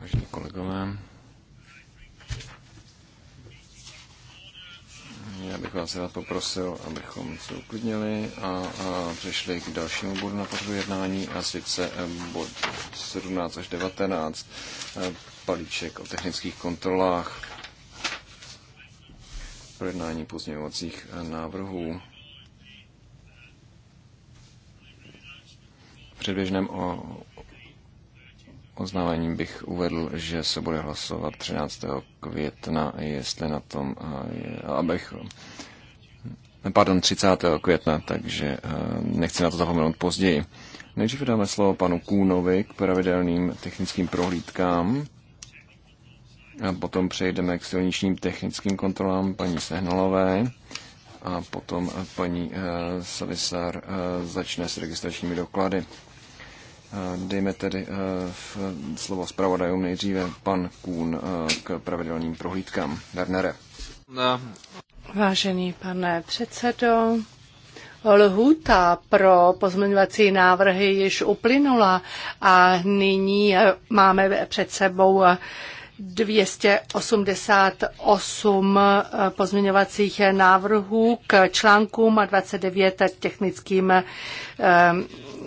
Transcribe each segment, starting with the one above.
Vážení kolegové, já bych vás rád poprosil, abychom se uklidnili a, a přešli k dalšímu bodu na pořadu jednání, a sice bod 17 až 19, palíček o technických kontrolách, projednání pozměňovacích návrhů. předběžném o oznámení bych uvedl, že se bude hlasovat 13. května, jestli na tom, abych, pardon, 30. května, takže nechci na to zapomenout později. Nejdříve dáme slovo panu Kůnovi k pravidelným technickým prohlídkám a potom přejdeme k silničním technickým kontrolám paní Sehnalové a potom paní Savisar začne s registračními doklady. Eh, dejme tedy eh, v slovo zpravodajům nejdříve pan Kůn eh, k pravidelným prohlídkám. Wernere. Vážený pane předsedo, Lhůta pro pozměňovací návrhy již uplynula a nyní máme před sebou 288 eh, pozměňovacích návrhů k článkům a 29 technickým eh,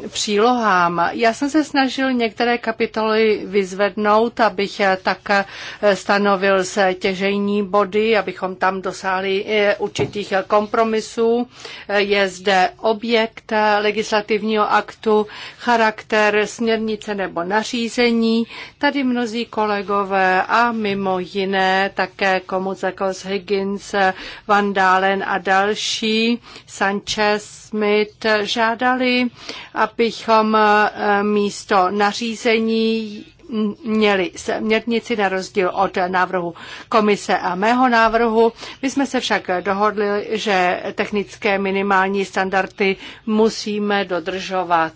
přílohám. Já jsem se snažil některé kapitoly vyzvednout, abych eh, tak stanovil se těžejní body, abychom tam dosáhli určitých kompromisů. Je zde objekt legislativního aktu, charakter směrnice nebo nařízení. Tady mnozí kolegové a mimo jiné také Komuzakos Higgins, Van Dalen a další, Sanchez, Smith, žádali, abychom eh, místo nařízení měli směrnici na rozdíl od návrhu komise a mého návrhu. My jsme se však dohodli, že technické minimální standardy musíme dodržovat.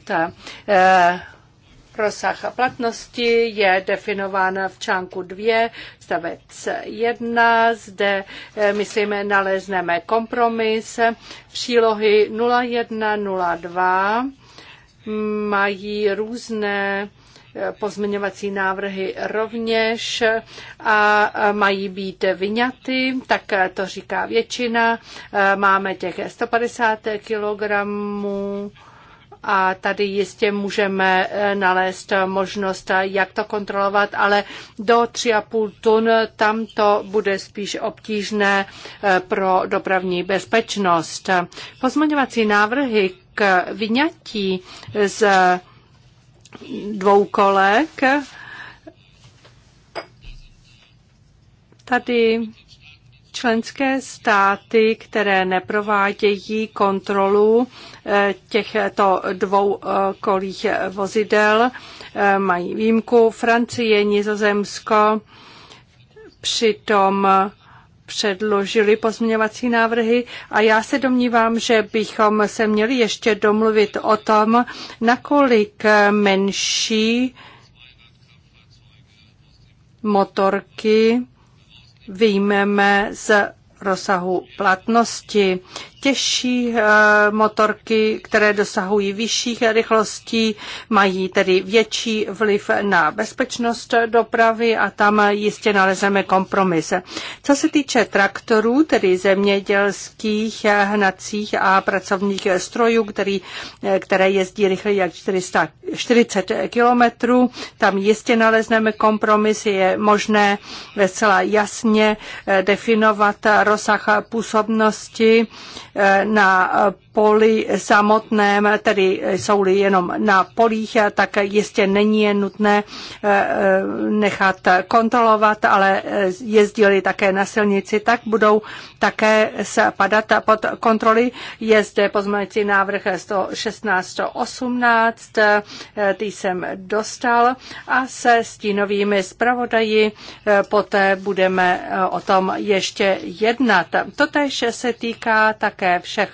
Eh, Rozsah platnosti je definován v článku 2, stavec 1. Zde, eh, myslím, nalezneme kompromis. Přílohy 01, 02 mají různé eh, pozměňovací návrhy rovněž a mají být vyňaty, tak eh, to říká většina. Máme těch 150 kilogramů a tady jistě můžeme eh, nalézt možnost, eh, jak to kontrolovat, ale do 3,5 tun tam to bude spíš obtížné eh, pro dopravní bezpečnost. Pozmaňovací návrhy k vyňatí z dvou kolek. Tady Členské státy, které neprovádějí kontrolu eh, těchto dvou eh, kolích vozidel, eh, mají výjimku. Francie, Nizozemsko přitom předložili pozměňovací návrhy a já se domnívám, že bychom se měli ještě domluvit o tom, nakolik menší motorky vyjmeme z rozsahu platnosti těžší eh, motorky, které dosahují vyšších rychlostí, mají tedy větší vliv na bezpečnost dopravy a tam jistě nalezeme kompromis. Co se týče traktorů, tedy zemědělských hnacích a pracovních strojů, který, eh, které jezdí rychle jak 440 kilometrů, tam jistě nalezneme kompromis, je možné zcela jasně eh, definovat rozsah působnosti na poli samotném, tedy jsou-li jenom na polích, tak jistě není je nutné eh, nechat kontrolovat, ale jezdili také na silnici, tak budou také spadat pod kontroly. Je zde pozměňující návrh 116, 118, eh, ty jsem dostal a se stínovými zpravodaji eh, poté budeme o tom ještě jednat. Totež se týká také také všech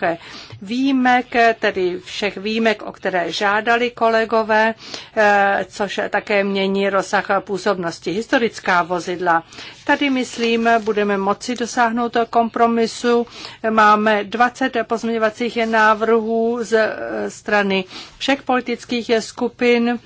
výjimek, tedy všech výjimek, o které žádali kolegové, eh, což také mění rozsah působnosti historická vozidla. Tady, myslím, budeme moci dosáhnout kompromisu. Máme 20 pozměňovacích návrhů z eh, strany všech politických skupin.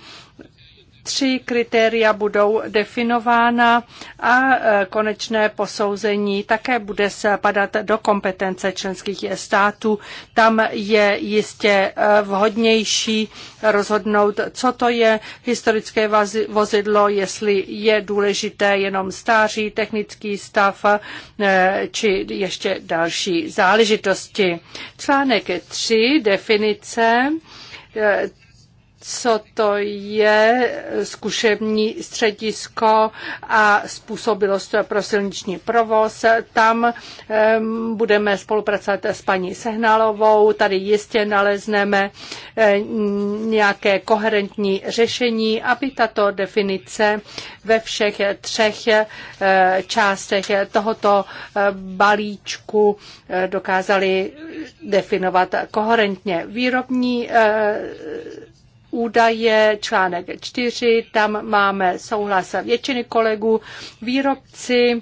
Tři kritéria budou definována a e, konečné posouzení také bude spadat do kompetence členských států. Tam je jistě e, vhodnější rozhodnout, co to je historické vozidlo, jestli je důležité jenom stáří, technický stav e, či ještě další záležitosti. Článek 3, definice co to je zkušební středisko a způsobilost pro silniční provoz. Tam budeme spolupracovat s paní Sehnalovou. Tady jistě nalezneme nějaké koherentní řešení, aby tato definice ve všech třech eh, částech tohoto eh, balíčku eh, dokázali definovat koherentně. Výrobní údaje, článek 4, tam máme souhlas většiny kolegů, výrobci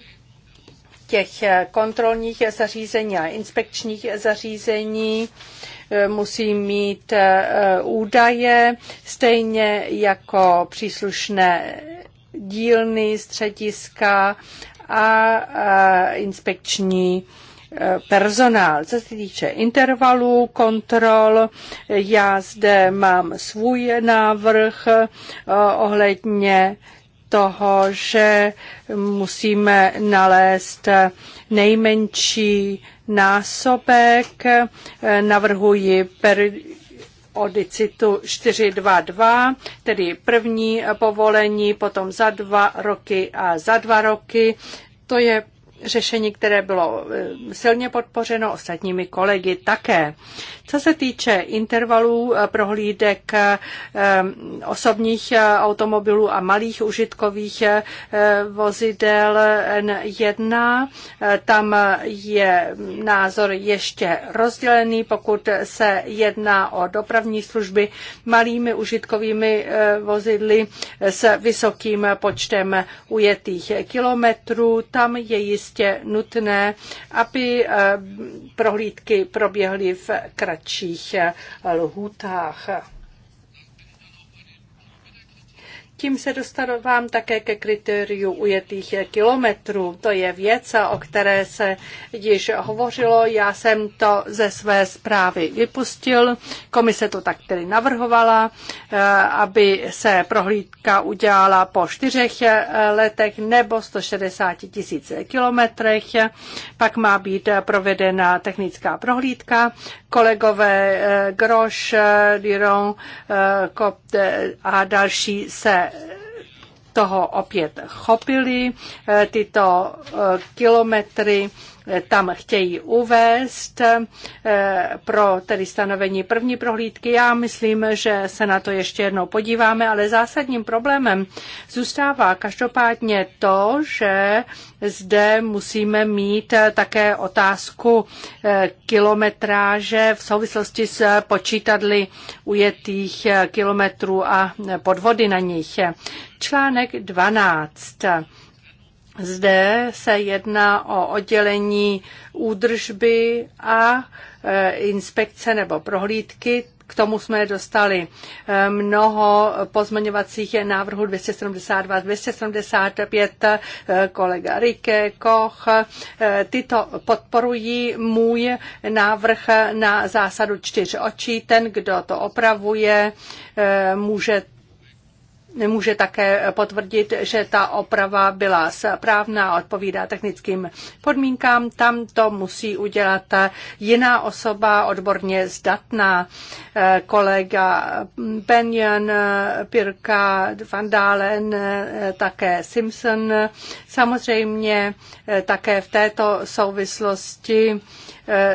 těch kontrolních zařízení a inspekčních zařízení eh, musí mít eh, údaje, stejně jako příslušné dílny, střediska a eh, inspekční personál. Co se týče intervalů, kontrol, já zde mám svůj návrh eh, ohledně toho, že musíme nalézt nejmenší násobek. Eh, navrhuji per odicitu 422, tedy první povolení, potom za dva roky a za dva roky. To je řešení, které bylo eh, silně podpořeno ostatními kolegy také. Co se týče intervalů eh, prohlídek eh, osobních automobilů a malých užitkových vozidel N1, tam je názor ještě rozdělený, pokud se jedná o dopravní služby malými užitkovými vozidly s vysokým počtem ujetých kilometrů. Tam je jistě jistě nutné, aby eh, prohlídky proběhly v kratších eh, lhůtách. Tím se dostávám také ke kritériu ujetých kilometrů. To je věc, o které se již hovořilo. Já jsem to ze své zprávy vypustil. Komise to tak tedy navrhovala, eh, aby se prohlídka udělala po čtyřech eh, letech nebo 160 tisíc kilometrech. Pak má být provedena technická prohlídka. Kolegové eh, Groš, Diron, Kop a další se toho opět chopili. Eh, tyto eh, kilometry tam chtějí uvést eh, pro tedy stanovení první prohlídky. Já myslím, že se na to ještě jednou podíváme, ale zásadním problémem zůstává každopádně to, že zde musíme mít eh, také otázku eh, kilometráže v souvislosti s počítadly ujetých kilometrů a podvody na nich. Článek 12. Zde se jedná o oddělení údržby a e, inspekce nebo prohlídky. K tomu jsme dostali e, mnoho pozměňovacích návrhů 272, 275, e, kolega Rike, Koch. Tyto podporují můj návrh na zásadu čtyř očí. Ten, kdo to opravuje, může Může také potvrdit, že ta oprava byla správná a odpovídá technickým podmínkám. Tam to musí udělat jiná osoba, odborně zdatná, eh, kolega Benjan, Pirka, Van Dalen, eh, také Simpson. Samozřejmě eh, také v této souvislosti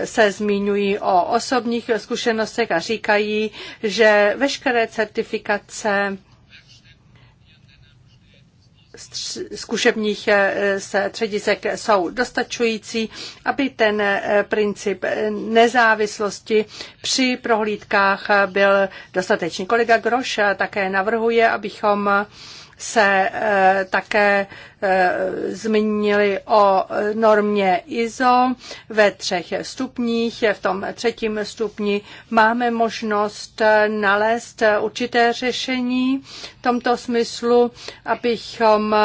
se zmiňují o osobních zkušenostech a říkají, že veškeré certifikace zkušebních eh, středisek jsou dostačující, aby ten eh, princip eh, nezávislosti při prohlídkách byl dostatečný. Kolega Groš také navrhuje, abychom se eh, také eh, zmínili o normě ISO ve třech stupních. V tom třetím stupni máme možnost eh, nalézt určité řešení v tomto smyslu, abychom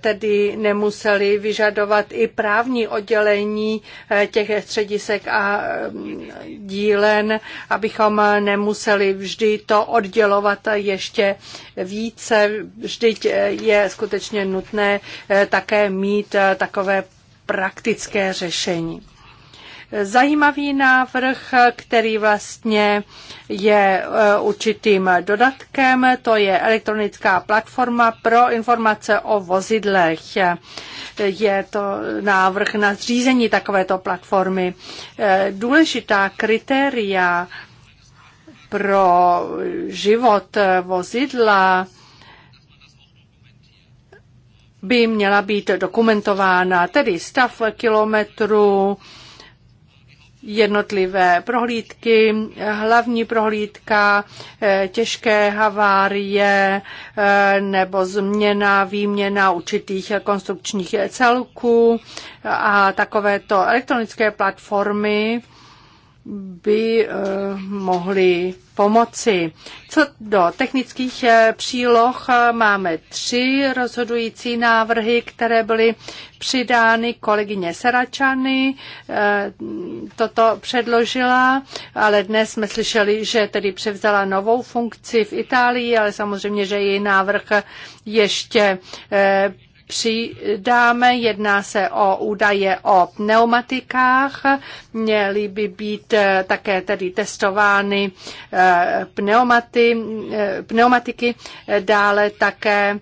tedy nemuseli vyžadovat i právní oddělení těch středisek a dílen, abychom nemuseli vždy to oddělovat ještě více. Vždyť eh, je skutečně nutné eh, také mít eh, takové praktické řešení zajímavý návrh, který vlastně je určitým dodatkem. To je elektronická platforma pro informace o vozidlech. Je to návrh na zřízení takovéto platformy. Důležitá kritéria pro život vozidla by měla být dokumentována, tedy stav kilometru jednotlivé prohlídky, hlavní prohlídka, eh, těžké havárie eh, nebo změna, výměna určitých konstrukčních celků a takovéto elektronické platformy by eh, mohly pomoci. Co do technických eh, příloh eh, máme tři rozhodující návrhy, které byly přidány kolegyně Seračany. Toto předložila, ale dnes jsme slyšeli, že tedy převzala novou funkci v Itálii, ale samozřejmě, že její návrh ještě přidáme. Jedná se o údaje o pneumatikách. Měly by být eh, také tedy testovány eh, pneumaty, eh, pneumatiky, dále také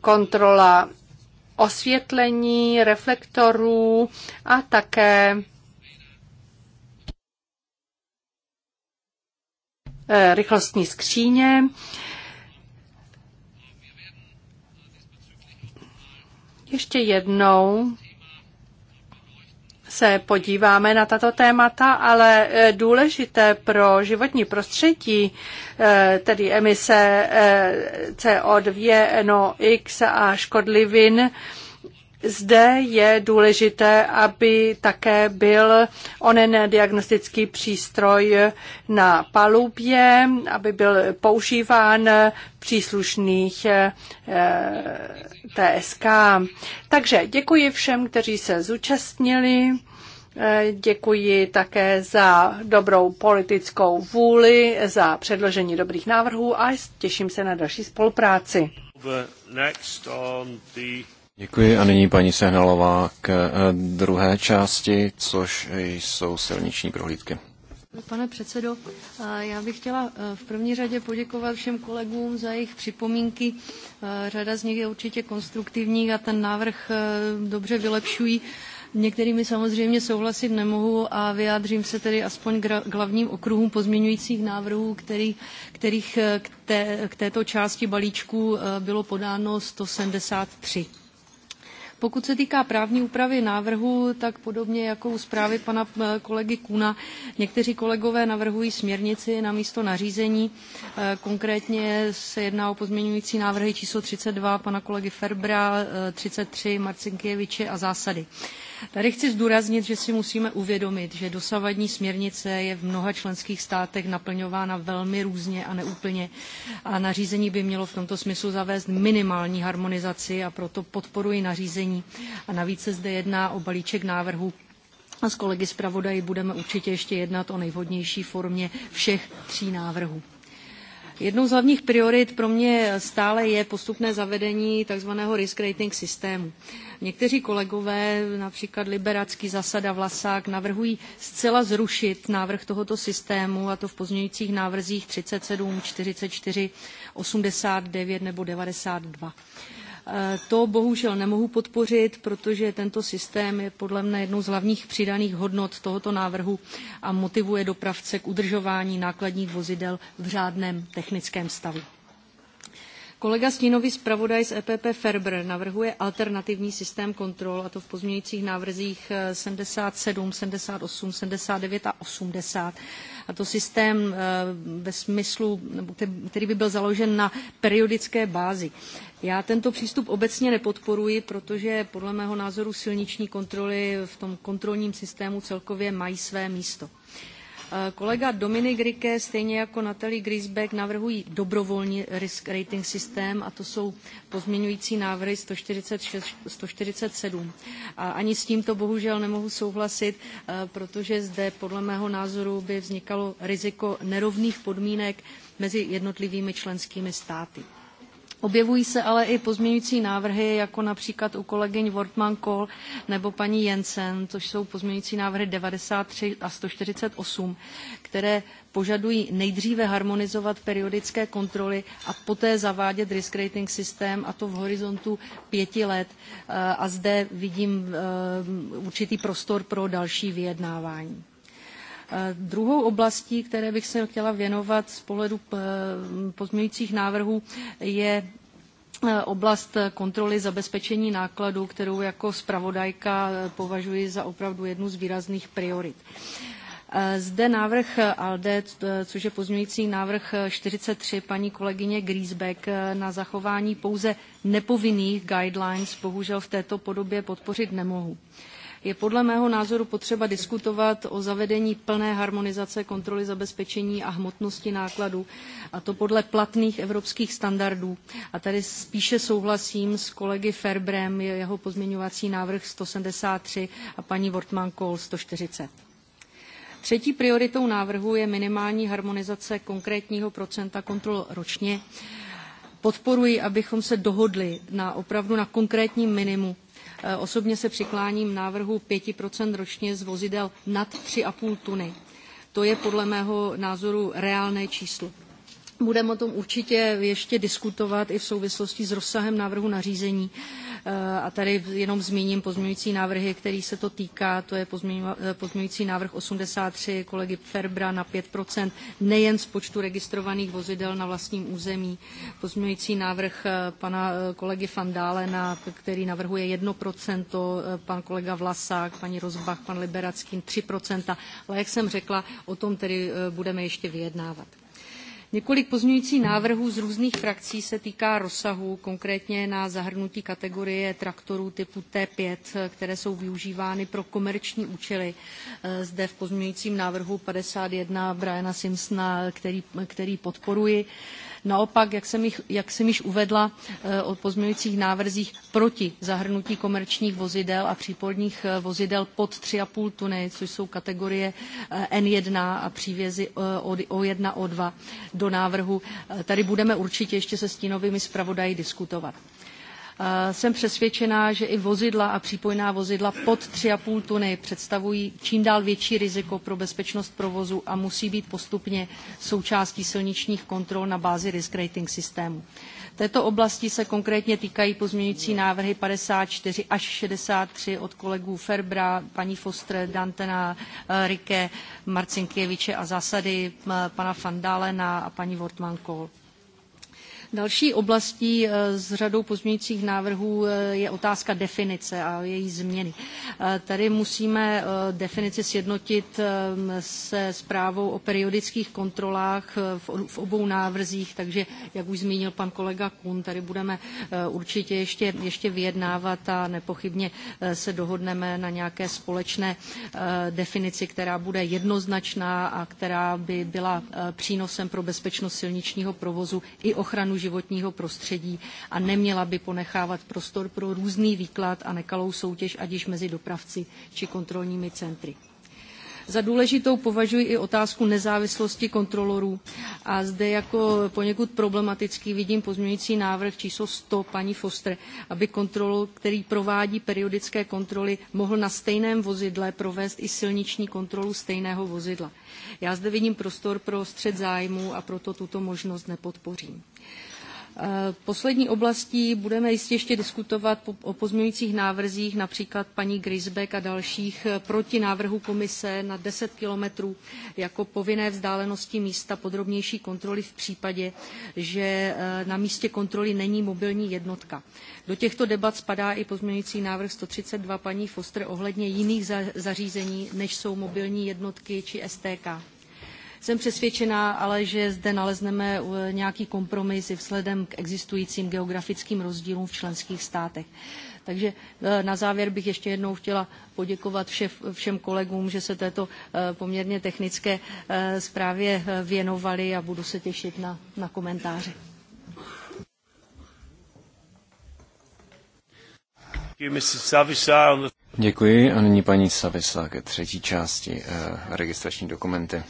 kontrola osvětlení, reflektorů a také rychlostní skříně. Ještě jednou se podíváme na tato témata, ale eh, důležité pro životní prostředí, eh, tedy emise eh, CO2, NOx a škodlivin, zde je důležité, aby také byl onen diagnostický přístroj na palubě, aby byl používán příslušných eh, TSK. Takže děkuji všem, kteří se zúčastnili. Eh, děkuji také za dobrou politickou vůli, za předložení dobrých návrhů a těším se na další spolupráci. Děkuji a nyní paní Sehnalová k eh, druhé části, což jsou silniční prohlídky. Pane předsedo, eh, já bych chtěla eh, v první řadě poděkovat všem kolegům za jejich připomínky. Řada z nich je určitě konstruktivních a ten návrh dobře vylepšují. Některými samozřejmě souhlasit nemohu a vyjádřím se tedy aspoň k hlavním okruhům pozměňujících návrhů, který, kterých k, té, k této části balíčku bylo podáno 173. Pokud se týká právní úpravy návrhu, tak podobně jako u zprávy pana eh, kolegy Kuna, někteří kolegové navrhují směrnici na místo nařízení. Eh, konkrétně se jedná o pozměňující návrhy číslo 32 pana kolegy Ferbra, 33 eh, Marcinkieviče a zásady. Tady chci zdůraznit, že si musíme uvědomit, že dosavadní směrnice je v mnoha členských státech naplňována velmi různě a neúplně a nařízení by mělo v tomto smyslu zavést minimální harmonizaci a proto podporuji nařízení. A navíc se zde jedná o balíček návrhů a s kolegy zpravodaji budeme určitě ještě jednat o nejvhodnější formě všech tří návrhů. Jednou z hlavních priorit pro mě stále je postupné zavedení tzv. risk rating systému. Někteří kolegové, například Liberacký, Zasada, Vlasák, navrhují zcela zrušit návrh tohoto systému, a to v pozměňujících návrzích 37, 44, 89 nebo 92. Eh, to bohužel nemohu podpořit, protože tento systém je podle mne jednou z hlavních přidaných hodnot tohoto návrhu a motivuje dopravce k udržování nákladních vozidel v řádném technickém stavu. Kolega Stínový zpravodaj z EPP Ferber navrhuje alternativní systém kontrol, a to v pozměňujících návrzích 77, 78, 79 a 80, a to systém eh, ve smyslu, který by byl založen na periodické bázi. Já tento přístup obecně nepodporuji, protože podle mého názoru silniční kontroly v tom kontrolním systému celkově mají své místo. Kolega Dominik Rike, stejně jako Natalie Griesbeck, navrhují dobrovolný risk rating systém a to jsou pozměňující návrhy 146, 147. A ani s tímto bohužel nemohu souhlasit, eh, protože zde podle mého názoru by vznikalo riziko nerovných podmínek mezi jednotlivými členskými státy. Objevují se ale i pozměňující návrhy, jako například u kolegyň Wortmann Kohl nebo paní Jensen, což jsou pozměňující návrhy 93 a 148, které požadují nejdříve harmonizovat periodické kontroly a poté zavádět risk rating systém, a to v horizontu pěti let. Eh, a zde vidím eh, určitý prostor pro další vyjednávání. Druhou oblastí, které bych se chtěla věnovat z pohledu eh, pozměňujících návrhů, je eh, oblast kontroly zabezpečení nákladů, kterou jako zpravodajka eh, považuji za opravdu jednu z výrazných priorit. Zde návrh ALDE, což je pozměňující návrh 43 paní kolegyně Griesbeck na zachování pouze nepovinných guidelines, bohužel v této podobě podpořit nemohu je podle mého názoru potřeba diskutovat o zavedení plné harmonizace kontroly zabezpečení a hmotnosti nákladů, a to podle platných evropských standardů. A tady spíše souhlasím s kolegy Ferbrem, jeho pozměňovací návrh 173 a paní Wortmann Kohl 140. Třetí prioritou návrhu je minimální harmonizace konkrétního procenta kontrol ročně. Podporuji, abychom se dohodli na opravdu na konkrétním minimu Eh, osobně se přikláním návrhu 5 ročně z vozidel nad 3,5 tuny. To je podle mého názoru reálné číslo. Budeme o tom určitě ještě diskutovat i v souvislosti s rozsahem návrhu nařízení. Eh, a tady jenom zmíním pozměňující návrhy, který se to týká. To je eh, pozměňující návrh 83 kolegy Ferbra na 5 nejen z počtu registrovaných vozidel na vlastním území. Pozměňující návrh eh, pana kolegy Fandálena, který navrhuje 1 pan kolega Vlasák, paní Rozbach, pan Liberacký 3 Ale jak jsem řekla, o tom tedy budeme ještě vyjednávat. Několik pozměňujících návrhů z různých frakcí se týká rozsahu, konkrétně na zahrnutí kategorie traktorů typu T5, které jsou využívány pro komerční účely. Eh, zde v pozměňujícím návrhu 51 Briana Simpsona, který, který podporuji. Naopak, jak jsem, jich, jak jsem již uvedla eh, o pozměňujících návrzích proti zahrnutí komerčních vozidel a přípolních eh, vozidel pod 3,5 tuny, což jsou kategorie eh, N1 a přívězy O1, O2 do návrhu. Tady budeme určitě ještě se stínovými zpravodaji diskutovat. Eh, jsem přesvědčená, že i vozidla a přípojná vozidla pod 3,5 tuny představují čím dál větší riziko pro bezpečnost provozu a musí být postupně součástí silničních kontrol na bázi risk rating systému. Této oblasti se konkrétně týkají pozměňující návrhy 54 až 63 od kolegů Ferbra, paní Foster, Dantena, eh, Rike, Marcinkěviče a zásady eh, pana Fandálena a paní Wortmann-Kohl. Další oblastí eh, s řadou pozměňujících návrhů eh, je otázka definice a její změny. Eh, tady musíme definici sjednotit se zprávou o periodických kontrolách v obou návrzích, takže jak už zmínil pan kolega Kuhn, tady budeme určitě ještě, ještě vyjednávat a nepochybně se dohodneme na nějaké společné definici, která bude jednoznačná a která by byla přínosem pro bezpečnost silničního provozu i ochranu životního prostředí a neměla by ponechávat prostor pro různý výklad a nekalou soutěž, ať již mezi dopravci či kontrolními centry. Za důležitou považuji i otázku nezávislosti kontrolorů a zde jako poněkud problematický vidím pozměňující návrh číslo 100 paní Foster, aby kontrolor, který provádí periodické kontroly, mohl na stejném vozidle provést i silniční kontrolu stejného vozidla. Já zde vidím prostor pro střed zájmu a proto tuto možnost nepodpořím. Eh, poslední oblastí budeme jistě ještě diskutovat o pozměňujících návrzích, například paní Grisbeck a dalších eh, proti návrhu komise na 10 kilometrů jako povinné vzdálenosti místa podrobnější kontroly v případě, že eh, na místě kontroly není mobilní jednotka. Do těchto debat spadá i pozměňující návrh 132 paní Foster ohledně jiných zařízení, než jsou mobilní jednotky či STK. Jsem přesvědčená ale, že zde nalezneme eh, nějaký kompromis i vzhledem k existujícím geografickým rozdílům v členských státech. Takže eh, na závěr bych ještě jednou chtěla poděkovat všem kolegům, že se této eh, poměrně technické zprávě věnovali a budu se těšit na, na komentáře. Děkuji a nyní paní Savisa ke třetí části registrační dokumenty.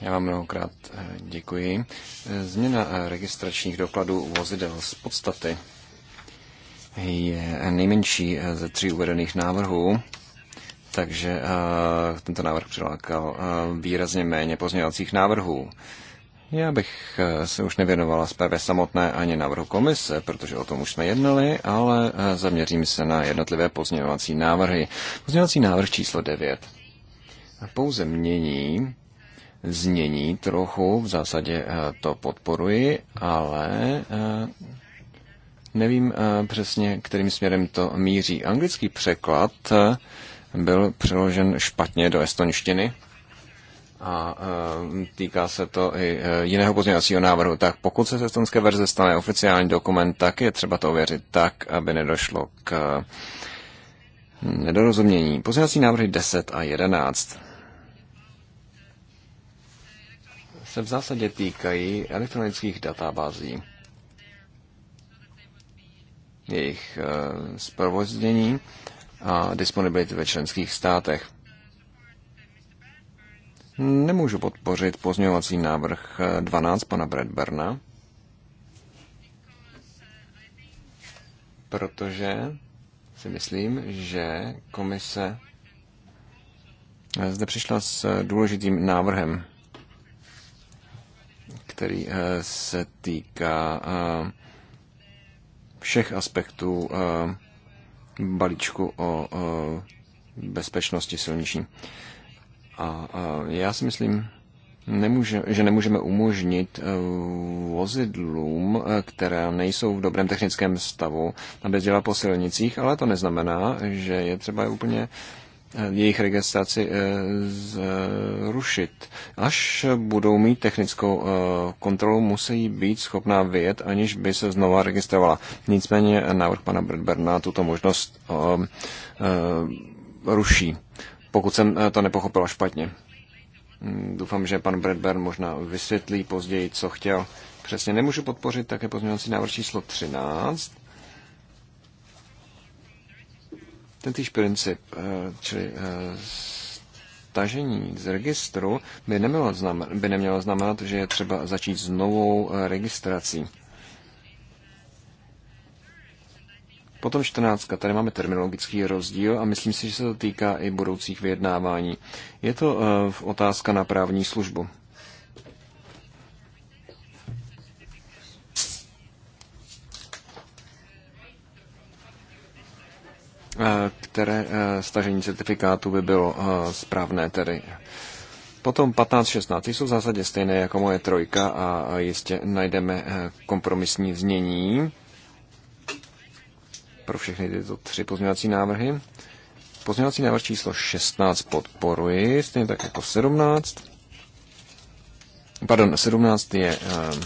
Já vám mnohokrát eh, děkuji. Změna eh, registračních dokladů vozidel z podstaty je nejmenší eh, ze tří uvedených návrhů, takže tento návrh přilákal výrazně méně pozměňovacích návrhů. Já bych se už nevěnovala zprávě samotné ani návrhu komise, protože o tom už jsme jednali, ale zaměřím se na jednotlivé pozměňovací návrhy. Pozměňovací návrh číslo 9 pouze mění znění trochu, v zásadě eh, to podporuji, ale eh, nevím eh, přesně, kterým směrem to míří. Anglický překlad byl přeložen špatně do estonštiny a týká se to i jiného pozměňovacího návrhu. Tak pokud se z estonské verze stane oficiální dokument, tak je třeba to ověřit tak, aby nedošlo k nedorozumění. Pozměňovací návrhy 10 a 11. se v zásadě týkají elektronických databází, jejich eh, zprovoznění a disponibility ve členských státech. Nemůžu podpořit pozměňovací návrh 12 eh, pana Bradburna, protože si myslím, že komise eh, zde přišla s důležitým návrhem který eh, se týká eh, všech aspektů eh, balíčku o bezpečnosti silniční. A já si myslím, nemůže, že nemůžeme umožnit vozidlům, která nejsou v dobrém technickém stavu, aby dělala po silnicích, ale to neznamená, že je třeba úplně jejich registraci eh, zrušit. Až budou mít technickou eh, kontrolu, musí být schopná vyjet, aniž by se znova registrovala. Nicméně návrh pana Bradberna tuto možnost eh, ruší, pokud jsem to nepochopila špatně. Hmm, doufám, že pan Bradburn možná vysvětlí později, co chtěl. Přesně nemůžu podpořit také pozměňovací návrh číslo 13 týž princip, eh, čili eh, stažení z registru, by nemělo, znamenat, by nemělo znamenat, že je třeba začít s novou eh, registrací. Potom 14. Tady máme terminologický rozdíl a myslím si, že se to týká i budoucích vyjednávání. Je to otázka na právní službu. Eh, které eh, stažení certifikátu by bylo eh, správné tedy. Potom 15-16, jsou v zásadě stejné jako moje trojka a jistě najdeme kompromisní znění pro všechny tyto tři pozměňovací návrhy. Pozměňovací návrh číslo 16 podporuji, stejně tak jako 17. Pardon, 17 je uh,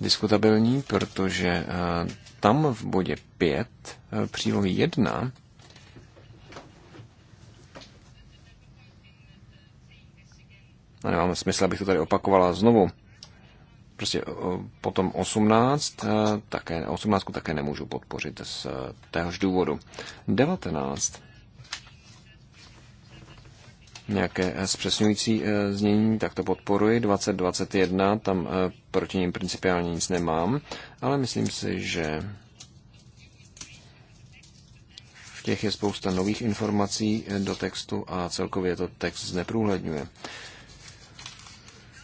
diskutabilní, protože uh, tam v bodě 5 eh, přílohy 1 a nemám smysl, abych to tady opakovala znovu. Prostě eh, potom 18, eh, také, 18 také nemůžu podpořit z téhož důvodu. 19. Nějaké zpřesňující znění, tak to podporuji. 20, 21, tam proti ním principiálně nic nemám ale myslím si, že v těch je spousta nových informací do textu a celkově to text zneprůhledňuje.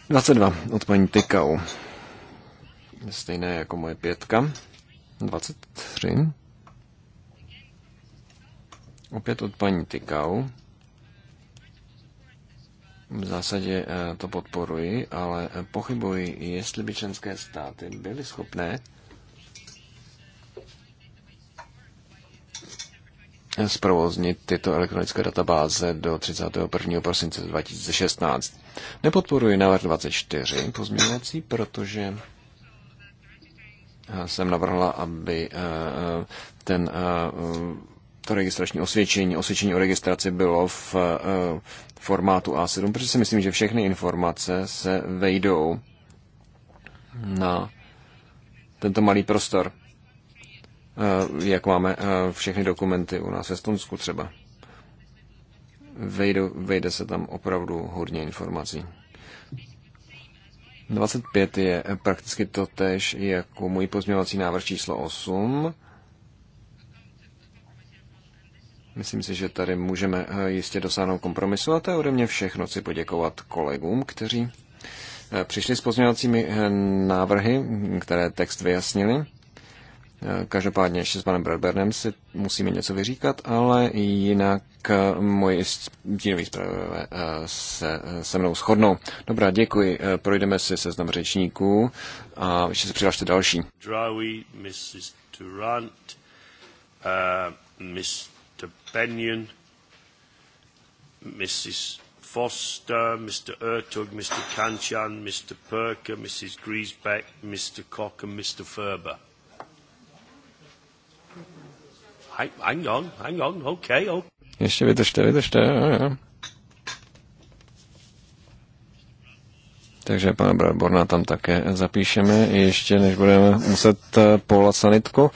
22 od paní Tykau. Stejné jako moje pětka. 23. Opět od paní Tykau. V zásadě eh, to podporuji, ale eh, pochybuji, jestli by členské státy byly schopné eh, zprovoznit tyto elektronické databáze do 31. prosince 2016. Nepodporuji návrh 24 pozměňovací, protože jsem navrhla, aby ten to registrační osvědčení, osvědčení o registraci bylo v formátu A7, protože si myslím, že všechny informace se vejdou na tento malý prostor, eh, jak máme eh, všechny dokumenty u nás ve stonsku třeba. Vejdou, vejde se tam opravdu hodně informací. 25 je prakticky totež jako můj pozměňovací návrh číslo 8 Myslím si, že tady můžeme eh, jistě dosáhnout kompromisu a to je ode mě všechno. Chci poděkovat kolegům, kteří eh, přišli s pozměňovacími eh, návrhy, které text vyjasnili. Každopádně ještě s panem Bradbernem si musíme něco vyříkat, ale jinak moji stínoví zprávové se se mnou shodnou. Dobrá, děkuji. Projdeme si seznam řečníků a ještě se přihlašte další. Drawi, Mrs. Durant, uh, Mr. Mr. Benyon, Mrs. Foster, Mr. Ertug, Mr. Kanchan, Mr. Perker, Mrs. Griesbeck, Mr. Cock, and Mr. Ferber. Hang on, hang on, okay, okay. Ještě vydržte, vydržte, jo, jo. Takže pana Borna tam také zapíšeme, ještě než budeme muset eh, povolat sanitku.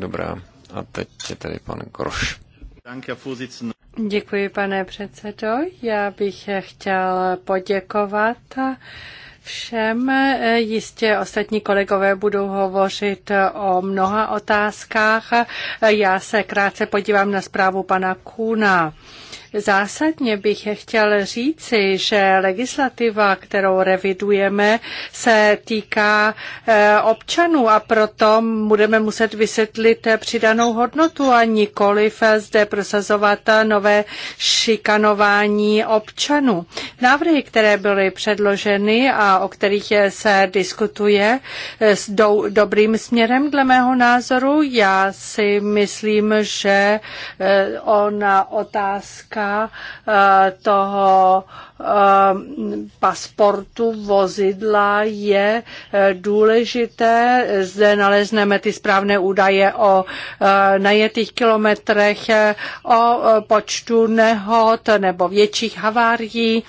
Dobrá. A teď je tady pan Groš. Děkuji, pane předsedo. Já bych chtěl poděkovat všem. Jistě ostatní kolegové budou hovořit o mnoha otázkách. Já se krátce podívám na zprávu pana Kuna. Zásadně bych chtěl říci, že legislativa, kterou revidujeme, se týká eh, občanů a proto budeme muset vysvětlit přidanou hodnotu a nikoliv zde prosazovat nové šikanování občanů. Návrhy, které byly předloženy a o kterých se diskutuje, eh, do, dobrým směrem dle mého názoru. Já si myslím, že eh, ona otázka Eh, toho Eh, pasportu vozidla je eh, důležité. Zde nalezneme ty správné údaje o eh, najetých kilometrech, o počtu nehod nebo větších havárií.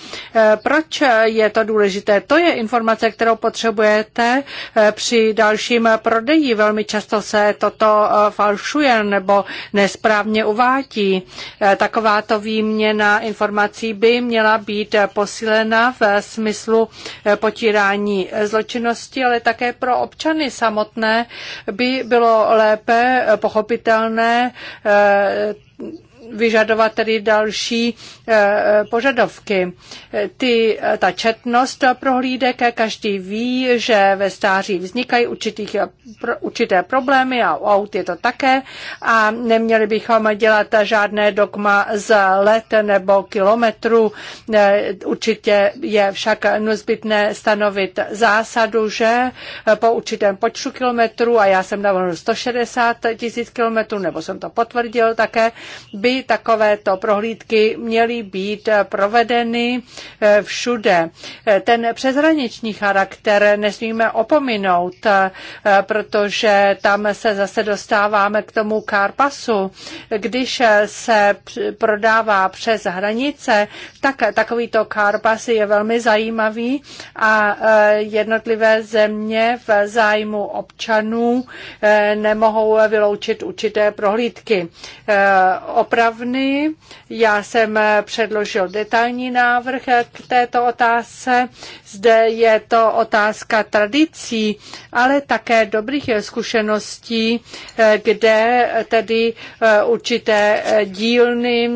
Proč je to důležité? To je informace, kterou potřebujete při dalším prodeji. Velmi často se toto falšuje nebo nesprávně uvádí. Takováto výměna informací by měla být posílena v smyslu eh, potírání eh, zločinnosti, ale také pro občany samotné by bylo lépe eh, pochopitelné vyžadovat tedy další eh, požadavky. Ty, eh, ta četnost prohlídek, každý ví, že ve stáří vznikají určitých, eh, určité problémy a u aut je to také a neměli bychom dělat žádné dogma z let nebo kilometrů. Určitě je však nezbytné stanovit zásadu, že po určitém počtu kilometrů, a já jsem navrhl 160 tisíc kilometrů, nebo jsem to potvrdil také, by takovéto prohlídky měly být provedeny eh, všude. Eh, ten přeshraniční charakter nesmíme opominout, eh, protože tam se zase dostáváme k tomu karpasu. Když se prodává přes hranice, tak takovýto karpas je velmi zajímavý a jednotlivé země v zájmu občanů nemohou vyloučit určité prohlídky. Opravdu dopravny. Já jsem eh, předložil detailní návrh eh, k této otázce. Zde je to otázka tradicí, ale také dobrých eh, zkušeností, kde tedy určité dílny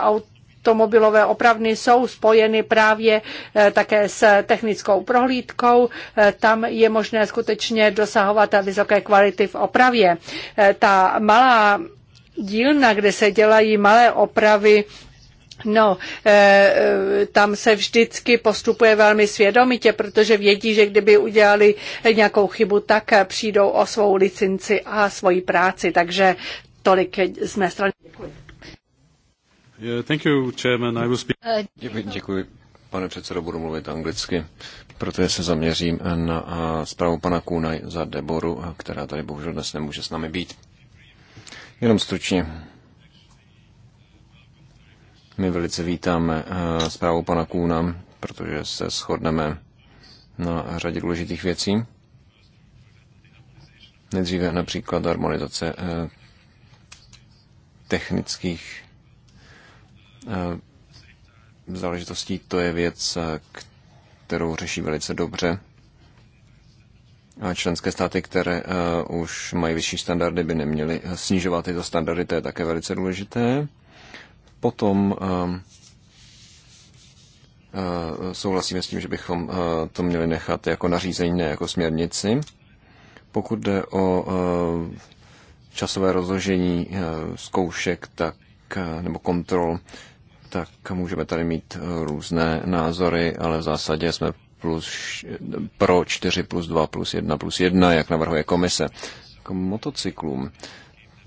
aut automobilové opravny jsou spojeny právě také s technickou prohlídkou. Tam je možné skutečně dosahovat vysoké kvality v opravě. Ta malá dílna, kde se dělají malé opravy No, eh, eh, tam se vždycky postupuje velmi svědomitě, protože vědí, že kdyby udělali nějakou chybu, tak přijdou o svou licenci a svoji práci. Takže tolik z mé strany. Děkuji. Thank you, chairman. I will speak... Děkuji, děkuji, pane předsedo, budu mluvit anglicky, protože se zaměřím na eh, zprávu pana Kůna za Deboru, která tady bohužel dnes nemůže s námi být. Jenom stručně. My velice vítáme eh, zprávu pana Kůna, protože se shodneme na řadě důležitých věcí. Nejdříve například harmonizace eh, technických eh, záležitostí. To je věc, kterou řeší velice dobře. A členské státy, které uh, už mají vyšší standardy, by neměly eh, snižovat tyto standardy, to je také velice důležité. Potom uh, uh, souhlasíme s tím, že bychom uh, to měli nechat jako nařízení, ne jako směrnici. Pokud jde o uh, časové rozložení uh, zkoušek tak, uh, nebo kontrol, tak můžeme tady mít různé názory, ale v zásadě jsme plus, pro 4 plus 2 plus 1 plus 1, jak navrhuje komise. K motocyklům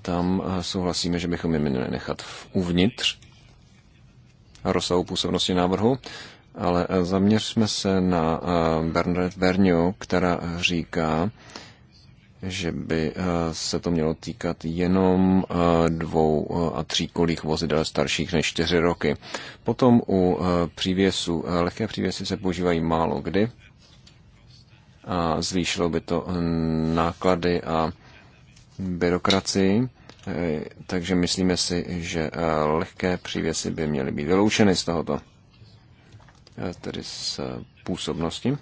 tam eh, souhlasíme, že bychom je měli nechat uvnitř rozsahu působnosti návrhu, ale eh, zaměřme se na eh, Bernard Verniu, která říká, že by eh, se to mělo týkat jenom eh, dvou eh, a tříkolých vozidel starších než čtyři roky. Potom u přívěsu, lehké přívěsy se používají málo kdy a zvýšilo by to náklady a byrokracii, takže myslíme si, že lehké přívěsy by měly být vyloučeny z tohoto, tedy z působnosti.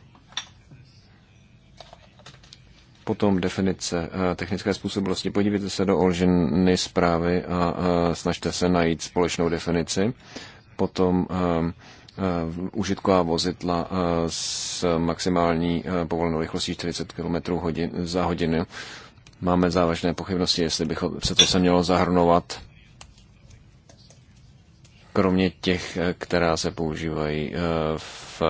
Potom definice eh, technické způsobilosti. Podívejte se do Olženy zprávy a eh, snažte se najít společnou definici. Potom eh, užitková vozidla s maximální povolenou rychlostí 40 km za hodinu. Máme závažné pochybnosti, jestli by se to se mělo zahrnovat kromě těch, která se používají v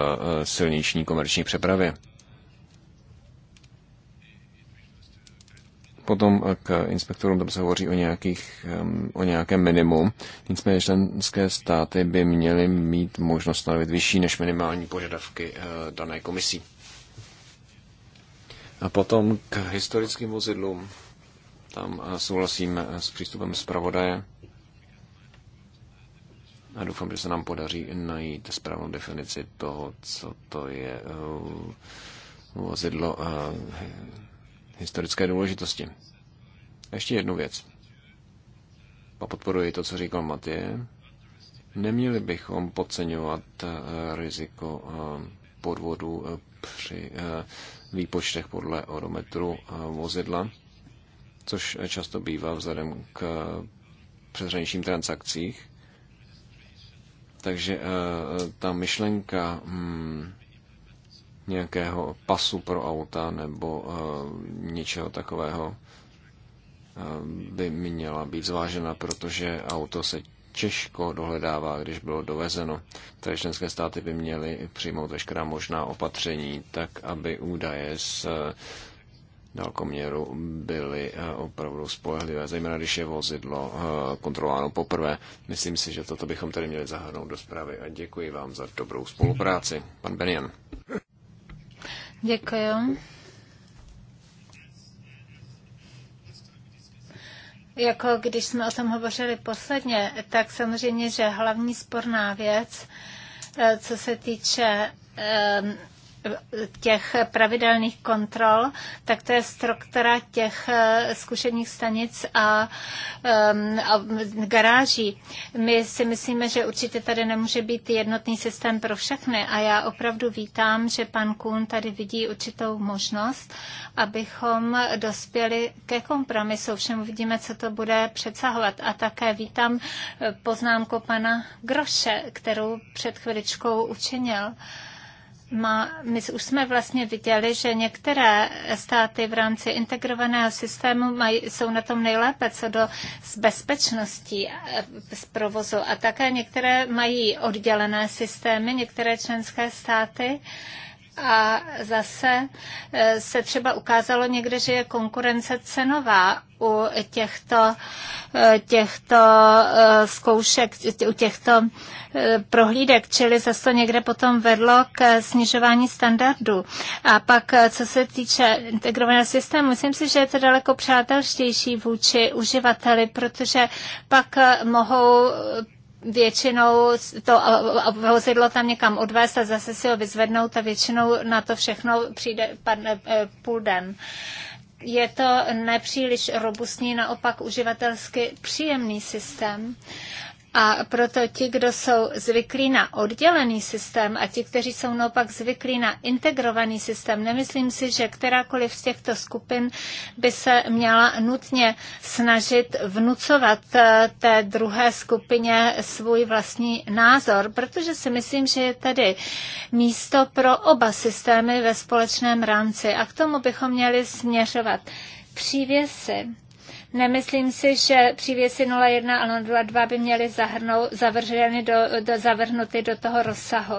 silniční komerční přepravě. Potom k inspektorům tam se hovoří o, nějakých, o nějakém minimum. Nicméně členské státy by měly mít možnost stanovit vyšší než minimální požadavky eh, dané komisí. A potom k historickým vozidlům. Tam eh, souhlasím eh, s přístupem zpravodaje. A doufám, že se nám podaří najít správnou definici toho, co to je vozidlo historické důležitosti. Ještě jednu věc. A podporuji to, co říkal Matěj. Neměli bychom podceňovat eh, riziko eh, podvodu eh, při výpočtech podle odometru vozidla, což často bývá vzhledem k přeshraničním transakcích. Takže ta myšlenka hmm, nějakého pasu pro auta nebo eh, něčeho takového eh, by měla být zvážena, protože auto se těžko dohledává, když bylo dovezeno. Tedy členské státy by měly přijmout veškerá možná opatření, tak aby údaje z eh, dalkoměru byly opravdu spolehlivé, zejména když je vozidlo kontrolováno poprvé. Myslím si, že toto bychom tady měli zahrnout do zprávy a děkuji vám za dobrou spolupráci. Pan Benian. Děkuji. Jako když jsme o tom hovořili posledně, tak samozřejmě, že hlavní sporná věc, eh, co se týče eh, těch pravidelných kontrol, tak to je struktura těch eh, zkušených stanic a, a garáží. My si myslíme, že určitě tady nemůže být jednotný systém pro všechny a já opravdu vítám, že pan Kuhn tady vidí určitou možnost, abychom dospěli ke kompromisu. Všem uvidíme, co to bude přesahovat. A také vítám eh, poznámku pana Groše, kterou před chviličkou učinil. Uh, má, my už jsme vlastně viděli, že některé státy v rámci integrovaného systému mají, jsou na tom nejlépe co do z bezpečnosti eh, z provozu a také některé mají oddělené systémy, některé členské státy. Uh, a zase eh, se třeba ukázalo někde, že je konkurence cenová u těchto, eh, těchto eh, zkoušek, u těchto prohlídek, čili zase to někde potom vedlo k snižování standardů. A pak, co se týče integrovaného systému, myslím si, že je to daleko přátelštější vůči uživateli, protože pak mohou většinou to vozidlo tam někam odvést a zase si ho vyzvednout a většinou na to všechno přijde padne, eh, půl den. Je to nepříliš robustní, naopak uživatelsky příjemný systém a proto ti, kdo jsou zvyklí na oddělený systém a ti, kteří jsou naopak zvyklí na integrovaný systém, nemyslím si, že kterákoliv z těchto skupin by se měla nutně snažit vnucovat eh, té druhé skupině svůj vlastní názor, protože si myslím, že je tady místo pro oba systémy ve společném rámci a k tomu bychom měli směřovat přívěsy Nemyslím si, že přívěsy 01 a 02 by měly zahrnout, zavrženy do, do, zavrhnuty do toho rozsahu,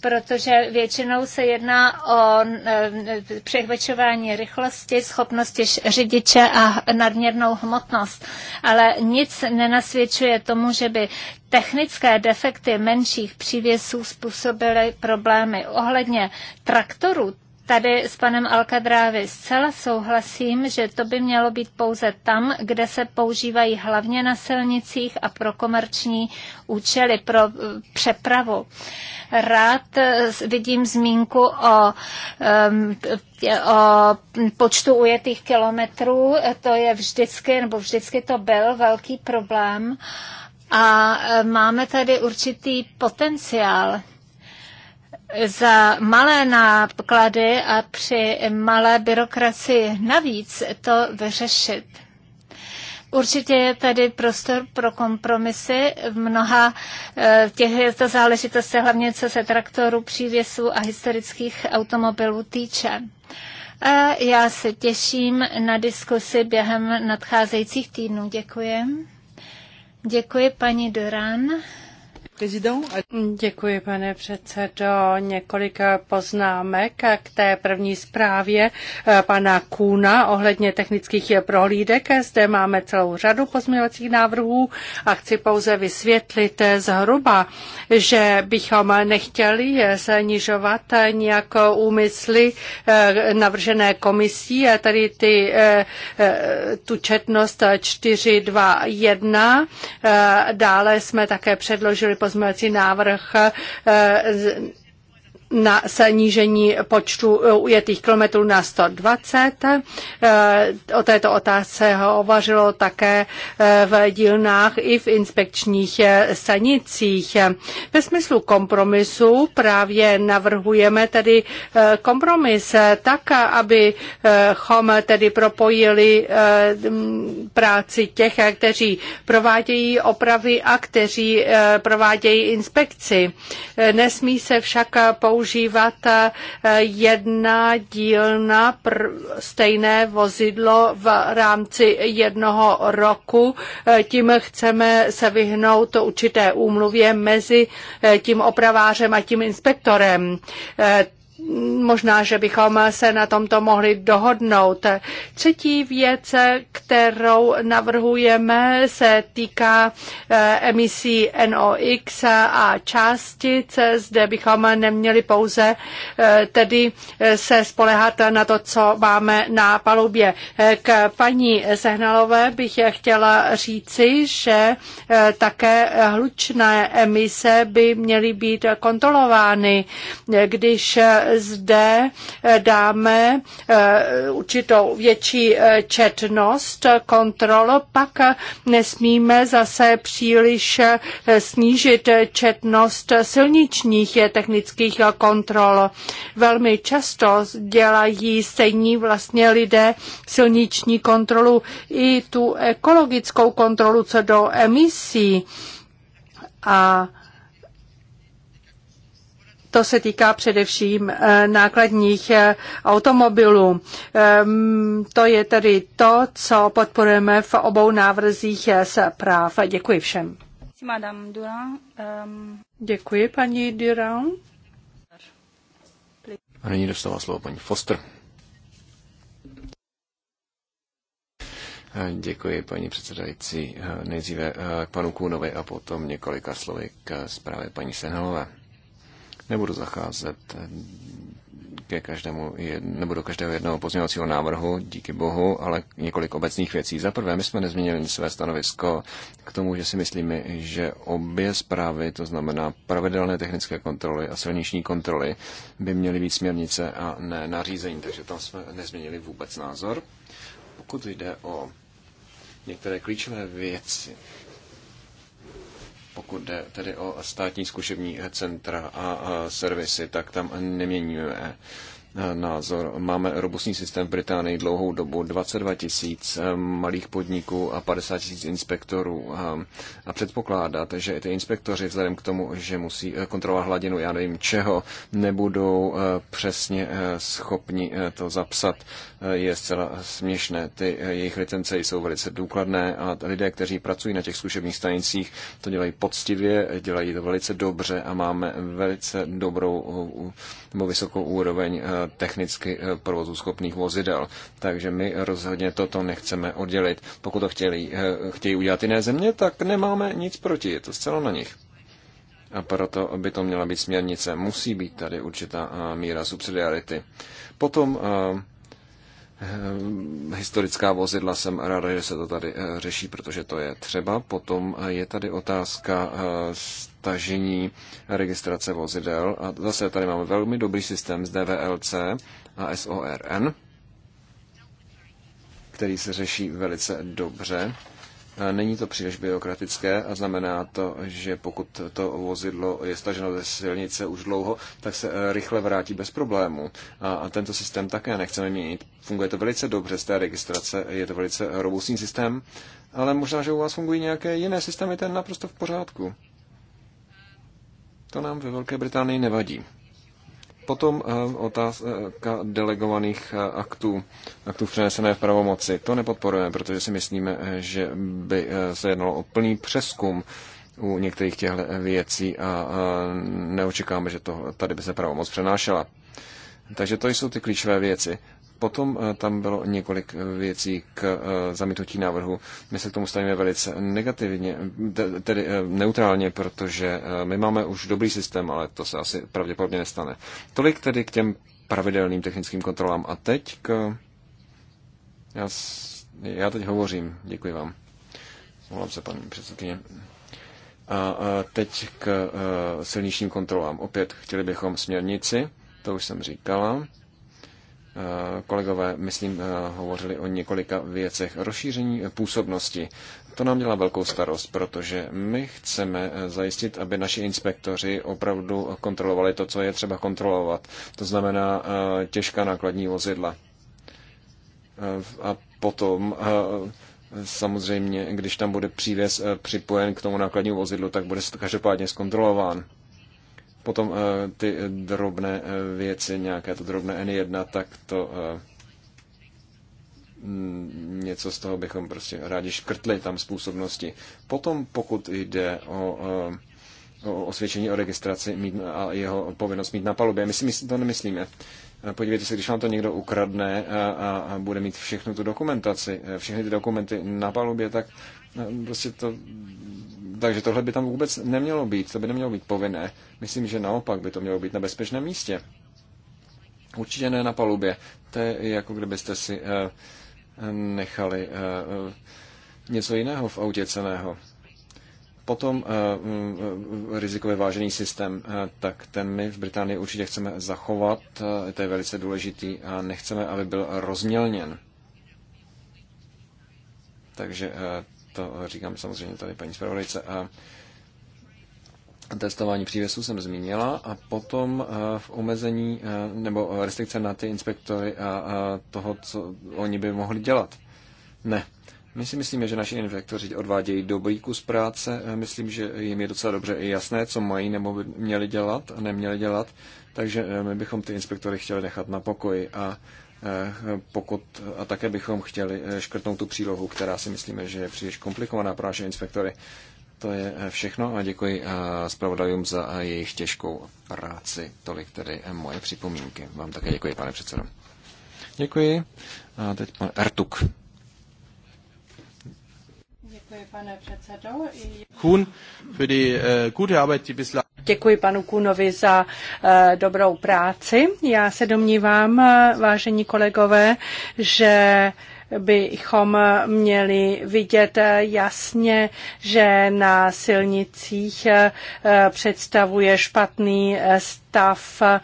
protože většinou se jedná o e, přehvečování rychlosti, schopnosti řidiče a nadměrnou hmotnost. Ale nic nenasvědčuje tomu, že by technické defekty menších přívěsů způsobily problémy. Ohledně traktorů tady s panem Alkadrávy zcela souhlasím, že to by mělo být pouze tam, kde se používají hlavně na silnicích a pro komerční účely, pro eh, přepravu. Rád eh, vidím zmínku o, o počtu ujetých kilometrů. To je vždycky, nebo vždycky to byl velký problém. A eh, máme tady určitý potenciál za malé náklady a při malé byrokracii navíc to vyřešit. Určitě je tady prostor pro kompromisy v mnoha eh, těchto záležitostech, hlavně co se traktorů, přívěsů a historických automobilů týče. A já se těším na diskusi během nadcházejících týdnů. Děkuji. Děkuji paní Duran. Děkuji, pane předsedo. Několik poznámek k té první zprávě eh, pana Kůna ohledně technických prohlídek. Zde máme celou řadu pozměňovacích návrhů a chci pouze vysvětlit zhruba, že bychom nechtěli snižovat nějak úmysly eh, navržené komisí, eh, tedy ty, tu četnost 4.2.1. Dále jsme také předložili pozměňovací návrh eh, na snížení počtu ujetých kilometrů na 120. Eh, o této otázce hovořilo také eh, v dílnách i v inspekčních eh, stanicích. Ve smyslu kompromisu právě navrhujeme tedy kompromis tak, abychom tedy propojili práci těch, kteří provádějí opravy a kteří provádějí inspekci. Nesmí se však pouze používat eh, jedna dílna pr- stejné vozidlo v rámci jednoho roku. Eh, tím chceme se vyhnout určité úmluvě mezi eh, tím opravářem a tím inspektorem. Možná, že bychom se na tomto mohli dohodnout. Třetí věc, kterou navrhujeme, se týká eh, emisí NOx a částic. Zde bychom neměli pouze eh, tedy eh, se spolehat na to, co máme na palubě. K paní Sehnalové bych chtěla říci, že také hlučné emise by měly být kontrolovány, když zde eh, dáme eh, určitou větší eh, četnost kontrol, pak nesmíme zase příliš snížit četnost silničních technických kontrol. Velmi často dělají stejní vlastně lidé silniční kontrolu i tu ekologickou kontrolu co do emisí. A to se týká především eh, nákladních eh, automobilů. Ehm, to je tedy to, co podporujeme v obou návrzích z eh, práv. Děkuji všem. Ehm, děkuji, paní Durand. A nyní dostává slovo paní Foster. Děkuji, paní předsedající. Nejdříve k panu Kůnovi a potom několika slovy k zprávě paní Senhalové. Nebudu zacházet ke každému, nebo do každého jednoho pozměňovacího návrhu, díky bohu, ale několik obecných věcí. Za prvé, my jsme nezměnili své stanovisko k tomu, že si myslíme, že obě zprávy, to znamená pravidelné technické kontroly a silniční kontroly, by měly být směrnice a ne nařízení, takže tam jsme nezměnili vůbec názor. Pokud jde o některé klíčové věci, pokud jde tedy o státní zkušební centra a servisy, tak tam neměníme názor. Máme robustní systém v Británii dlouhou dobu, 22 tisíc eh, malých podniků a 50 tisíc inspektorů. Eh, a předpokládat, že ty inspektoři vzhledem k tomu, že musí eh, kontrolovat hladinu, já nevím čeho, nebudou přesně schopni to zapsat, je zcela směšné. Ty jejich licence jsou velice důkladné a lidé, kteří pracují na těch zkušebních stanicích, to dělají poctivě, dělají to velice dobře a máme velice dobrou nebo vysokou úroveň technicky eh, provozu schopných vozidel. Takže my rozhodně toto nechceme oddělit. Pokud to chtějí, eh, chtějí udělat jiné země, tak nemáme nic proti, je to zcela na nich. A proto by to měla být směrnice. Musí být tady určitá eh, míra subsidiarity. Potom Eh, historická vozidla. Jsem ráda, že se to tady eh, řeší, protože to je třeba. Potom eh, je tady otázka stažení registrace vozidel. A zase tady máme velmi dobrý systém z DVLC a SORN, který se řeší velice dobře Není to příliš byrokratické a znamená to, že pokud to vozidlo je staženo ze silnice už dlouho, tak se eh, rychle vrátí bez problémů. A, tento systém také nechceme měnit. Funguje to velice dobře z té registrace, je to velice robustní systém, ale možná, že u vás fungují nějaké jiné systémy, ten naprosto v pořádku. To nám ve Velké Británii nevadí. Potom eh, otázka delegovaných eh, aktů, aktů přenesené v pravomoci. To nepodporujeme, protože si myslíme, eh, že by se jednalo o plný přeskum u některých těchto věcí a neočekáme, že to, tady by se pravomoc přenášela. Takže to jsou ty klíčové věci. Potom eh, tam bylo několik eh, věcí k eh, zamítnutí návrhu. My se k tomu stavíme velice negativně, tedy neutrálně, protože my máme už dobrý systém, ale to se asi pravděpodobně nestane. Tolik tedy k těm pravidelným technickým kontrolám. A teď k... Já, já teď hovořím. Děkuji vám. Volám se, paní předsedkyně. A teď k silničním kontrolám. Opět chtěli bychom směrnici, to už jsem říkala kolegové, myslím, eh, hovořili o několika věcech. Rozšíření působnosti. To nám dělá velkou starost, protože my chceme eh, zajistit, aby naši inspektoři opravdu kontrolovali to, co je třeba kontrolovat. To znamená eh, těžká nákladní vozidla. A potom samozřejmě, když tam bude přívěs připojen k tomu nákladnímu vozidlu, tak bude každopádně zkontrolován potom eh, ty drobné eh, věci, nějaké to drobné N1, tak to eh, mm, něco z toho bychom prostě rádi škrtli tam způsobnosti. Potom, pokud jde o, o osvědčení o registraci mít, a jeho povinnost mít na palubě, my si myslí, to nemyslíme. Podívejte se, když vám to někdo ukradne a, a, a bude mít všechnu tu dokumentaci, všechny ty dokumenty na palubě, tak prostě to takže tohle by tam vůbec nemělo být, to by nemělo být povinné. Myslím, že naopak by to mělo být na bezpečném místě. Určitě ne na palubě. To je jako kdybyste si eh, nechali eh, eh, něco jiného v autě ceného. Potom rizikově vážený systém, tak ten my v Británii určitě chceme zachovat, to je velice důležitý a nechceme, aby byl rozmělněn. Takže to říkám samozřejmě tady paní zpravodajce. A testování přívěsů jsem zmínila a potom eh, v omezení eh, nebo restrikce na ty inspektory a toho, co oni by mohli dělat. Ne. My si myslíme, že naši inspektoři odvádějí dobrý kus práce. Myslím, že jim je docela dobře i jasné, co mají nebo by měli dělat a neměli dělat. Takže eh, my bychom ty inspektory chtěli nechat na pokoji. A Eh, pokud a také bychom chtěli eh, škrtnout tu přílohu, která si myslíme, že je příliš komplikovaná pro naše inspektory. To je eh, všechno a děkuji zpravodajům za jejich těžkou práci. Tolik tedy moje připomínky. Vám také děkuji, pane předsedo. Děkuji. A teď pan Ertuk. Děkuji, pane předsedo. Kuhn für die gute Arbeit, die bislang Děkuji panu Kunovi za eh, dobrou práci. Já se domnívám, eh, vážení kolegové, že bychom měli vidět jasně, že na silnicích eh, představuje špatný eh, stav eh,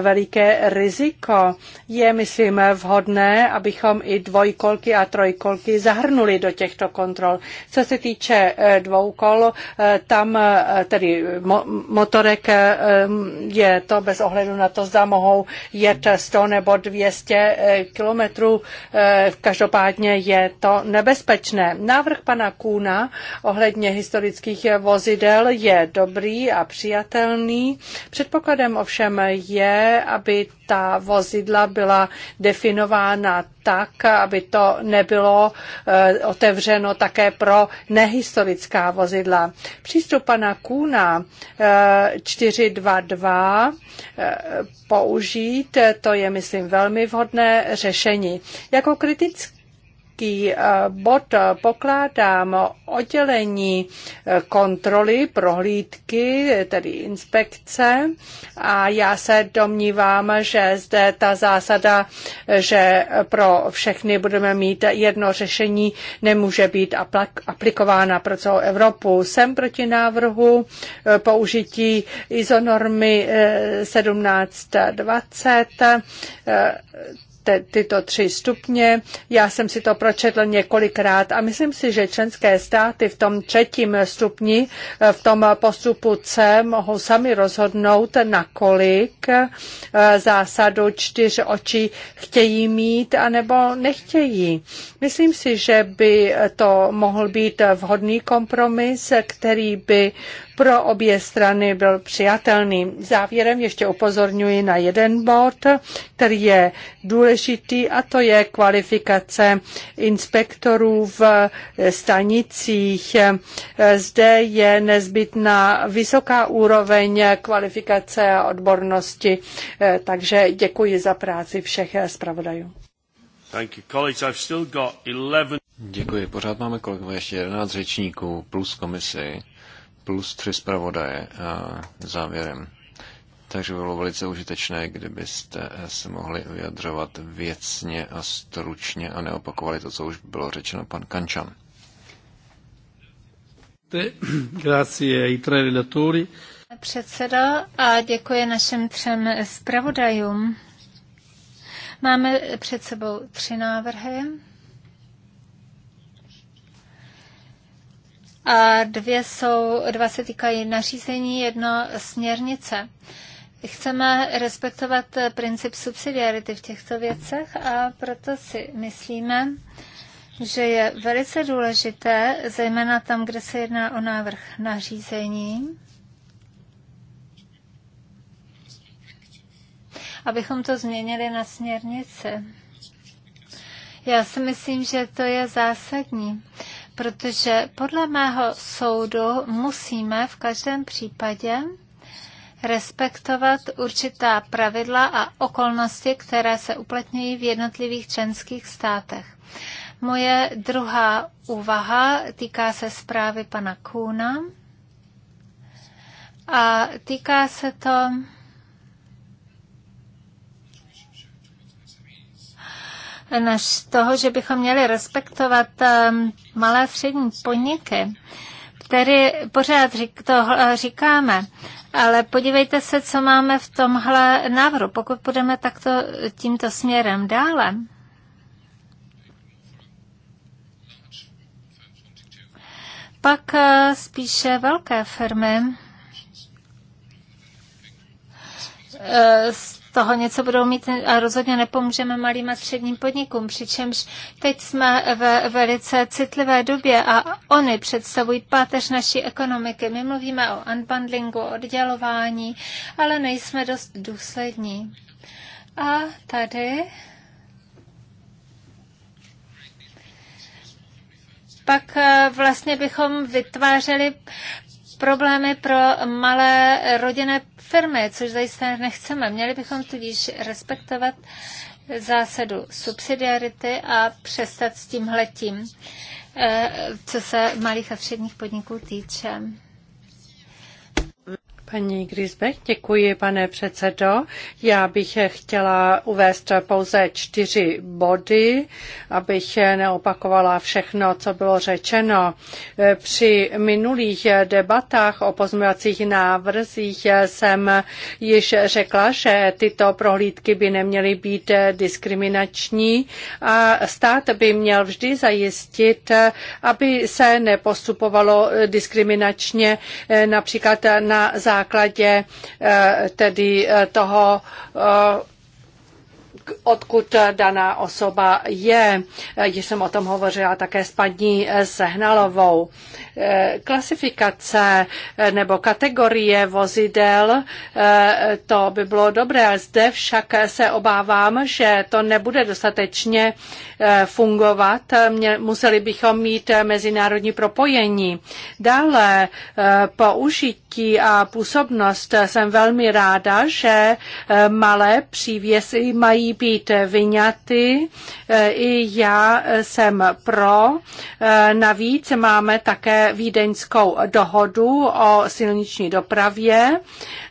veliké riziko. Je, myslím, vhodné, abychom i dvojkolky a trojkolky zahrnuli do těchto kontrol. Co se týče dvoukol, tam tedy motorek mm, je to bez ohledu na to, zda mohou jet 100 nebo 200 kilometrů v každém Každopádně je to nebezpečné. Návrh pana Kůna ohledně historických vozidel je dobrý a přijatelný. Předpokladem ovšem je, aby ta vozidla byla definována tak, aby to nebylo eh, otevřeno také pro nehistorická vozidla. Přístup pana Kůna 422 eh, eh, použít, to je, myslím, velmi vhodné řešení. Jako kritický důležitý eh, bod pokládám oddělení eh, kontroly, prohlídky, tedy inspekce a já se domnívám, že zde ta zásada, eh, že pro všechny budeme mít jedno řešení, nemůže být aplikována pro celou Evropu. Jsem proti návrhu použití izonormy 1720 te, tyto tři stupně. Já jsem si to pročetl několikrát a myslím si, že členské státy v tom třetím stupni, eh, v tom postupu C, mohou sami rozhodnout, nakolik eh, zásadu čtyř očí chtějí mít anebo nechtějí. Myslím si, že by to mohl být vhodný kompromis, který by pro obě strany byl přijatelný. Závěrem ještě upozorňuji na jeden bod, který je důležitý a to je kvalifikace inspektorů v stanicích. Zde je nezbytná vysoká úroveň kvalifikace a odbornosti, takže děkuji za práci všech zpravodajů. Děkuji. Pořád máme kolegové ještě 11 řečníků plus komisi plus tři zpravodaje eh, závěrem. Takže bylo velice užitečné, kdybyste eh, se mohli vyjadřovat věcně a stručně a neopakovali to, co už bylo řečeno pan Kančan. Předseda a děkuji našim třem zpravodajům. Máme před sebou tři návrhy. a dvě, jsou, dva se týkají nařízení, jedno směrnice. Chceme respektovat princip subsidiarity v těchto věcech a proto si myslíme, že je velice důležité, zejména tam, kde se jedná o návrh nařízení, abychom to změnili na směrnici. Já si myslím, že to je zásadní protože podle mého soudu musíme v každém případě respektovat určitá pravidla a okolnosti, které se uplatňují v jednotlivých členských státech. Moje druhá úvaha týká se zprávy pana Kůna a týká se to než toho, že bychom měli respektovat um, malé a střední podniky. které pořád řík, to uh, říkáme, ale podívejte se, co máme v tomhle návrhu, pokud půjdeme takto tímto směrem dále. Pak uh, spíše velké firmy uh, toho něco budou mít a rozhodně nepomůžeme malým a středním podnikům, přičemž teď jsme ve velice citlivé době a oni představují páteř naší ekonomiky. My mluvíme o unbundlingu, oddělování, ale nejsme dost důslední. A tady pak eh, vlastně bychom vytvářeli problémy pro malé rodinné firmy, což zajisté nechceme. Měli bychom tudíž respektovat zásadu subsidiarity a přestat s tímhletím, eh, co se malých a středních podniků týče. Paní Grisbeck, děkuji, pane předsedo. Já bych chtěla uvést pouze čtyři body, abych neopakovala všechno, co bylo řečeno. Při minulých debatách o pozměňovacích návrzích jsem již řekla, že tyto prohlídky by neměly být diskriminační a stát by měl vždy zajistit, aby se nepostupovalo diskriminačně například na základě základě eh, tedy eh, toho eh, odkud daná osoba je. Když jsem o tom hovořila také s paní Sehnalovou. Eh, klasifikace eh, nebo kategorie vozidel, eh, to by bylo dobré. Zde však se obávám, že to nebude dostatečně fungovat. Museli bychom mít mezinárodní propojení. Dále použití a působnost jsem velmi ráda, že malé přívěsy mají být vyňaty. I já jsem pro. Navíc máme také vídeňskou dohodu o silniční dopravě,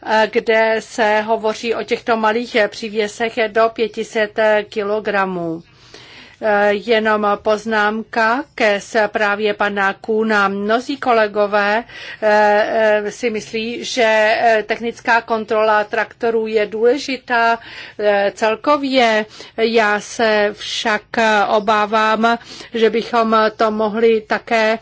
eh, kde se hovoří o těchto malých přívěsech do 500 kilogramů. Eh, jenom poznámka ke zprávě pana Kůna. Mnozí kolegové eh, eh, si myslí, že technická kontrola traktorů je důležitá celkově. Já se však obávám, že bychom to mohli také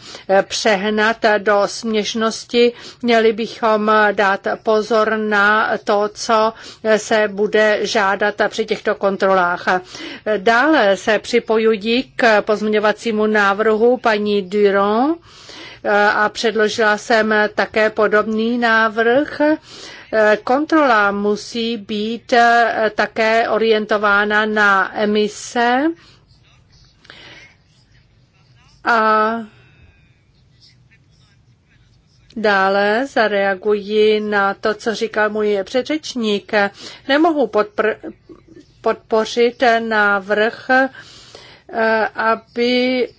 přehnat do směšnosti. Měli bychom dát pozor na to, co se bude žádat při těchto kontrolách. Dále se připomíná, připojuji k pozměňovacímu návrhu paní Duron eh, a předložila jsem také podobný návrh. Eh, kontrola musí být eh, také orientována na emise a Dále zareaguji na to, co říkal můj předřečník. Nemohu podpr- podpořit návrh Eh, aby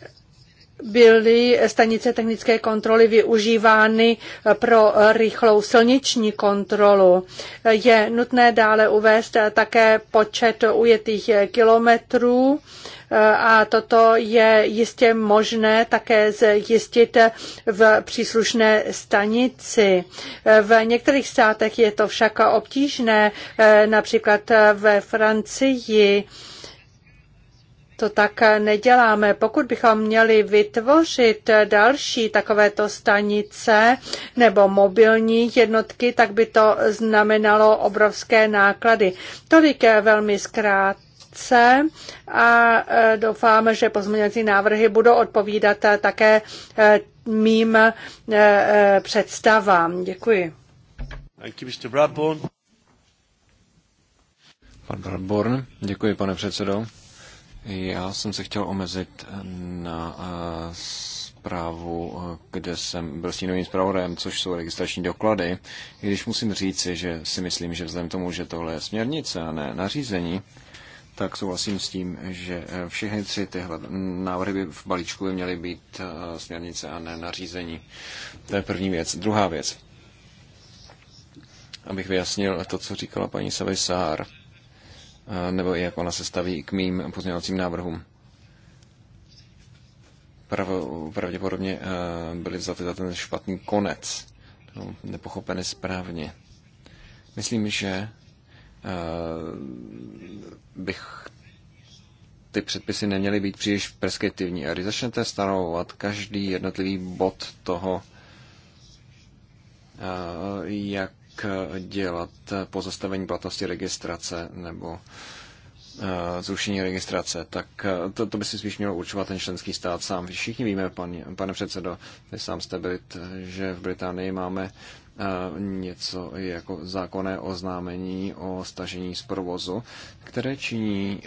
byly stanice technické kontroly využívány pro rychlou silniční kontrolu. Je nutné dále uvést také počet ujetých kilometrů eh, a toto je jistě možné také zjistit v příslušné stanici. V některých státech je to však obtížné, eh, například ve Francii to tak neděláme. Pokud bychom měli vytvořit další takovéto stanice nebo mobilní jednotky, tak by to znamenalo obrovské náklady. Tolik velmi zkrát a e, doufám, že pozměňovací návrhy budou odpovídat také e, mým e, představám. Děkuji. Bradborn. Pan Bradborn, děkuji, pane předsedo. Já jsem se chtěl omezit na eh, zprávu, eh, kde jsem byl stínovým zpravodajem, což jsou registrační doklady, i když musím říci, že si myslím, že vzhledem tomu, že tohle je směrnice a ne nařízení, tak souhlasím s tím, že eh, všechny tři tyhle návrhy by v balíčku by měly být směrnice a ne nařízení. To je první věc. Druhá věc. Abych vyjasnil to, co říkala paní Savisár nebo i jak ona se staví k mým pozměňovacím návrhům. Pravděpodobně byly vzaty za ten špatný konec, no, nepochopeny správně. Myslím, že bych ty předpisy neměly být příliš preskriptivní. A když začnete stanovovat každý jednotlivý bod toho, jak dělat pozastavení platnosti registrace nebo eh, zrušení registrace, tak eh, to, to by si spíš mělo určovat ten členský stát sám. Všichni víme, pan, pane předsedo, vy sám jste byli, že v Británii máme eh, něco jako zákonné oznámení o stažení z provozu, které činí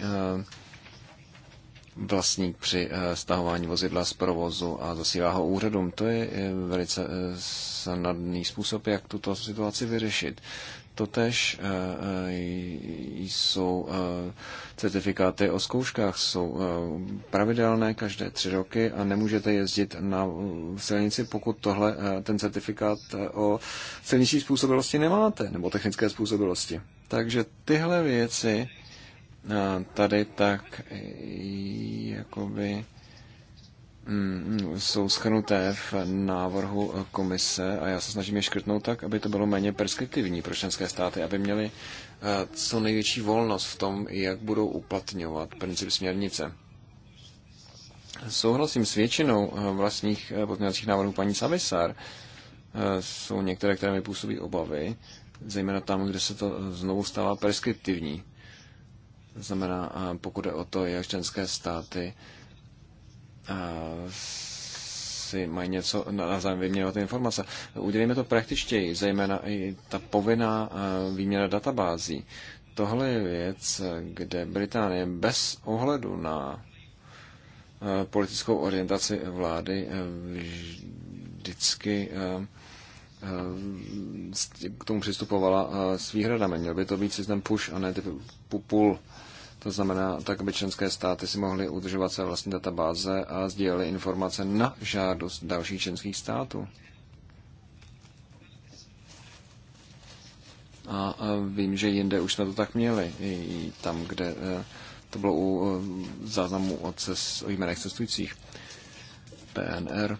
vlastník při eh, stahování vozidla z provozu a zasílá ho úřadům. To je eh, velice eh, snadný způsob, jak tuto situaci vyřešit. Totež jsou certifikáty o zkouškách, jsou pravidelné každé tři roky a nemůžete jezdit na silnici, pokud tohle, ten certifikát o silniční způsobilosti nemáte, nebo technické způsobilosti. Takže tyhle věci tady, tak jakoby mm, jsou schrnuté v návrhu komise a já se snažím je škrtnout tak, aby to bylo méně perspektivní pro členské státy, aby měli co největší volnost v tom, jak budou uplatňovat princip směrnice. Souhlasím s většinou vlastních pozměňovacích návrhů paní Savisar. Jsou některé, které mi působí obavy, zejména tam, kde se to znovu stává perskriptivní. To znamená, pokud je o to, jak členské státy si mají něco na zájem vyměňovat informace. Udělejme to praktičtěji, zejména i ta povinná výměna databází. Tohle je věc, kde Británie bez ohledu na politickou orientaci vlády vždycky k tomu přistupovala s výhradami. Měl by to být systém push a ne typu pull. To znamená, tak by členské státy si mohly udržovat své vlastní databáze a sdílely informace na žádost dalších členských států. A vím, že jinde už jsme to tak měli, i tam, kde e, to bylo u e, záznamu o, ces, o jménech cestujících. PNR.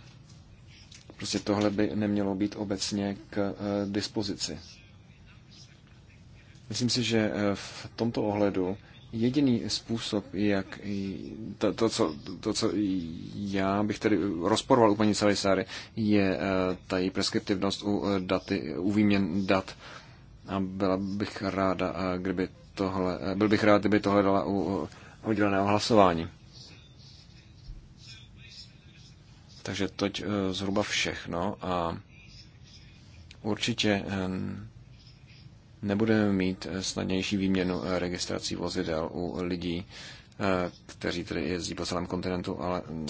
Prostě tohle by nemělo být obecně k e, dispozici. Myslím si, že v tomto ohledu Jediný způsob, jak to, to, co, to, co já bych tedy rozporoval u paní Salisáry, je eh, ta její preskriptivnost u, eh, daty, u výměn dat. A byla bych ráda, eh, kdyby tohle, byl bych rád, kdyby tohle dala u odděleného hlasování. Takže toť zhruba všechno a určitě nebudeme mít eh, snadnější výměnu eh, registrací vozidel u lidí, eh, kteří tedy jezdí po celém kontinentu, ale mm,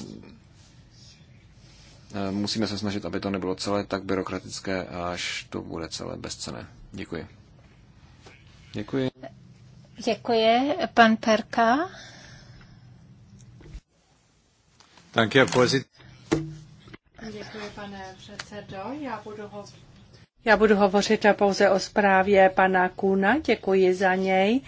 musíme se snažit, aby to nebylo celé tak byrokratické, až to bude celé bezcené. Děkuji. Děkuji. Děkuji. Pan Perka. Tak je Děkuji, pane předsedo. Já budu ho já budu hovořit pouze o zprávě pana Kuna, děkuji za něj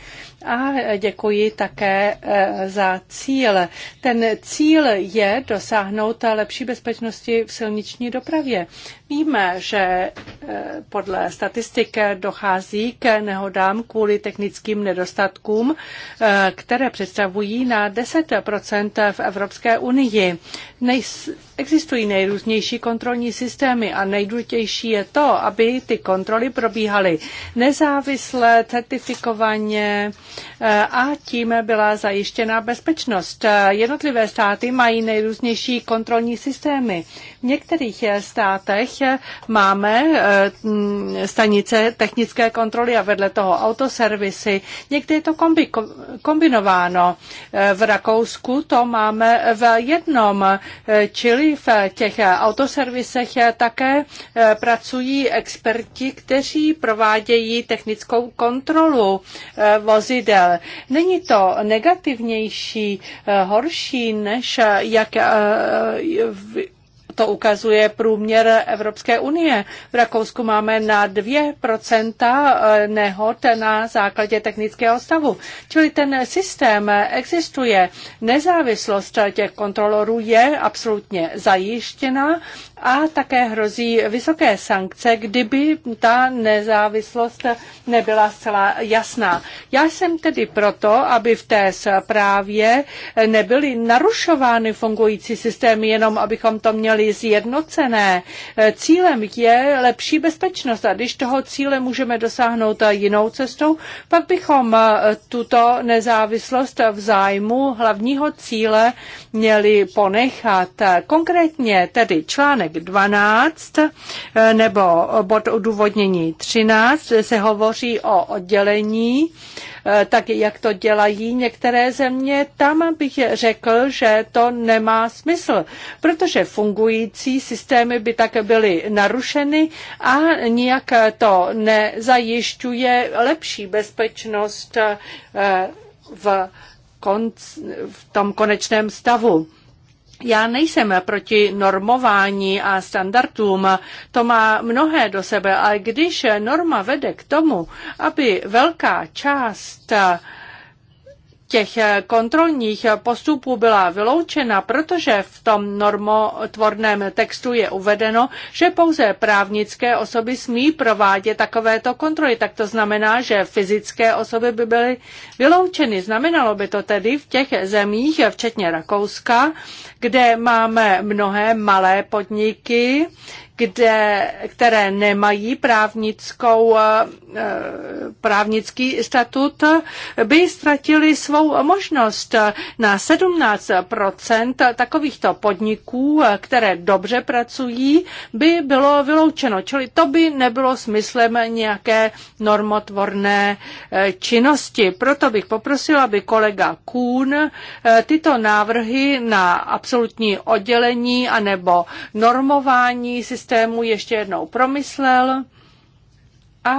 a děkuji také e, za cíl. Ten cíl je dosáhnout lepší bezpečnosti v silniční dopravě. Víme, že e, podle statistik dochází k nehodám kvůli technickým nedostatkům, e, které představují na 10 v Evropské unii. Existují nejrůznější kontrolní systémy a nejdůležitější je to, aby aby ty kontroly probíhaly nezávisle, certifikovaně eh, a tím byla zajištěna bezpečnost. Eh, jednotlivé státy mají nejrůznější kontrolní systémy některých eh, státech eh, máme eh, mm, stanice technické kontroly a vedle toho autoservisy. Někdy je to kombi, kombinováno. V Rakousku to máme v jednom, čili v těch autoservisech také pracují experti, kteří provádějí technickou kontrolu vozidel. Není to negativnější, horší, než jak to ukazuje průměr Evropské unie. V Rakousku máme na 2% eh, nehod na základě technického stavu. Čili ten systém existuje. Nezávislost těch kontrolorů je absolutně zajištěna a také hrozí vysoké sankce, kdyby ta nezávislost nebyla zcela jasná. Já jsem tedy proto, aby v té zprávě nebyly narušovány fungující systémy, jenom abychom to měli zjednocené. Cílem je lepší bezpečnost a když toho cíle můžeme dosáhnout jinou cestou, pak bychom tuto nezávislost v zájmu hlavního cíle měli ponechat. Konkrétně tedy článek článek 12 eh, nebo bod odůvodnění 13 se hovoří o oddělení, eh, tak jak to dělají některé země, tam bych řekl, že to nemá smysl, protože fungující systémy by tak byly narušeny a nijak to nezajišťuje lepší bezpečnost eh, v, konc, v tom konečném stavu. Já nejsem proti normování a standardům, to má mnohé do sebe, ale když norma vede k tomu, aby velká část těch eh, kontrolních postupů byla vyloučena, protože v tom normotvorném textu je uvedeno, že pouze právnické osoby smí provádět takovéto kontroly. Tak to znamená, že fyzické osoby by byly vyloučeny. Znamenalo by to tedy v těch zemích, včetně Rakouska, kde máme mnohé malé podniky, kde, které nemají právnickou, eh, eh, právnický statut, by ztratili svou možnost. Na 17 takovýchto podniků, které dobře pracují, by bylo vyloučeno. Čili to by nebylo smyslem nějaké normotvorné eh, činnosti. Proto bych poprosila, aby kolega Kuhn tyto návrhy na absolutní oddělení anebo normování systému systému ještě jednou promyslel a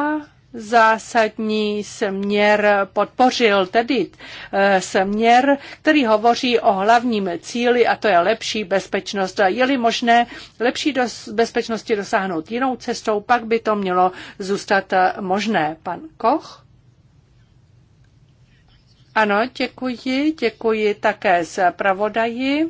zásadní směr podpořil, tedy eh, směr, který hovoří o hlavním cíli a to je lepší bezpečnost. Je-li možné lepší dos- bezpečnosti dosáhnout jinou cestou, pak by to mělo zůstat eh, možné. Pan Koch? Ano, děkuji. Děkuji také zpravodaji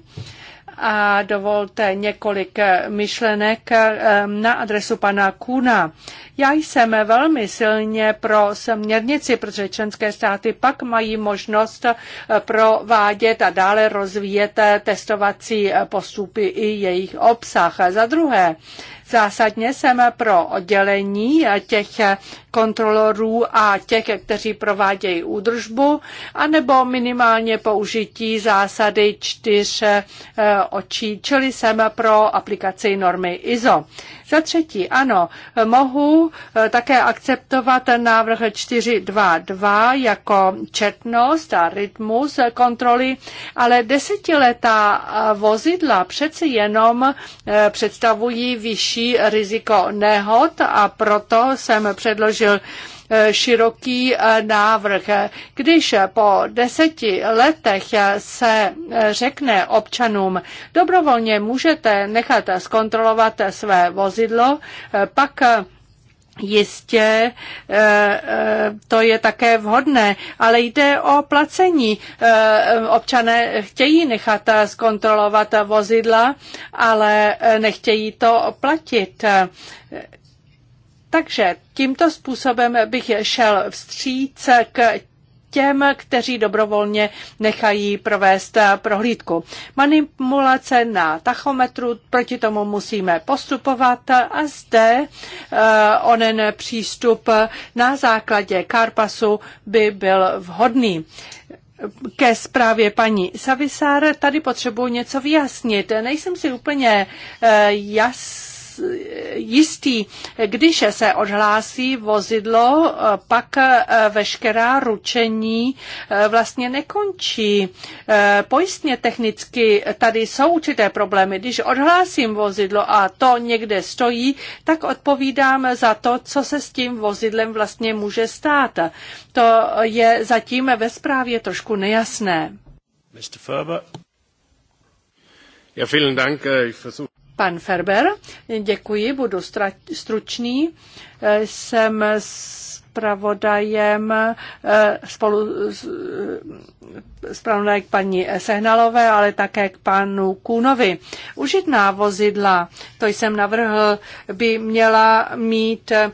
a dovolte několik myšlenek ehm, na adresu pana Kuna. Já jsem velmi silně pro směrnici, protože členské státy pak mají možnost eh, provádět a dále rozvíjet eh, testovací eh, postupy i jejich obsah. Za druhé, Zásadně jsem pro oddělení těch kontrolorů a těch, kteří provádějí údržbu, anebo minimálně použití zásady čtyř eh, očí, čili jsem pro aplikaci normy ISO. Za třetí, ano, mohu eh, také akceptovat návrh 422 jako četnost a rytmus kontroly, ale desetiletá eh, vozidla přeci jenom představují vyšší větší riziko nehod a proto jsem předložil eh, široký eh, návrh. Když po deseti letech se eh, řekne občanům, dobrovolně můžete nechat zkontrolovat své vozidlo, pak Jistě eh, eh, to je také vhodné, ale jde o placení. Eh, občané chtějí nechat zkontrolovat vozidla, ale nechtějí to platit. Takže tímto způsobem bych šel vstříc k těm, kteří dobrovolně nechají provést eh, prohlídku. Manipulace na tachometru, proti tomu musíme postupovat a zde eh, onen přístup na základě Karpasu by byl vhodný ke zprávě paní Savisár. Tady potřebuji něco vyjasnit. Nejsem si úplně eh, jas jistý. Když se odhlásí vozidlo, pak eh, veškerá ručení eh, vlastně nekončí. Eh, pojistně technicky tady jsou určité problémy. Když odhlásím vozidlo a to někde stojí, tak odpovídám za to, co se s tím vozidlem vlastně může stát. To je zatím ve zprávě trošku nejasné. Mr. Ja, vielen Dank. Ich versuch... Pan Ferber, děkuji, budu stručný. Jsem s zpravodajem eh, spolu s, eh, k paní Sehnalové, ale také k panu Kůnovi. Užitná vozidla, to jsem navrhl, by měla mít eh,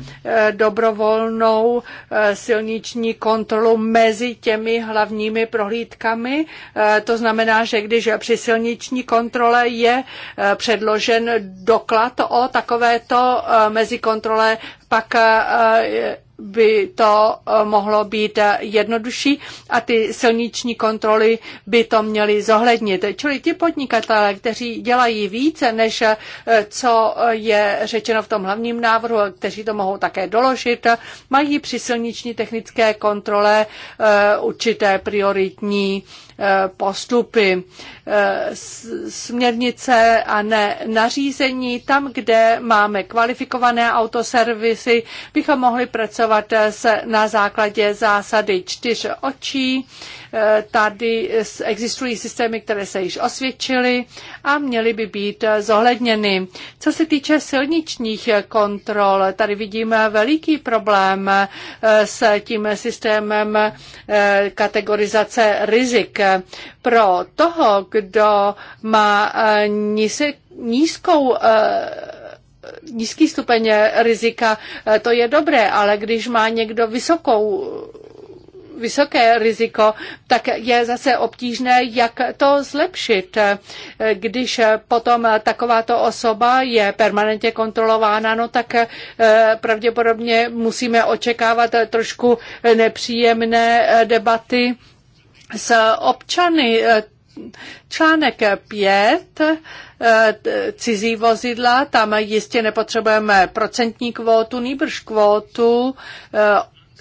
dobrovolnou silniční kontrolu mezi těmi hlavními prohlídkami. To znamená, že když při silniční kontrole je předložen doklad o takovéto mezikontrole pak eh, by to eh, mohlo být eh, jednodušší a ty silniční kontroly by to měly zohlednit. Čili ti podnikatele, kteří dělají více, než co je řečeno v tom hlavním návrhu, kteří to mohou také doložit, mají při silniční technické kontrole určité prioritní Eh, postupy. Eh, směrnice a ne nařízení, tam, kde máme kvalifikované autoservisy, bychom mohli pracovat eh, na základě zásady čtyř očí, Eh, tady existují systémy, které se již osvědčily a měly by být eh, zohledněny. Co se týče silničních eh, kontrol, tady vidíme veliký problém s tím systémem kategorizace rizik. Pro toho, kdo má nízkou nízký stupeň rizika, to je dobré, ale když má někdo vysokou vysoké riziko, tak je zase obtížné, jak to zlepšit. Když potom takováto osoba je permanentně kontrolována, no tak eh, pravděpodobně musíme očekávat trošku nepříjemné debaty s občany článek 5, eh, cizí vozidla, tam jistě nepotřebujeme procentní kvótu, nýbrž kvótu eh,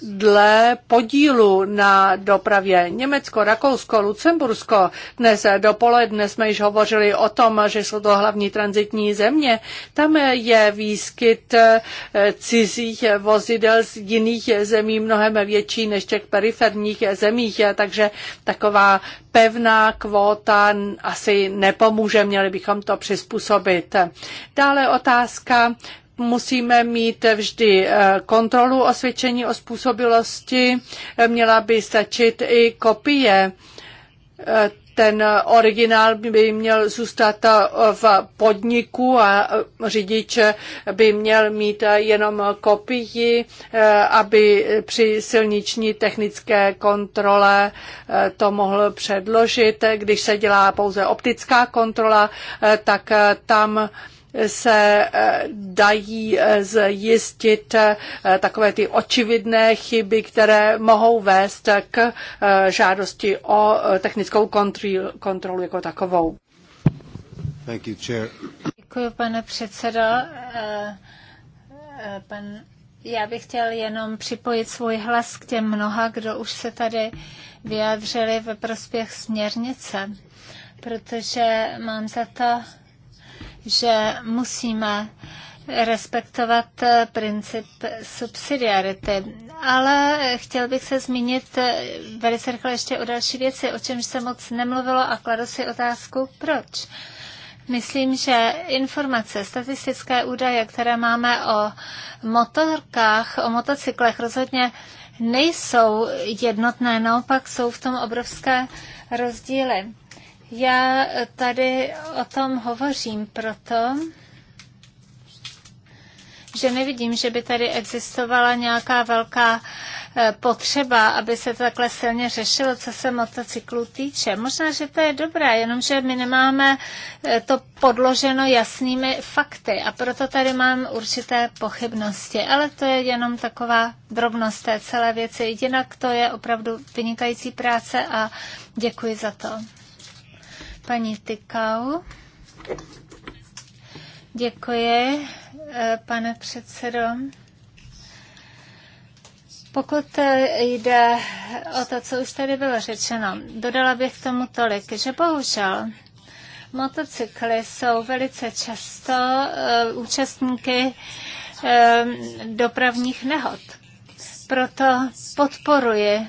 dle podílu na dopravě. Německo, Rakousko, Lucembursko. Dnes dopoledne jsme již hovořili o tom, že jsou to hlavní transitní země. Tam je výskyt eh, cizích vozidel z jiných zemí mnohem větší než těch periferních zemích, takže taková pevná kvóta asi nepomůže, měli bychom to přizpůsobit. Dále otázka musíme mít vždy eh, kontrolu osvědčení o způsobilosti, měla by stačit i kopie eh, ten originál by měl zůstat eh, v podniku a řidič by měl mít jenom kopii, aby při silniční technické kontrole to mohl předložit. Když se dělá pouze optická kontrola, tak tam se eh, dají eh, zjistit eh, takové ty očividné chyby, které mohou vést k žádosti o technickou kontrolu jako takovou. Thank you, chair. Děkuji, pane předsedo. Pan, já bych chtěl jenom připojit svůj hlas k těm mnoha, kdo už se tady vyjádřili ve prospěch směrnice, protože mám za to, že musíme respektovat eh, princip subsidiarity. Ale chtěl bych se zmínit eh, velice rychle ještě o další věci, o čemž se moc nemluvilo a kladu si otázku, proč. Myslím, že informace, statistické údaje, které máme o motorkách, o motocyklech, rozhodně nejsou jednotné, naopak jsou v tom obrovské rozdíly. Já tady o tom hovořím proto, že nevidím, že by tady existovala nějaká velká e, potřeba, aby se to takhle silně řešilo, co se motocyklu týče. Možná, že to je dobré, jenomže my nemáme e, to podloženo jasnými fakty a proto tady mám určité pochybnosti, ale to je jenom taková drobnost té celé věci. Jinak to je opravdu vynikající práce a děkuji za to. Paní Tykau. Děkuji, eh, pane předsedo. Pokud jde o to, co už tady bylo řečeno, dodala bych tomu tolik, že bohužel motocykly jsou velice často uh, účastníky uh, dopravních nehod. Proto podporuji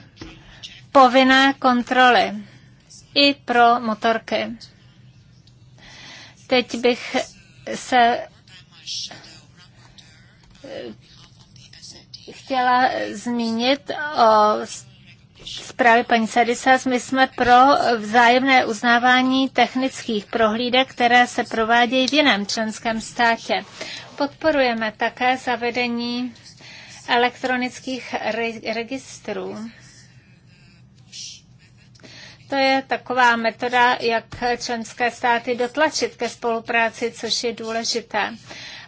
povinné kontroly i pro motorky. Teď bych se eh, chtěla zmínit o zprávě paní Sadisas. My jsme pro vzájemné uznávání technických prohlídek, které se provádějí v jiném členském státě. Podporujeme také zavedení elektronických registrů to je taková metoda, jak členské státy dotlačit ke spolupráci, což je důležité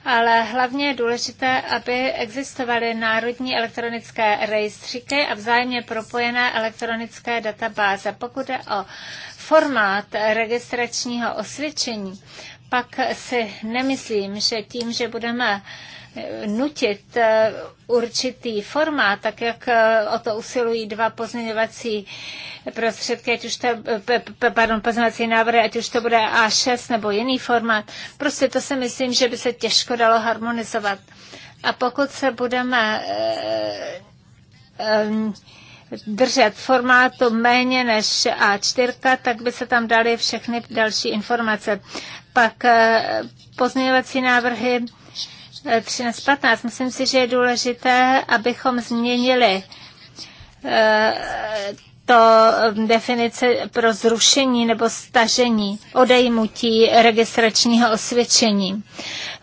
ale hlavně je důležité, aby existovaly národní elektronické rejstříky a vzájemně propojené elektronické databáze. Pokud je o formát registračního osvědčení, pak si nemyslím, že tím, že budeme nutit eh, určitý formát, tak jak eh, o to usilují dva pozměňovací prostředky, ať už to, pardon, pozměňovací návrhy, ať už to bude A6 nebo jiný formát. Prostě to si myslím, že by se těžko dalo harmonizovat. A pokud se budeme eh, držet formátu méně než A4, tak by se tam dali všechny další informace. Pak pozměňovací návrhy 13.15. Myslím si, že je důležité, abychom změnili eh, to eh, definice pro zrušení nebo stažení, odejmutí registračního osvědčení.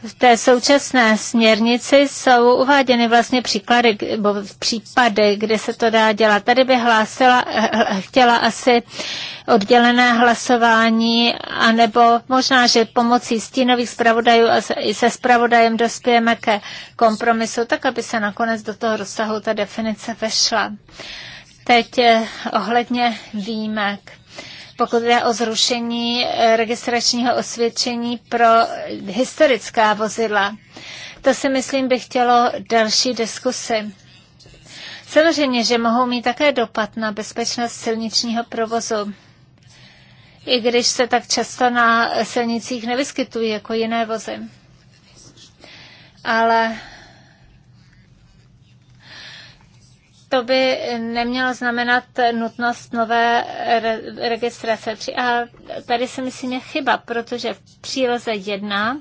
V té současné směrnici jsou uváděny vlastně příklady, nebo případy, kde se to dá dělat. Tady by hlásila, eh, chtěla asi oddělené hlasování, anebo možná, že pomocí stínových zpravodajů a se zpravodajem dospějeme ke kompromisu, tak aby se nakonec do toho rozsahu ta definice vešla. Uh, Teď eh, ohledně výjimek pokud jde o zrušení eh, registračního osvědčení pro historická vozidla. To si myslím by chtělo další diskusy. Samozřejmě, že mohou mít také dopad na bezpečnost silničního provozu. I když se tak často na silnicích nevyskytují jako jiné vozy. Ale to by nemělo znamenat nutnost nové re- registrace. A tady se myslím je chyba, protože v příloze 1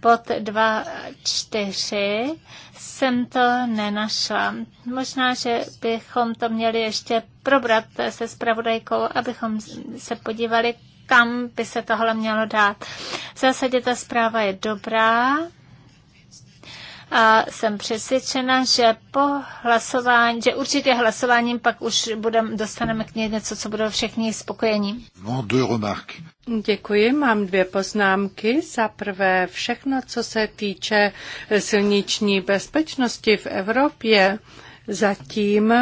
pod 2.4 jsem to nenašla. Možná, že bychom to měli ještě probrat se spravodajkou, abychom se podívali, kam by se tohle mělo dát. V zásadě ta zpráva je dobrá, a jsem přesvědčena, že po hlasování, že určitě hlasováním pak už budem, dostaneme k něj něco, co budou všichni spokojení. Děkuji, mám dvě poznámky. Za prvé, všechno, co se týče silniční bezpečnosti v Evropě, zatím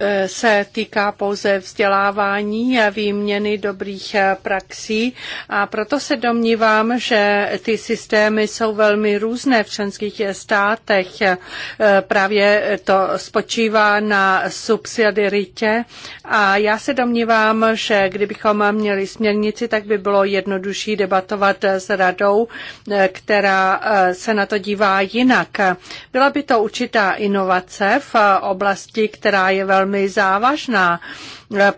E, se týká pouze vzdělávání a výměny dobrých e, praxí a proto se domnívám, že ty systémy jsou velmi různé v členských státech. E, právě to spočívá na subsidiaritě a já se domnívám, že kdybychom měli směrnici, tak by bylo jednodušší debatovat s radou, která se na to dívá jinak. Byla by to určitá inovace v oblasti, která je velmi velmi závažná.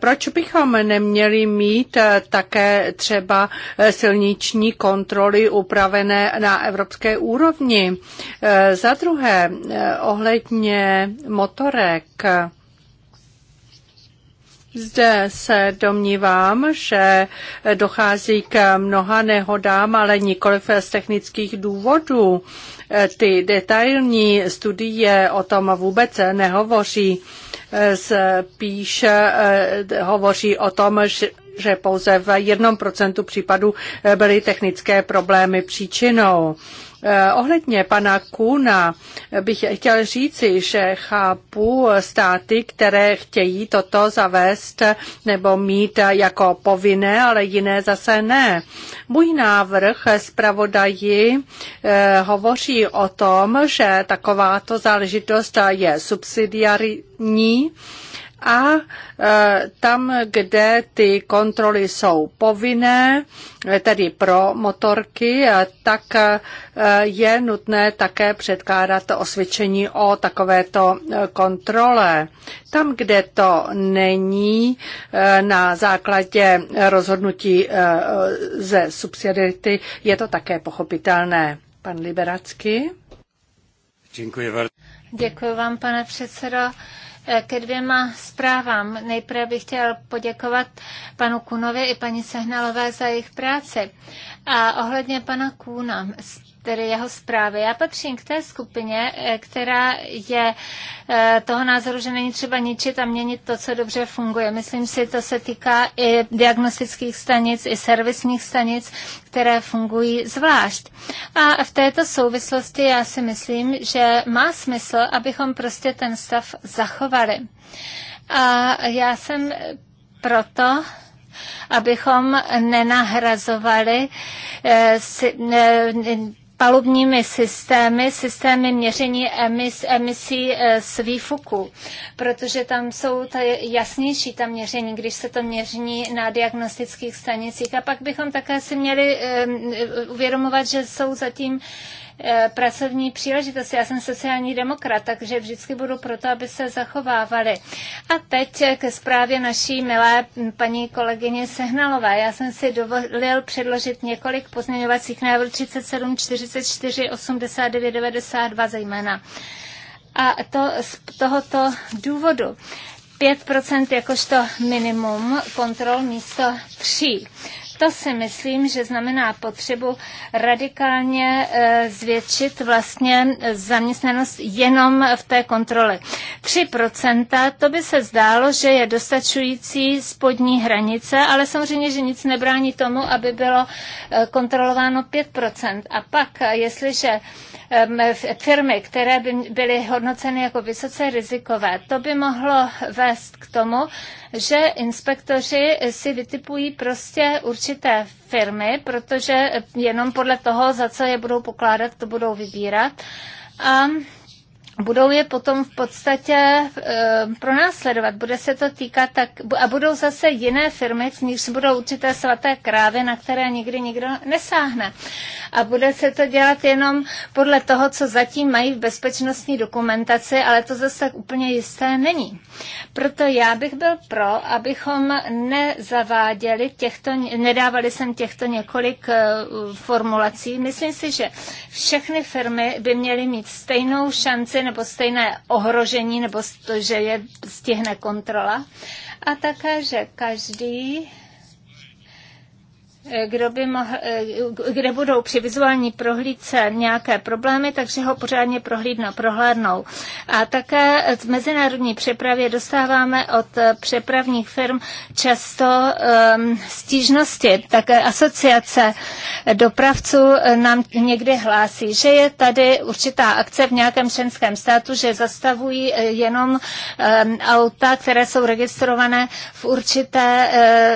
Proč bychom neměli mít eh, také třeba eh, silniční kontroly upravené na evropské úrovni? Eh, za druhé, ohledně motorek. Zde se domnívám, že dochází k mnoha nehodám, ale nikoliv z technických důvodů. Ty detailní studie o tom vůbec nehovoří spíše eh, hovoří o tom, že že pouze v jednom procentu případů eh, byly technické problémy příčinou. Eh, ohledně pana Kuna bych chtěl říci, že chápu státy, které chtějí toto zavést nebo mít jako povinné, ale jiné zase ne. Můj návrh zpravodaji eh, hovoří o tom, že takováto záležitost je subsidiární a e, tam, kde ty kontroly jsou povinné, e, tedy pro motorky, e, tak je nutné také předkládat osvědčení o takovéto kontrole. Tam, kde to není na základě rozhodnutí ze subsidiarity, je to také pochopitelné. Pan Liberacky. Děkuji vám. Děkuji vám, pane předsedo ke dvěma zprávám. Nejprve bych chtěl poděkovat panu Kunovi i paní Sehnalové za jejich práci. A ohledně pana Kůna, tedy jeho zprávy. Já patřím k té skupině, eh, která je eh, toho názoru, že není třeba ničit a měnit to, co dobře funguje. Myslím si, to se týká i diagnostických stanic, i servisních stanic, které fungují zvlášť. A v této souvislosti já si myslím, že má smysl, abychom prostě ten stav zachovali. A já jsem proto, abychom nenahrazovali eh, si, palubními systémy, systémy měření emis, emisí eh, z výfuku, protože tam jsou ta jasnější ta měření, když se to měří na diagnostických stanicích. A pak bychom také si měli eh, eh, uvědomovat, že jsou zatím Eh, pracovní příležitosti. Já jsem sociální demokrat, takže vždycky budu proto, aby se zachovávali. A teď eh, ke zprávě naší milé paní kolegyně Sehnalové. Já jsem si dovolil předložit několik pozměňovacích návrhů 37, 44, 89, 92 zejména. A to z tohoto důvodu. 5% jakožto minimum kontrol místo 3. To si myslím, že znamená potřebu radikálně e, zvětšit vlastně zaměstnanost jenom v té kontrole. 3% to by se zdálo, že je dostačující spodní hranice, ale samozřejmě, že nic nebrání tomu, aby bylo e, kontrolováno 5%. A pak, jestliže firmy, které by byly hodnoceny jako vysoce rizikové. To by mohlo vést k tomu, že inspektoři si vytipují prostě určité firmy, protože jenom podle toho, za co je budou pokládat, to budou vybírat. A budou je potom v podstatě e, pronásledovat. Bude se to týkat tak, a budou zase jiné firmy, z nichž budou určité svaté krávy, na které nikdy nikdo nesáhne. A bude se to dělat jenom podle toho, co zatím mají v bezpečnostní dokumentaci, ale to zase tak úplně jisté není. Proto já bych byl pro, abychom nezaváděli těchto, nedávali jsem těchto několik e, formulací. Myslím si, že všechny firmy by měly mít stejnou šanci nebo stejné ohrožení, nebo to, že je stihne kontrola. A také, že každý Eh, kdo by mohl, eh, kde budou při vizuální prohlídce nějaké problémy, takže ho pořádně prohlídno, prohlédnou. A také v mezinárodní přepravě dostáváme od eh, přepravních firm často um, stížnosti. Také asociace dopravců nám někdy hlásí, že je tady určitá akce v nějakém členském státu, že zastavují jenom um, auta, které jsou registrované v určité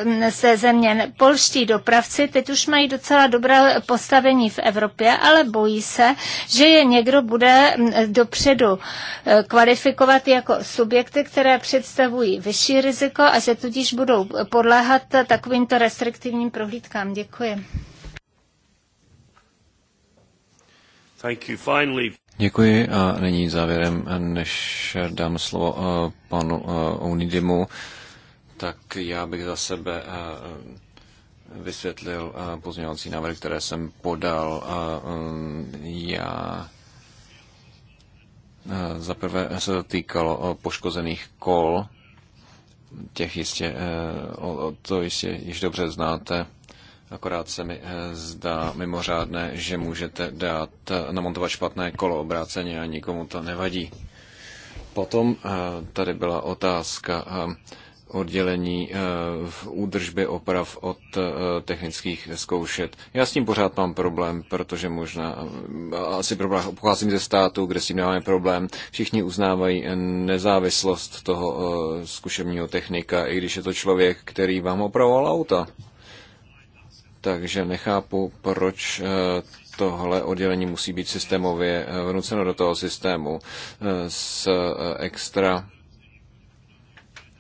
um, země. Polští dopravci dopravci teď už mají docela dobré postavení v Evropě, ale bojí se, že je někdo bude mm, dopředu eh, kvalifikovat jako subjekty, které představují vyšší riziko a že tudíž budou podléhat takovýmto restriktivním prohlídkám. Děkuji. Thank you. Finally. Děkuji a nyní závěrem, než dám slovo eh, panu eh, Unidimu, tak já bych za sebe vysvětlil pozměňovací návrh, které jsem podal. Um, já za prvé se to týkalo poškozených kol, těch jistě, e, to jistě již dobře znáte. Akorát se mi e, zdá mimořádné, že můžete dát e, namontovat špatné kolo obráceně a nikomu to nevadí. Potom tady byla otázka oddělení eh, v údržbě oprav od eh, technických zkoušet. Já s tím pořád mám problém, protože možná eh, asi problém, pocházím ze státu, kde s tím nemáme problém. Všichni uznávají nezávislost toho zkušebního technika, i když je to člověk, který vám opravoval auta. Takže nechápu, proč tohle oddělení musí být systémově vnuceno do toho systému s extra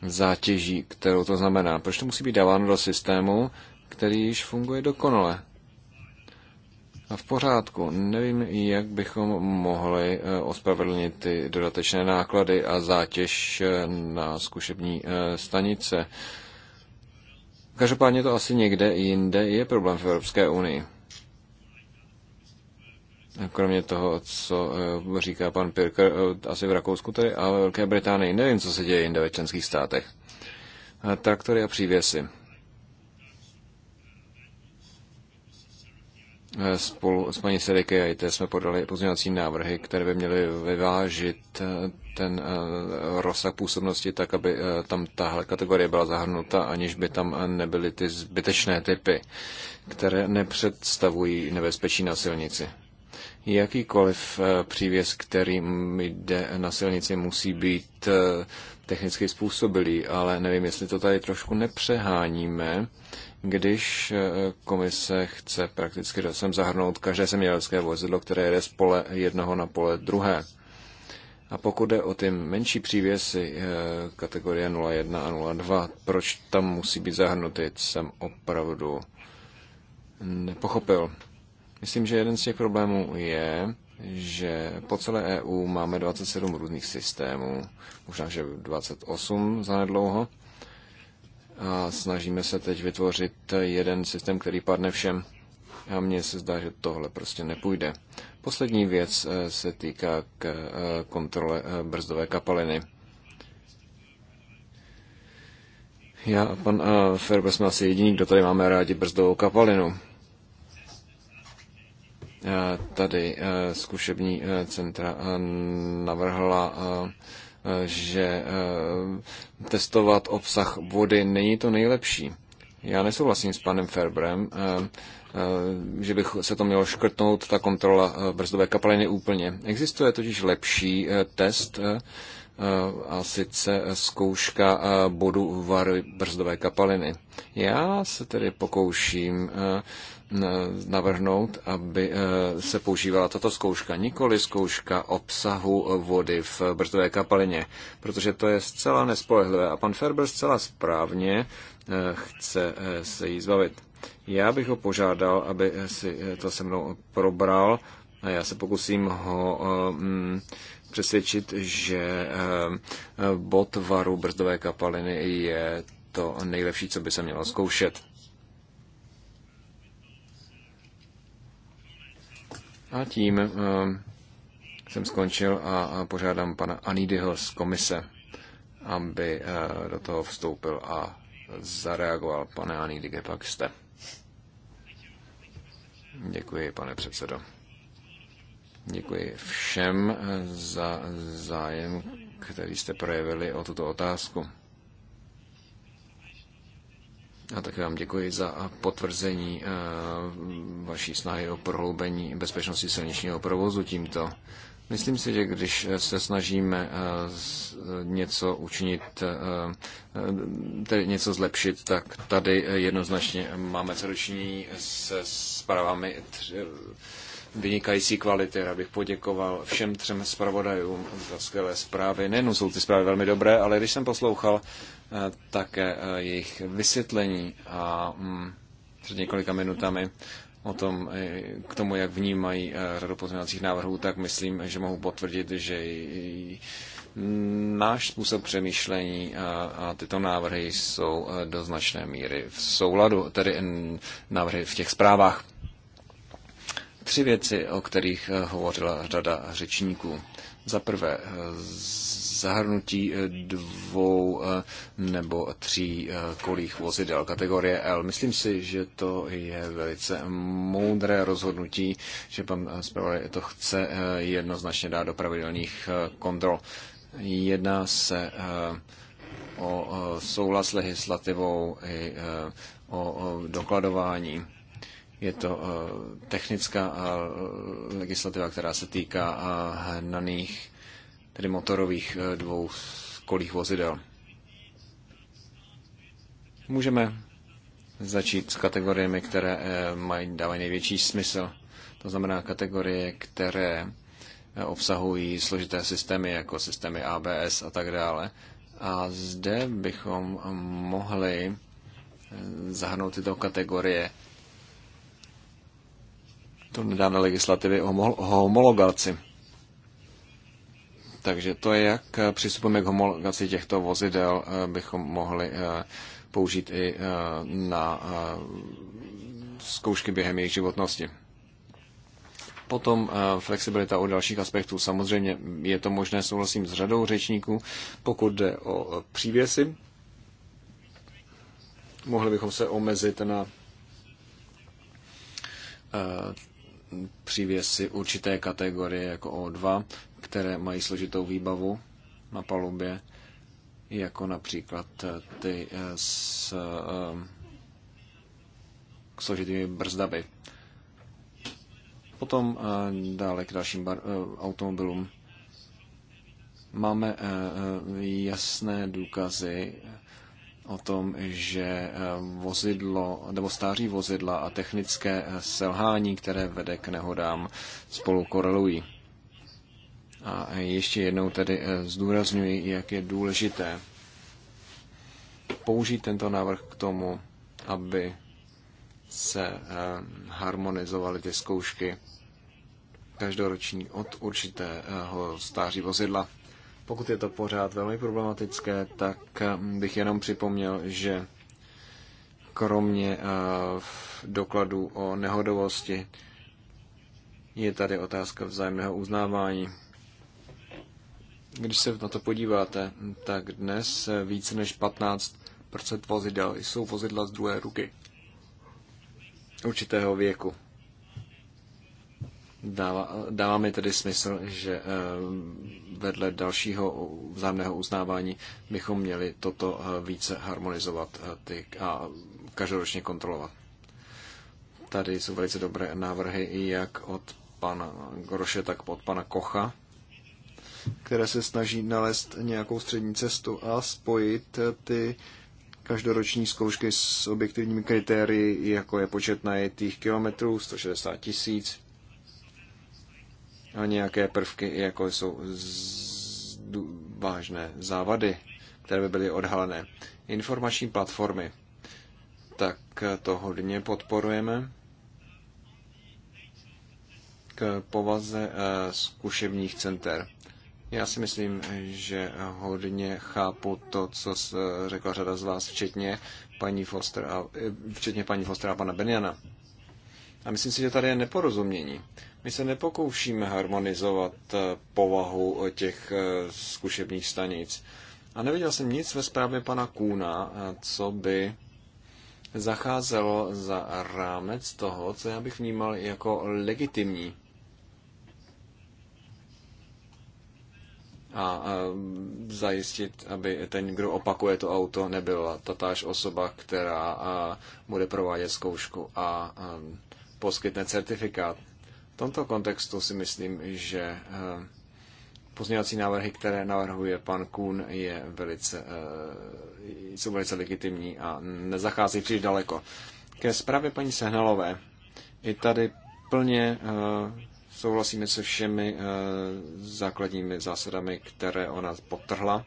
zátěží, kterou to znamená. Proč to musí být dáváno do systému, který již funguje dokonale? A v pořádku. Nevím, jak bychom mohli eh, ospravedlnit ty dodatečné náklady a zátěž eh, na zkušební eh, stanice. Každopádně to asi někde jinde je problém v Evropské unii. Kromě toho, co eh, říká pan Pirker, eh, asi v Rakousku tady a ve Velké Británii, nevím, co se děje jinde ve členských státech. Traktory a přívěsy. Eh, spolu s paní Sediky a IT jsme podali pozměňovací návrhy, které by měly vyvážit ten rozsah působnosti tak, aby tam tahle kategorie byla zahrnuta, aniž by tam nebyly ty zbytečné typy, které nepředstavují nebezpečí na silnici. Jakýkoliv eh, přívěs, který jde na silnici, musí být eh, technicky způsobilý, ale nevím, jestli to tady trošku nepřeháníme, když eh, komise chce prakticky sem zahrnout každé zemědělské vozidlo, které jede z pole jednoho na pole druhé. A pokud jde o ty menší přívěsy kategorie 01 a 02, proč tam musí být zahrnuty, jsem opravdu nepochopil. Myslím, že jeden z těch problémů je, že po celé EU máme 27 různých systémů, možná, že 28 zanedlouho. A snažíme se teď vytvořit jeden systém, který padne všem. A mně se zdá, že tohle prostě nepůjde. Poslední věc eh, se týká k eh, kontrole eh, brzdové kapaliny. Já a pan Ferber jsme asi jediní, kdo tady máme rádi brzdovou kapalinu. Eh, tady eh, zkušební eh, centra navrhla že testovat obsah vody není to nejlepší. Já nesouhlasím s panem Ferbrem, že bych se to mělo škrtnout, ta kontrola brzdové kapaliny úplně. Existuje totiž lepší test, a sice zkouška bodu vary brzdové kapaliny. Já se tedy pokouším Eh, navrhnout, aby eh, se používala tato zkouška, nikoli zkouška obsahu eh, vody v brzdové kapalině, protože to je zcela nespolehlivé a pan Ferber zcela správně chce se jí zbavit. Já bych ho požádal, aby si to se mnou probral a já se pokusím ho mm, přesvědčit, že bod varu brzdové kapaliny je to nejlepší, co by se mělo zkoušet. A tím eh, jsem skončil a požádám pana Anidyho z komise, aby eh, do toho vstoupil a zareagoval. Pane Anidy, kde pak jste? Děkuji, pane předsedo. Děkuji všem eh, za zájem, který jste projevili o tuto otázku. A také vám děkuji za potvrzení eh, vaší snahy o prohloubení bezpečnosti silničního provozu tímto. Myslím si, že když se snažíme eh, eh, něco učinit, tedy něco zlepšit, tak tady jednoznačně máme co se zprávami vynikající kvality. Já bych poděkoval všem třem zpravodajům za skvělé zprávy. Nejenom jsou ty zprávy velmi dobré, ale když jsem poslouchal Eh, také eh, jejich vysvětlení a mm, před několika minutami o tom, eh, k tomu, jak vnímají řadu pozměňovacích návrhů, tak myslím, že mohu potvrdit, že náš způsob přemýšlení a, a tyto návrhy jsou do značné míry v souladu, tedy návrhy v těch zprávách. Tři věci, o kterých hovořila řada řečníků. Za prvé, zahrnutí eh, dvou eh, nebo tří eh, kolích vozidel kategorie L. Myslím si, že to je velice moudré rozhodnutí, že pan zpravodaj to chce jednoznačně dát do pravidelných kontrol. Jedná se o souhlas s legislativou i o dokladování je to technická legislativa, která se týká hnaných tedy motorových eh, dvou kolích vozidel. Můžeme začít s kategoriemi, které eh, mají, dávají největší smysl. To znamená kategorie, které eh, obsahují složité systémy, jako systémy ABS a tak dále. A zde bychom mohli zahrnout tyto kategorie do nedávné legislativy o homologaci. Takže to je, jak eh, přistupujeme k homologaci těchto vozidel, eh, bychom mohli eh, použít i na zkoušky během jejich životnosti. Potom flexibilita u dalších aspektů. Samozřejmě je to možné, souhlasím s řadou řečníků, pokud jde o přívěsy. Mohli bychom se omezit na přívěsy určité kategorie jako O2, které mají složitou výbavu na palubě, jako například ty eh, s eh, složitými brzdaby. Potom eh, dále k dalším bar, automobilům. Máme jasné důkazy o tom, že vozidlo, nebo stáří vozidla a technické selhání, které vede k nehodám, spolu korelují. A ještě jednou tedy eh, zdůrazňuji, jak je důležité použít tento návrh k tomu, aby se eh, harmonizovaly ty zkoušky každoroční od určitého stáří vozidla. Pokud je to pořád velmi problematické, tak eh, bych jenom připomněl, že kromě dokladů o nehodovosti je tady otázka vzájemného uznávání když se na to podíváte, tak dnes více než 15 vozidel jsou vozidla z druhé ruky určitého věku. Dává, dává mi tedy smysl, že eh, vedle dalšího vzájemného uznávání bychom měli toto eh, více harmonizovat eh, a každoročně kontrolovat. Tady jsou velice dobré návrhy i jak od pana Groše, tak od pana Kocha které se snaží nalézt nějakou střední cestu a spojit ty každoroční zkoušky s objektivními kritérii, jako je počet najetých kilometrů, 160 tisíc, a nějaké prvky, jako jsou z... vážné závady, které by byly odhalené. Informační platformy, tak to hodně podporujeme. K povaze eh, zkušebních center. Já si myslím, že hodně chápu to, co řekla řada z vás, včetně paní Foster a, včetně paní Foster a pana Benjana. A myslím si, že tady je neporozumění. My se nepokoušíme harmonizovat eh, povahu eh, těch eh, zkušebních stanic. A neviděl jsem nic ve zprávě pana Kůna, co by zacházelo za rámec toho, co já bych vnímal jako legitimní a zajistit, aby ten, kdo opakuje to auto, nebyla tatáž osoba, která bude provádět zkoušku a poskytne certifikát. V tomto kontextu si myslím, že pozměňovací návrhy, které navrhuje pan Kuhn, je velice, jsou velice legitimní a nezachází příliš daleko. Ke zprávě paní Sehnalové. I tady plně Souhlasíme se všemi eh, základními zásadami, které ona potrhla.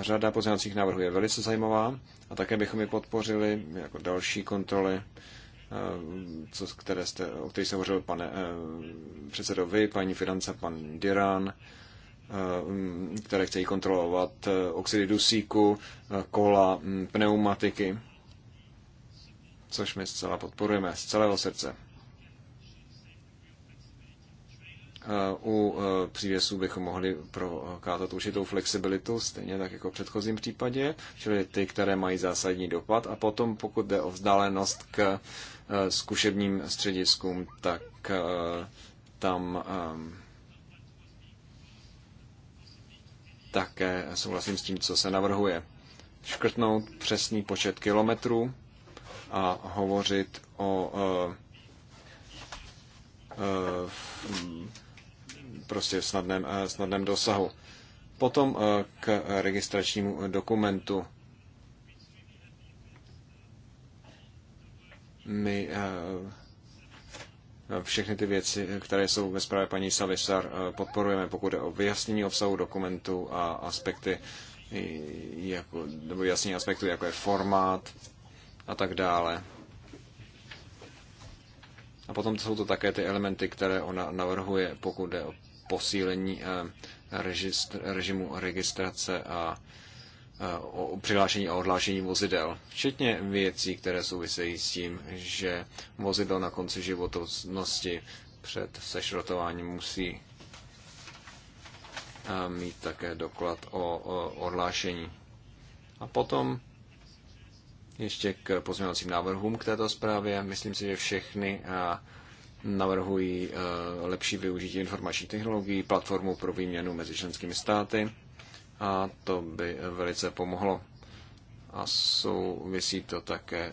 Řada pozměňovacích návrhů je velice zajímavá a také bychom je podpořili jako další kontroly, eh, co, které jste, o kterých se hovořil pane eh, předsedo vy, paní Finance, pan Diran, mm, které chtějí kontrolovat oxidy dusíku, kola, mm, pneumatiky, což my zcela podporujeme z celého srdce. U eh, přívěsů bychom mohli prokázat určitou flexibilitu, stejně tak jako v předchozím případě, čili ty, které mají zásadní dopad. A potom, pokud jde o vzdálenost k eh, zkušebním střediskům, tak eh, tam také souhlasím s tím, co se navrhuje. Škrtnout přesný počet kilometrů a hovořit o prostě v snadném, eh, snadném dosahu. Potom eh, k registračnímu dokumentu. My eh, všechny ty věci, které jsou ve zprávě paní Savisar, podporujeme, pokud je o vyjasnění obsahu dokumentu a aspekty, jako, nebo vyjasnění aspektu, jako je formát a tak dále. A potom jsou to také ty elementy, které ona navrhuje, pokud je o posílení eh, režimu registrace a eh, o přihlášení a odhlášení vozidel, včetně věcí, které souvisejí s tím, že vozidlo na konci životnosti před sešrotováním musí eh, mít také doklad o odhlášení. A potom ještě k pozměňovacím návrhům k této zprávě. Myslím si, že všechny navrhují eh, lepší využití informačních technologií, platformu pro výměnu mezi členskými státy a to by velice pomohlo. A souvisí to také eh,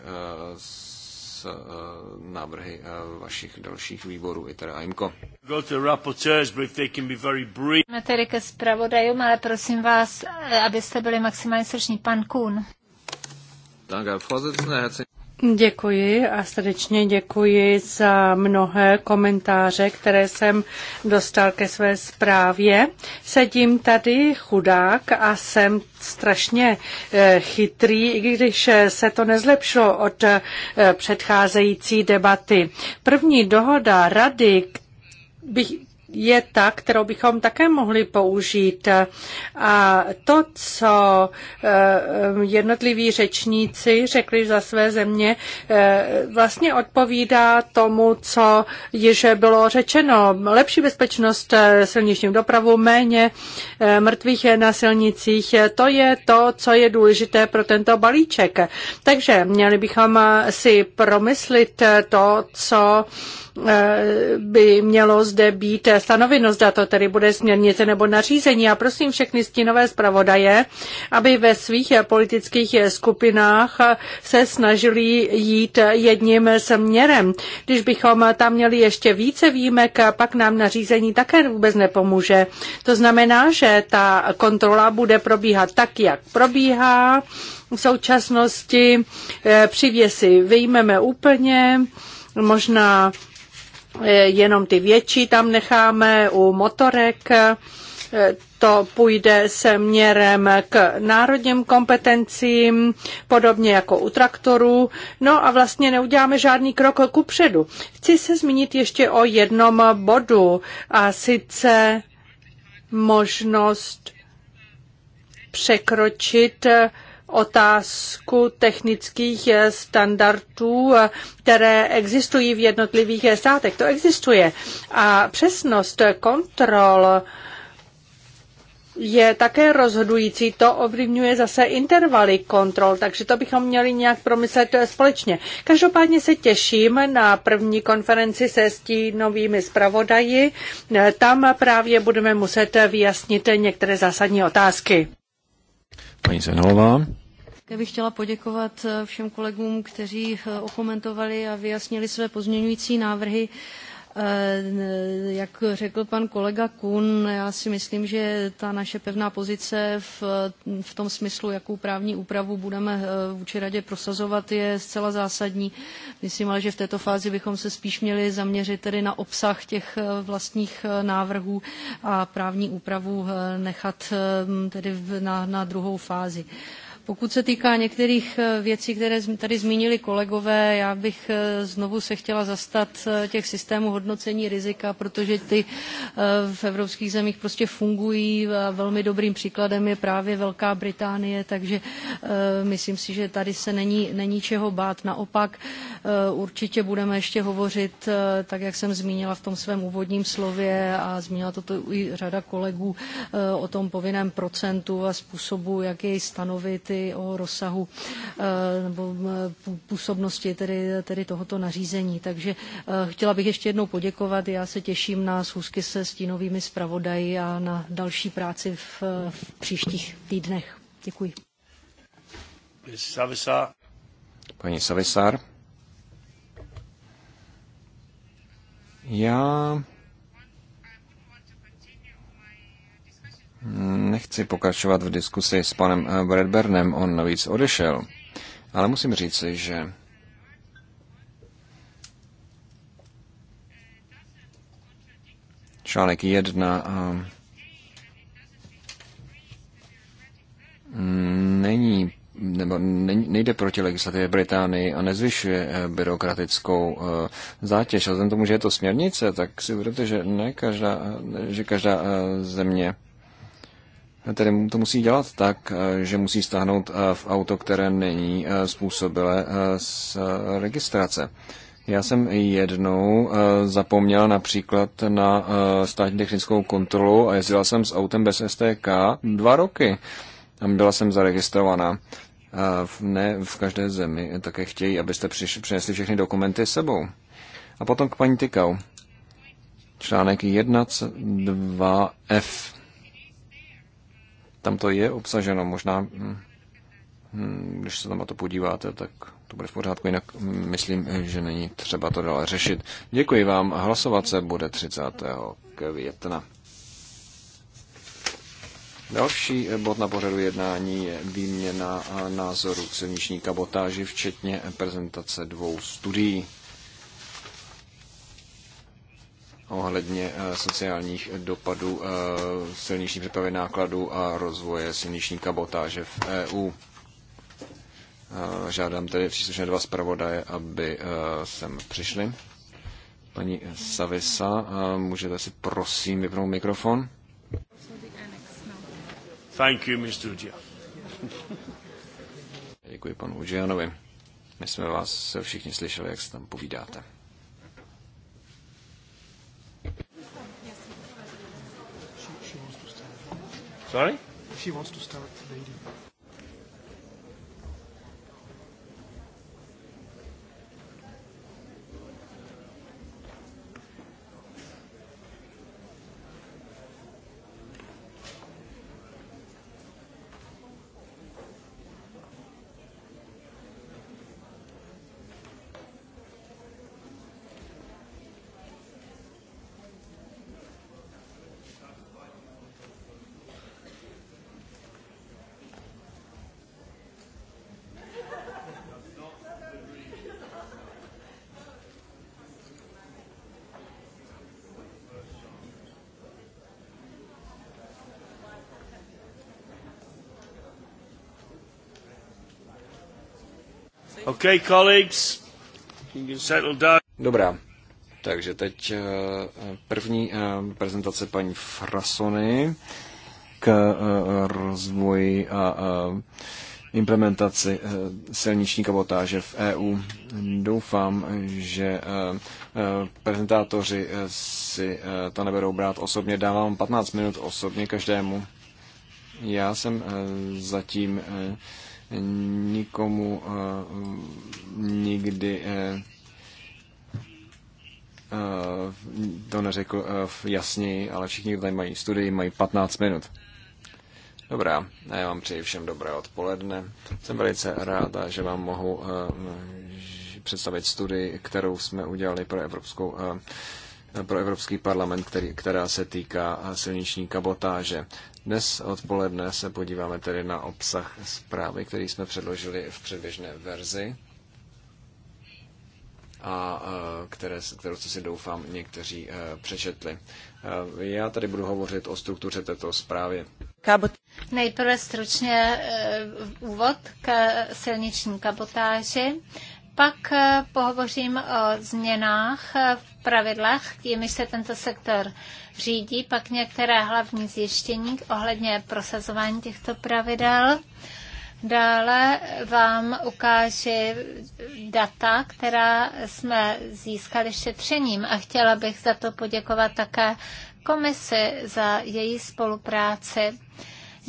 s eh, návrhy vašich dalších výborů, i teda AIMCO. Máme tedy ke zpravodajům, ale prosím vás, abyste byli maximálně srční. Pan Kuhn. Děkuji a srdečně děkuji za mnohé komentáře, které jsem dostal ke své zprávě. Sedím tady chudák a jsem strašně eh, chytrý, i když eh, se to nezlepšilo od eh, předcházející debaty. První dohoda rady, bych, je ta, kterou bychom také mohli použít. A to, co eh, jednotliví řečníci řekli za své země, eh, vlastně odpovídá tomu, co již bylo řečeno. Lepší bezpečnost eh, silničním dopravu, méně mrtvých na silnicích, to je to, co je důležité pro tento balíček. Takže měli bychom si promyslit to, co by mělo zde být stanoveno, zda to tedy bude směrnice nebo nařízení. A prosím všechny stínové zpravodaje, aby ve svých politických skupinách se snažili jít jedním směrem. Když bychom tam měli ještě více výjimek, pak nám nařízení také vůbec nepomůže. To znamená, že ta kontrola bude probíhat tak, jak probíhá v současnosti. Eh, přivěsy vyjmeme úplně možná Eh, jenom ty větší tam necháme u motorek eh, to půjde směrem k národním kompetencím, podobně jako u traktorů. No a vlastně neuděláme žádný krok ku předu. Chci se zmínit ještě o jednom bodu, a sice možnost překročit otázku technických standardů, které existují v jednotlivých státech. To existuje. A přesnost kontrol je také rozhodující. To ovlivňuje zase intervaly kontrol, takže to bychom měli nějak promyslet společně. Každopádně se těším na první konferenci se stínovými zpravodaji. Tam právě budeme muset vyjasnit některé zásadní otázky. Paní Zenová. Já bych chtěla poděkovat eh, všem kolegům, kteří eh, okomentovali a vyjasnili své pozměňující návrhy. Eh, jak řekl pan kolega Kuhn, já si myslím, že ta naše pevná pozice v, v tom smyslu, jakou právní úpravu budeme eh, vůči radě prosazovat, je zcela zásadní. Myslím ale, že v této fázi bychom se spíš měli zaměřit tedy na obsah těch eh, vlastních návrhů a právní úpravu nechat tedy na, na druhou fázi. Pokud se týká některých eh, věcí, které tady zmínili kolegové, já bych eh, znovu se chtěla zastat eh, těch systémů hodnocení rizika, protože ty v evropských zemích prostě fungují a velmi dobrým příkladem je právě Velká Británie, takže myslím si, že tady se není, není čeho bát. Naopak určitě budeme ještě hovořit, tak jak jsem zmínila v tom svém úvodním slově a zmínila to i řada kolegů o tom povinném procentu a způsobu, jak jej stanovit debaty o rozsahu eh, nebo eh, působnosti tedy, tedy tohoto nařízení. Takže eh, chtěla bych ještě jednou poděkovat. Já se těším na schůzky se stínovými zpravodaji a na další práci v, v příštích týdnech. Děkuji. Paní Savisár. Já nechci pokračovat v diskusi s panem eh, Bradburnem, on navíc odešel, ale musím říci, že článek 1 eh, není nebo nejde proti legislativě Británii a nezvyšuje eh, byrokratickou zátěž. A vzhledem tomu, že je to směrnice, tak si uvědomte, že ne každá, že každá země tedy to musí dělat tak, eh, že musí stáhnout eh, v auto, které není eh, způsobilé z registrace. Já jsem jednou zapomněl například na státní technickou kontrolu a jezdila jsem s autem bez STK dva roky. Byla jsem zaregistrovaná. Ne v každé zemi také chtějí, abyste přinesli všechny dokumenty sebou. A potom k paní Tykau. Článek 2 f tam to je obsaženo, možná, hm, když se tam na to podíváte, tak to bude v pořádku, jinak hm, myslím, že není třeba to dále řešit. Děkuji vám, hlasovat se bude 30. května. Další eh, bod na pořadu jednání je výměna eh, názoru k silniční kabotáži, včetně prezentace dvou studií ohledně eh, sociálních dopadů eh, silniční přepravy nákladů a rozvoje silniční kabotáže v EU. Eh, žádám tedy příslušné dva zpravodaje, aby sem přišli. Paní Savisa, můžete si prosím vypnout mikrofon? Thank you, Mr. Děkuji panu Ujianovi. My jsme vás všichni slyšeli, jak se tam povídáte. Sorry? If She wants to start, lady. Okay, colleagues. You can settle down. Dobrá. Takže teď eh, první eh, prezentace paní Frasony k eh, rozvoji a implementaci silniční kabotáže v EU. Doufám, že prezentátoři si to neberou brát osobně. Dávám 15 minut osobně každému. Já jsem zatím nikomu eh, nikdy eh, eh, to neřekl jasněji, ale všichni, kdo tady mají studii, mají 15 minut. Dobrá, já vám přeji všem dobré odpoledne. Jsem velice rád, že vám mohu představit studii, kterou jsme udělali pro Evropskou pro Evropský parlament, který, která se týká silniční kabotáže. Dnes odpoledne se podíváme tedy na obsah zprávy, který jsme předložili v předběžné verzi a e, které, kterou se si doufám někteří e, přečetli. E, já tady budu hovořit o struktuře této zprávy. Nejprve stručně úvod k silniční kabotáži pak eh, pohovořím o změnách eh, v pravidlech, jimiž se tento sektor řídí, pak některé hlavní zjištění ohledně prosazování těchto pravidel. Dále vám ukáži data, která jsme získali šetřením a chtěla bych za to poděkovat také komisi za její spolupráci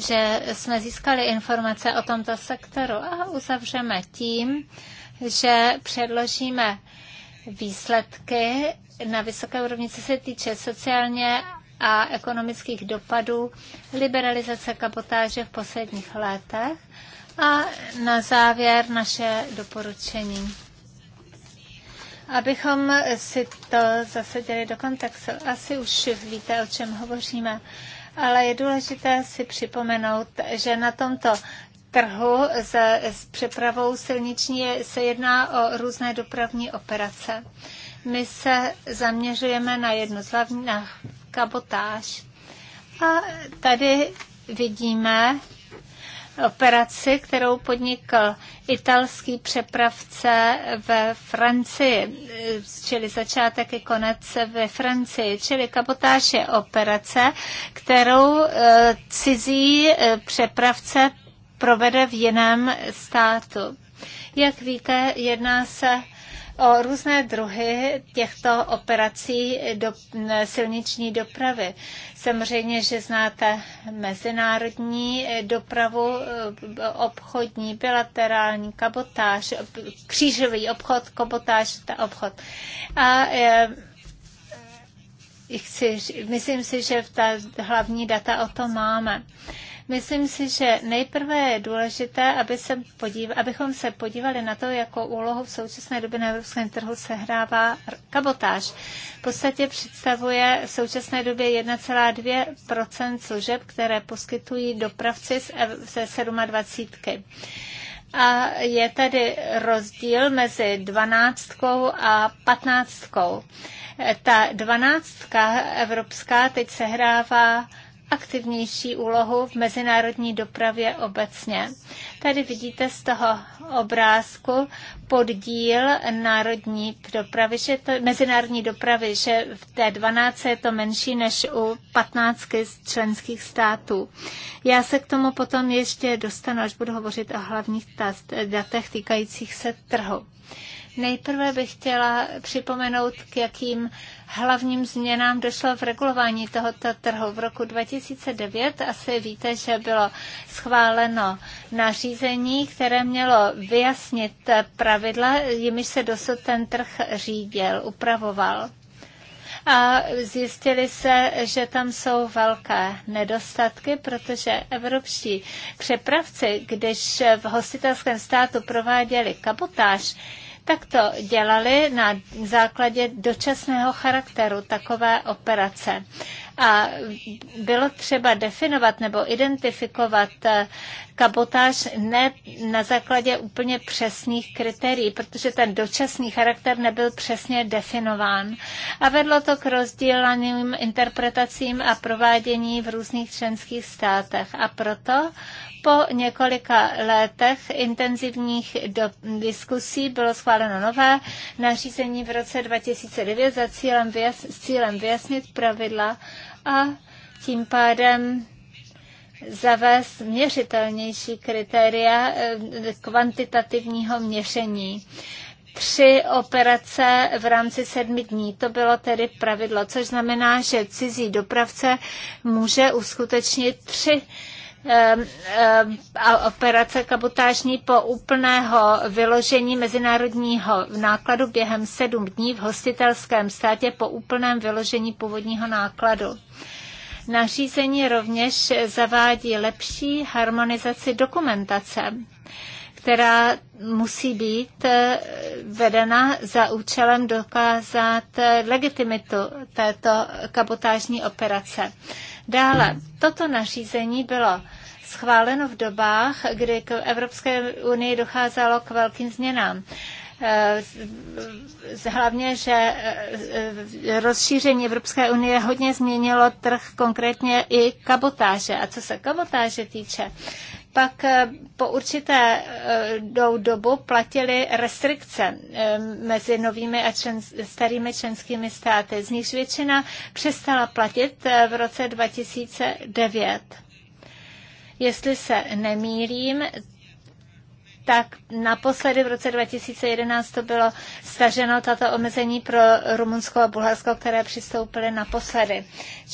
že jsme získali informace o tomto sektoru a uzavřeme tím, že předložíme výsledky na vysoké úrovni, co se týče sociálně a ekonomických dopadů liberalizace kapotáže v posledních letech a na závěr naše doporučení. Abychom si to zasadili do kontextu, asi už víte, o čem hovoříme, ale je důležité si připomenout, že na tomto trhu s, s přepravou silniční se jedná o různé dopravní operace. My se zaměřujeme na jednu z hlavních, na kabotáž. A tady vidíme operaci, kterou podnikl italský přepravce ve Francii, čili začátek i konec ve Francii, čili kabotáž je operace, kterou eh, cizí eh, přepravce provede v jiném státu. Jak víte, jedná se o různé druhy těchto operací do, silniční dopravy. Samozřejmě, že znáte mezinárodní eh, dopravu, eh, obchodní, bilaterální, kabotáž, křížový obchod, kabotáž, ta obchod. A eh, chci, myslím si, že ta hlavní data o to máme. Myslím si, že nejprve je důležité, aby se podíva, abychom se podívali na to, jakou úlohu v současné době na evropském trhu sehrává kabotáž. V podstatě představuje v současné době 1,2 služeb, které poskytují dopravci ze 27. A je tady rozdíl mezi dvanáctkou a patnáctkou. Ta dvanáctka evropská teď sehrává aktivnější úlohu v mezinárodní dopravě obecně. Tady vidíte z toho obrázku poddíl národní dopravy, že to, mezinárodní dopravy, že v té 12 je to menší než u 15 členských států. Já se k tomu potom ještě dostanu, až budu hovořit o hlavních datech týkajících se trhu. Nejprve bych chtěla připomenout, k jakým hlavním změnám došlo v regulování tohoto trhu. V roku 2009 asi víte, že bylo schváleno nařízení, které mělo vyjasnit pravidla, jimiž se dosud ten trh řídil, upravoval a zjistili se, že tam jsou velké nedostatky, protože evropští přepravci, když v hostitelském státu prováděli kabotáž, tak to dělali na základě dočasného charakteru takové operace. A bylo třeba definovat nebo identifikovat kabotáž ne na základě úplně přesných kritérií, protože ten dočasný charakter nebyl přesně definován a vedlo to k rozdílaným interpretacím a provádění v různých členských státech. A proto po několika letech intenzivních do, diskusí bylo schváleno nové nařízení v roce 2009 za cílem vyjas, s cílem vyjasnit pravidla a tím pádem zavést měřitelnější kritéria eh, kvantitativního měření tři operace v rámci sedmi dní. To bylo tedy pravidlo, což znamená, že cizí dopravce může uskutečnit tři ehm, ehm, a operace kabotážní po úplného vyložení mezinárodního nákladu během sedm dní v hostitelském státě po úplném vyložení původního nákladu. Nařízení rovněž zavádí lepší harmonizaci dokumentace která musí být eh, vedena za účelem dokázat eh, legitimitu této kabotážní operace. Dále, toto nařízení bylo schváleno v dobách, kdy k Evropské unii docházelo k velkým změnám. Eh, hlavně, že eh, rozšíření Evropské unie hodně změnilo trh, konkrétně i kabotáže. A co se kabotáže týče, pak eh, po určité dobu platily restrikce mezi novými a člen, starými členskými státy, z nichž většina přestala platit v roce 2009. Jestli se nemýlím, tak naposledy v roce 2011 to bylo staženo tato omezení pro Rumunsko a Bulharsko, které přistoupily naposledy.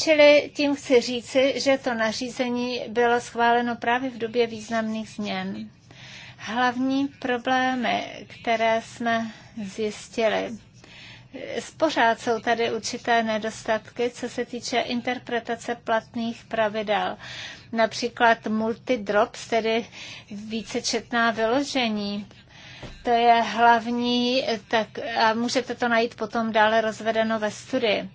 Čili tím chci říci, že to nařízení bylo schváleno právě v době významných změn. Hlavní problémy, které jsme zjistili, Pořád jsou tady určité nedostatky, co se týče interpretace platných pravidel. Například multidrops, tedy vícečetná vyložení. To je hlavní, tak a můžete to najít potom dále rozvedeno ve studii.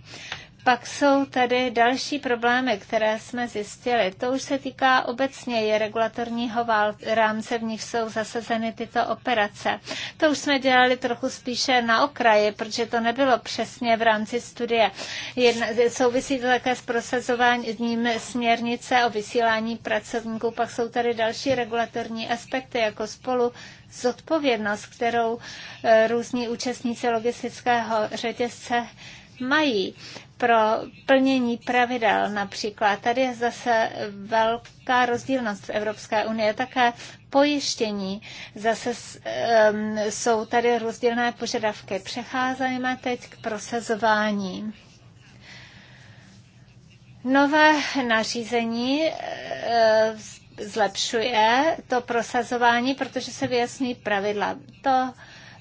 Pak jsou tady další problémy, které jsme zjistili. To už se týká obecně regulatorního rámce, v nich jsou zasazeny tyto operace. To už jsme dělali trochu spíše na okraji, protože to nebylo přesně v rámci studie. Jedna, souvisí to také s prosazováním směrnice o vysílání pracovníků. Pak jsou tady další regulatorní aspekty, jako spolu zodpovědnost, kterou eh, různí účastníci logistického řetězce mají pro plnění pravidel například. Tady je zase velká rozdílnost v Evropské unie. Také pojištění. Zase um, jsou tady rozdílné požadavky. Přecházejme teď k prosazování. Nové nařízení eh, zlepšuje to prosazování, protože se vyjasní pravidla. To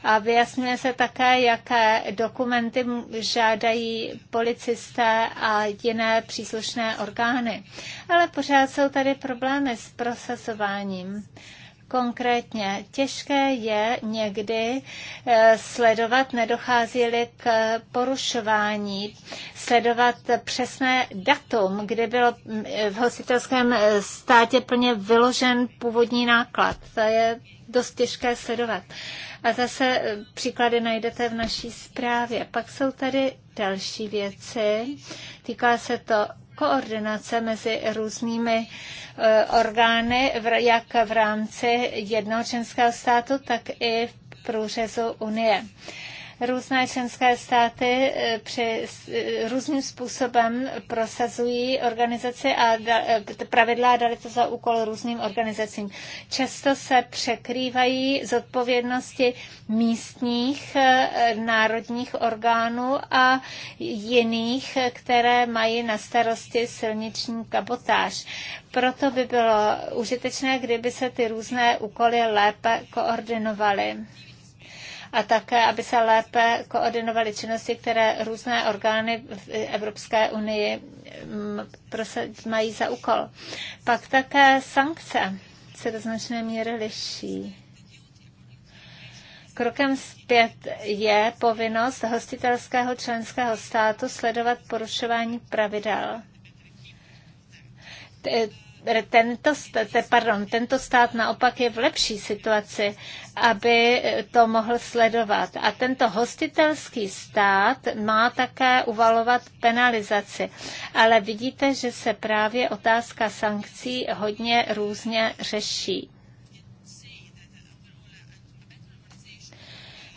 a vyjasňuje se také, jaké dokumenty žádají policisté a jiné příslušné orgány. Ale pořád jsou tady problémy s prosazováním konkrétně. Těžké je někdy eh, sledovat, nedochází-li k porušování, sledovat přesné datum, kdy byl mm, eh, v hostitelském eh, státě plně vyložen původní náklad. To je dost těžké sledovat. A zase příklady najdete v naší zprávě. Pak jsou tady další věci. Týká se to koordinace mezi různými eh, orgány, jak v rámci jednoho členského státu, tak i v průřezu Unie. Různé členské státy eh, při eh, různým způsobem prosazují organizaci a eh, pravidla a dali to za úkol různým organizacím. Často se překrývají zodpovědnosti místních národních orgánů a jiných, které mají na starosti silniční kabotáž. Proto by bylo užitečné, kdyby se ty různé úkoly lépe koordinovaly a také, aby se lépe koordinovaly činnosti, které různé orgány v Evropské unii mm, mají za úkol. Pak také sankce se do značné míry liší. Krokem zpět je povinnost hostitelského členského státu sledovat porušování pravidel tento, pardon, tento stát naopak je v lepší situaci, aby to mohl sledovat. A tento hostitelský stát má také uvalovat penalizaci. Ale vidíte, že se právě otázka sankcí hodně různě řeší.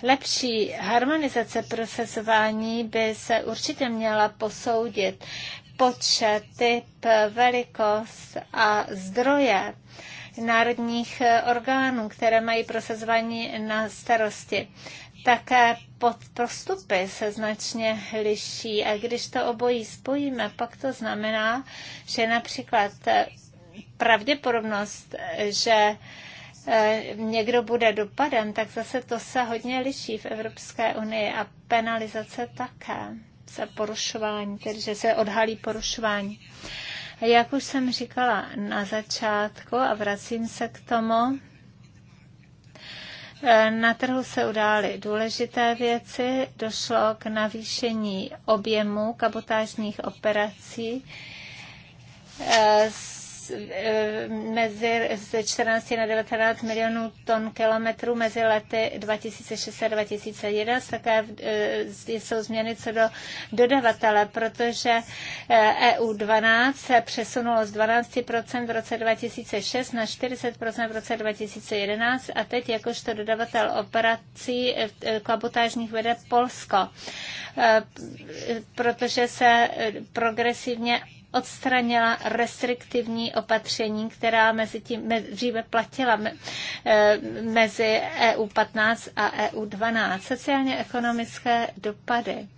Lepší harmonizace procesování by se určitě měla posoudit počet, typ, velikost a zdroje národních orgánů, které mají prosazování na starosti. Také pod postupy se značně liší a když to obojí spojíme, pak to znamená, že například eh, pravděpodobnost, že eh, někdo bude dopaden, tak zase to se hodně liší v Evropské unii a penalizace také se porušování, tedy že se odhalí porušování. Jak už jsem říkala na začátku a vracím se k tomu, eh, na trhu se udály důležité věci, došlo k navýšení objemu kabotážních operací z eh, Eh, mezi ze 14 na 19 milionů ton kilometrů mezi lety 2006 a 2011. Také eh, jsou změny co do dodavatele, protože EU12 eh, e se přesunulo z 12% v roce 2006 na 40% v roce 2011 a teď jakožto dodavatel operací kabotážních vede Polsko, protože se progresivně odstranila restriktivní opatření, která mezi tím me, dříve platila me, eh, mezi EU 15 a EU 12. Sociálně ekonomické dopady.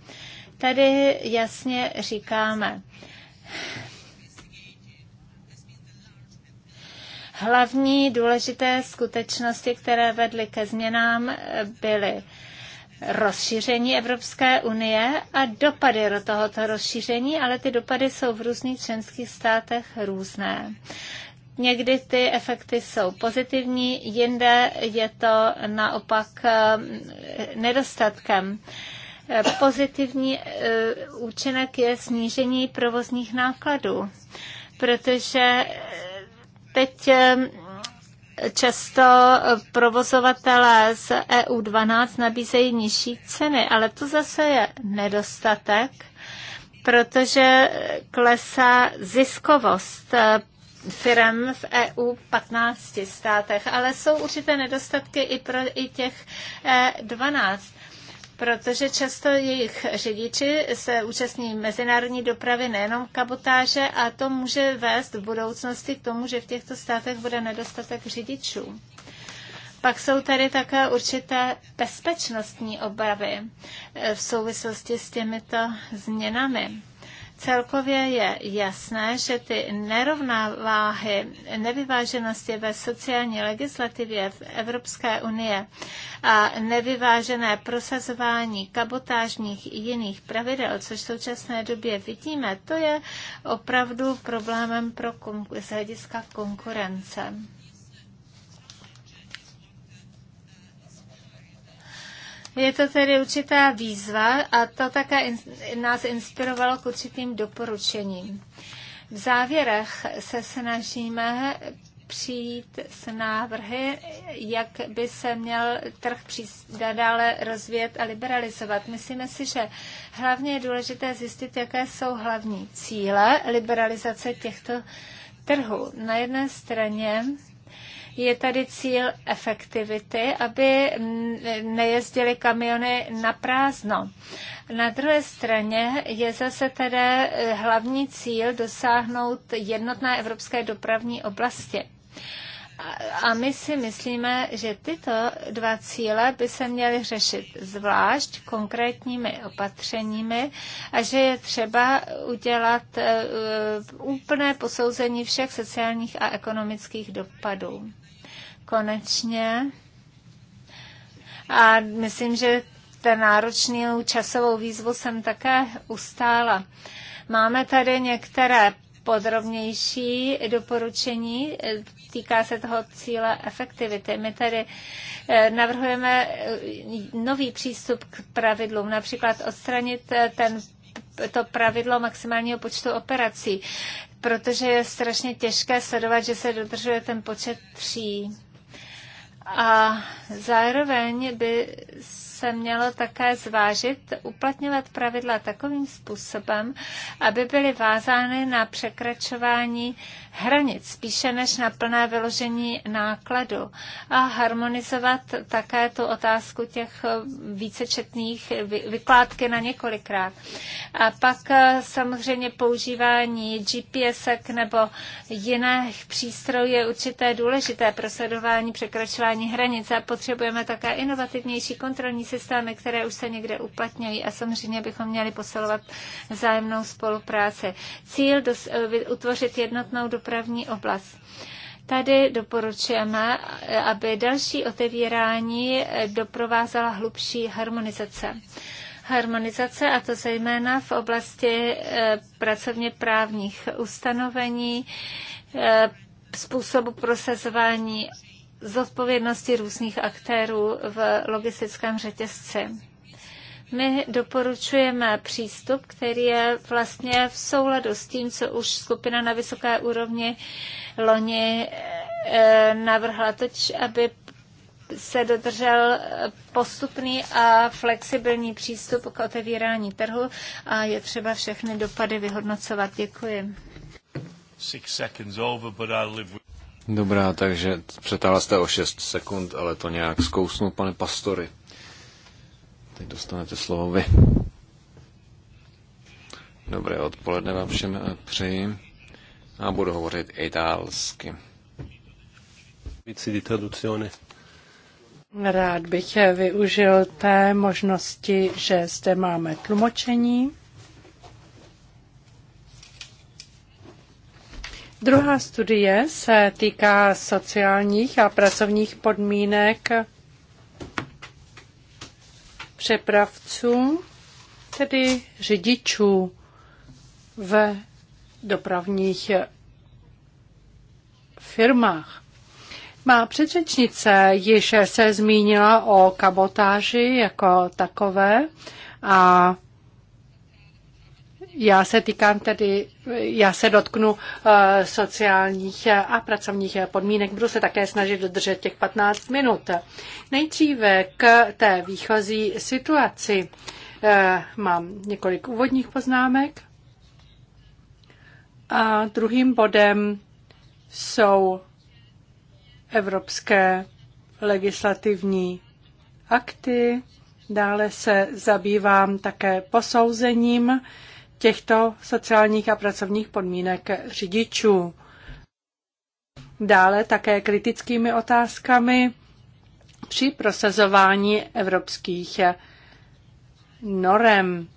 Tady jasně říkáme, Hlavní důležité skutečnosti, které vedly ke změnám, eh, byly rozšíření Evropské unie a dopady do tohoto rozšíření, ale ty dopady jsou v různých členských státech různé. Někdy ty efekty jsou pozitivní, jinde je to naopak eh, nedostatkem. Eh, pozitivní eh, účinek je snížení provozních nákladů, protože teď často provozovatelé z EU12 nabízejí nižší ceny, ale to zase je nedostatek, protože klesá ziskovost eh, firm v EU 15 státech, ale jsou určité nedostatky i pro i těch 12. E protože často jejich řidiči se účastní mezinárodní dopravy, nejenom kabotáže, a to může vést v budoucnosti k tomu, že v těchto státech bude nedostatek řidičů. Pak jsou tady také určité bezpečnostní obavy v souvislosti s těmito změnami. Celkově je jasné, že ty nerovnováhy, nevyváženosti ve sociální legislativě v Evropské unie a nevyvážené prosazování kabotážních i jiných pravidel, což v současné době vidíme, to je opravdu problémem pro konkur- z hlediska konkurence. Je to tedy určitá výzva a to také nás inspirovalo k určitým doporučením. V závěrech se snažíme přijít s návrhy, jak by se měl trh dále rozvíjet a liberalizovat. Myslíme si, že hlavně je důležité zjistit, jaké jsou hlavní cíle liberalizace těchto trhů. Na jedné straně je tady cíl efektivity, aby nejezdily kamiony na prázdno. Na druhé straně je zase tedy hlavní cíl dosáhnout jednotné evropské dopravní oblasti. A my si myslíme, že tyto dva cíle by se měly řešit zvlášť konkrétními opatřeními a že je třeba udělat eh, úplné posouzení všech sociálních a ekonomických dopadů konečně. A myslím, že ten náročný časovou výzvu jsem také ustála. Máme tady některé podrobnější doporučení, týká se toho cíle efektivity. My tady eh, navrhujeme eh, nový přístup k pravidlům, například odstranit eh, ten, to pravidlo maximálního počtu operací, protože je strašně těžké sledovat, že se dodržuje ten počet tří a zároveň by se mělo také zvážit uplatňovat pravidla takovým způsobem, aby byly vázány na překračování hranic, spíše než na plné vyložení nákladu a harmonizovat také tu otázku těch vícečetných vykládky na několikrát. A pak eh, samozřejmě používání gps nebo jiných přístrojů je určité důležité pro sledování překračování hranic a potřebujeme také inovativnější kontrolní systémy, které už se někde uplatňují a samozřejmě bychom měli posilovat vzájemnou spolupráci. Cíl dos, eh, utvořit jednotnou dopravní oblast. Tady doporučujeme, eh, aby další otevírání eh, doprovázela hlubší harmonizace harmonizace, a to zejména v oblasti pracovně právních ustanovení, způsobu prosazování zodpovědnosti různých aktérů v logistickém řetězci. My doporučujeme přístup, který je vlastně v souladu s tím, co už skupina na vysoké úrovni loni eh, navrhla, toč aby se dodržel postupný a flexibilní přístup k otevírání trhu a je třeba všechny dopady vyhodnocovat. Děkuji. Dobrá, takže přetáhla jste o 6 sekund, ale to nějak zkousnu, pane Pastory. Teď dostanete slovo vy. Dobré odpoledne vám všem přeji a budu hovořit italsky. Rád bych využil té možnosti, že zde máme tlumočení. Druhá studie se týká sociálních a pracovních podmínek přepravců, tedy řidičů v dopravních firmách. Má předřečnice již se zmínila o kabotáži jako takové a já se týkám tedy, já se dotknu eh, sociálních eh, a pracovních eh, podmínek. Budu se také snažit dodržet těch 15 minut. Nejdříve k té výchozí situaci. Mám několik úvodních poznámek. A druhým bodem jsou evropské legislativní akty. Dále se zabývám také posouzením těchto sociálních a pracovních podmínek řidičů. Dále také kritickými otázkami při prosazování evropských norem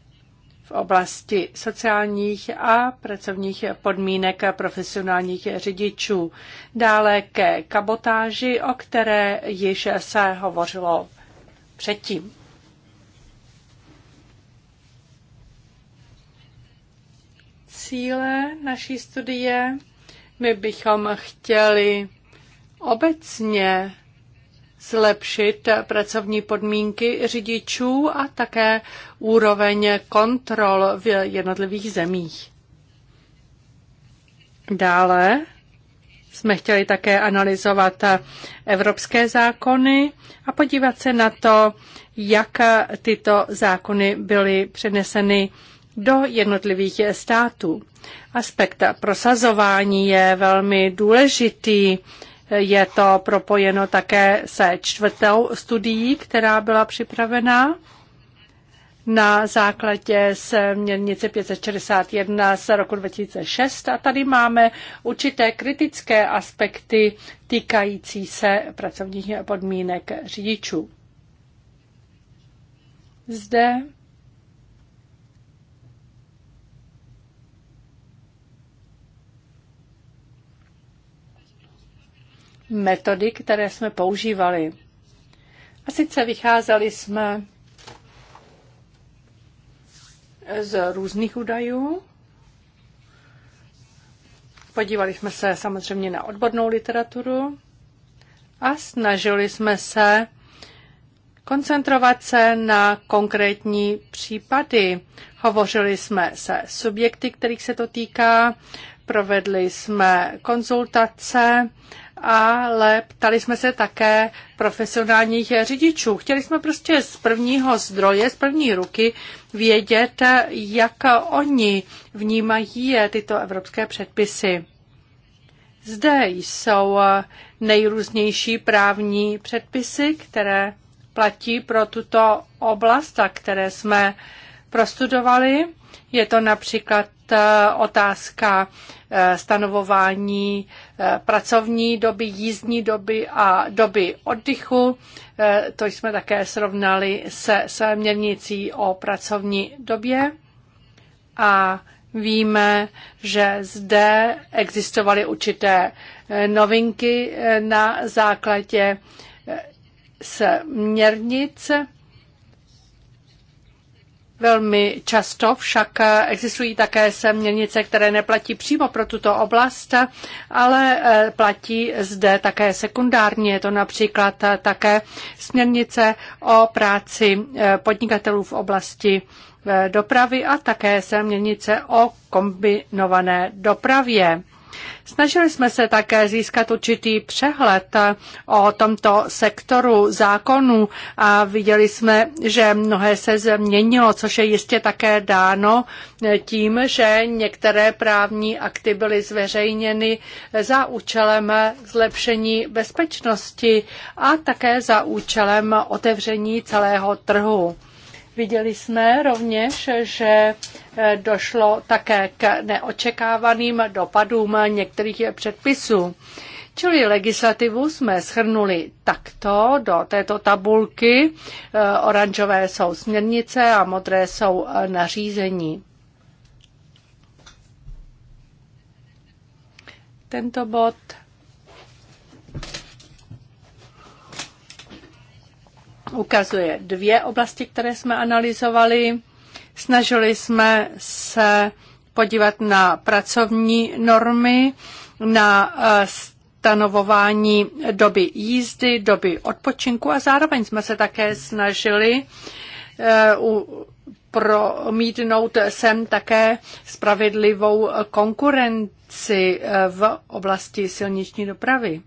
v oblasti sociálních a pracovních podmínek profesionálních řidičů. Dále ke kabotáži, o které již se hovořilo předtím. cíle naší studie. My bychom chtěli obecně zlepšit pracovní podmínky řidičů a také úroveň kontrol v jednotlivých zemích. Dále jsme chtěli také analyzovat evropské zákony a podívat se na to, jak tyto zákony byly přeneseny do jednotlivých států. Aspekt prosazování je velmi důležitý. Je to propojeno také se čtvrtou studií, která byla připravena na základě směrnice 561 z roku 2006 a tady máme určité kritické aspekty týkající se pracovních podmínek řidičů. Zde metody, které jsme používali. A sice vycházeli jsme z různých údajů. Podívali jsme se samozřejmě na odbornou literaturu a snažili jsme se koncentrovat se na konkrétní případy. Hovořili jsme se subjekty, kterých se to týká, provedli jsme konzultace ale ptali jsme se také profesionálních řidičů. Chtěli jsme prostě z prvního zdroje, z první ruky vědět, jak oni vnímají tyto evropské předpisy. Zde jsou nejrůznější právní předpisy, které platí pro tuto oblast a které jsme prostudovali. Je to například otázka eh, stanovování eh, pracovní doby, jízdní doby a doby oddychu. Eh, to jsme také srovnali se směrnicí o pracovní době. A Víme, že zde existovaly určité novinky na základě směrnic Velmi často však existují také směrnice, které neplatí přímo pro tuto oblast, ale eh, platí zde také sekundárně. Je to například eh, také směrnice o práci eh, podnikatelů v oblasti dopravy a také směrnice o kombinované dopravě. Snažili jsme se také získat určitý přehled o tomto sektoru zákonů a viděli jsme, že mnohé se změnilo, což je jistě také dáno tím, že některé právní akty byly zveřejněny za účelem zlepšení bezpečnosti a také za účelem otevření celého trhu. Viděli jsme rovněž, že eh, došlo také k neočekávaným dopadům některých předpisů. Čili legislativu jsme schrnuli takto do této tabulky. Eh, oranžové jsou směrnice a modré jsou eh, nařízení. Tento bod ukazuje dvě oblasti, které jsme analyzovali. Snažili jsme se podívat na pracovní normy, na eh, stanovování doby jízdy, doby odpočinku a zároveň jsme se také snažili eh, promítnout sem také spravedlivou konkurenci eh, v oblasti silniční dopravy.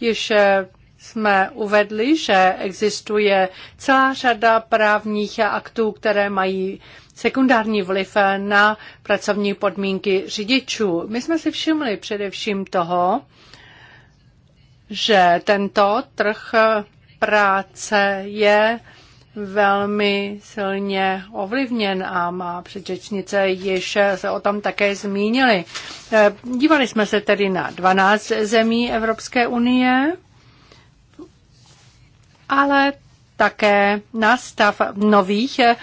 Již eh, jsme uvedli, že existuje celá řada právních aktů, které mají sekundární vliv eh, na pracovní podmínky řidičů. My jsme si všimli především toho, že tento trh eh, práce je velmi silně ovlivněn a má předřečnice již se o tom také zmínili. Eh, dívali jsme se tedy na 12 zemí Evropské unie, ale také na stav nových eh,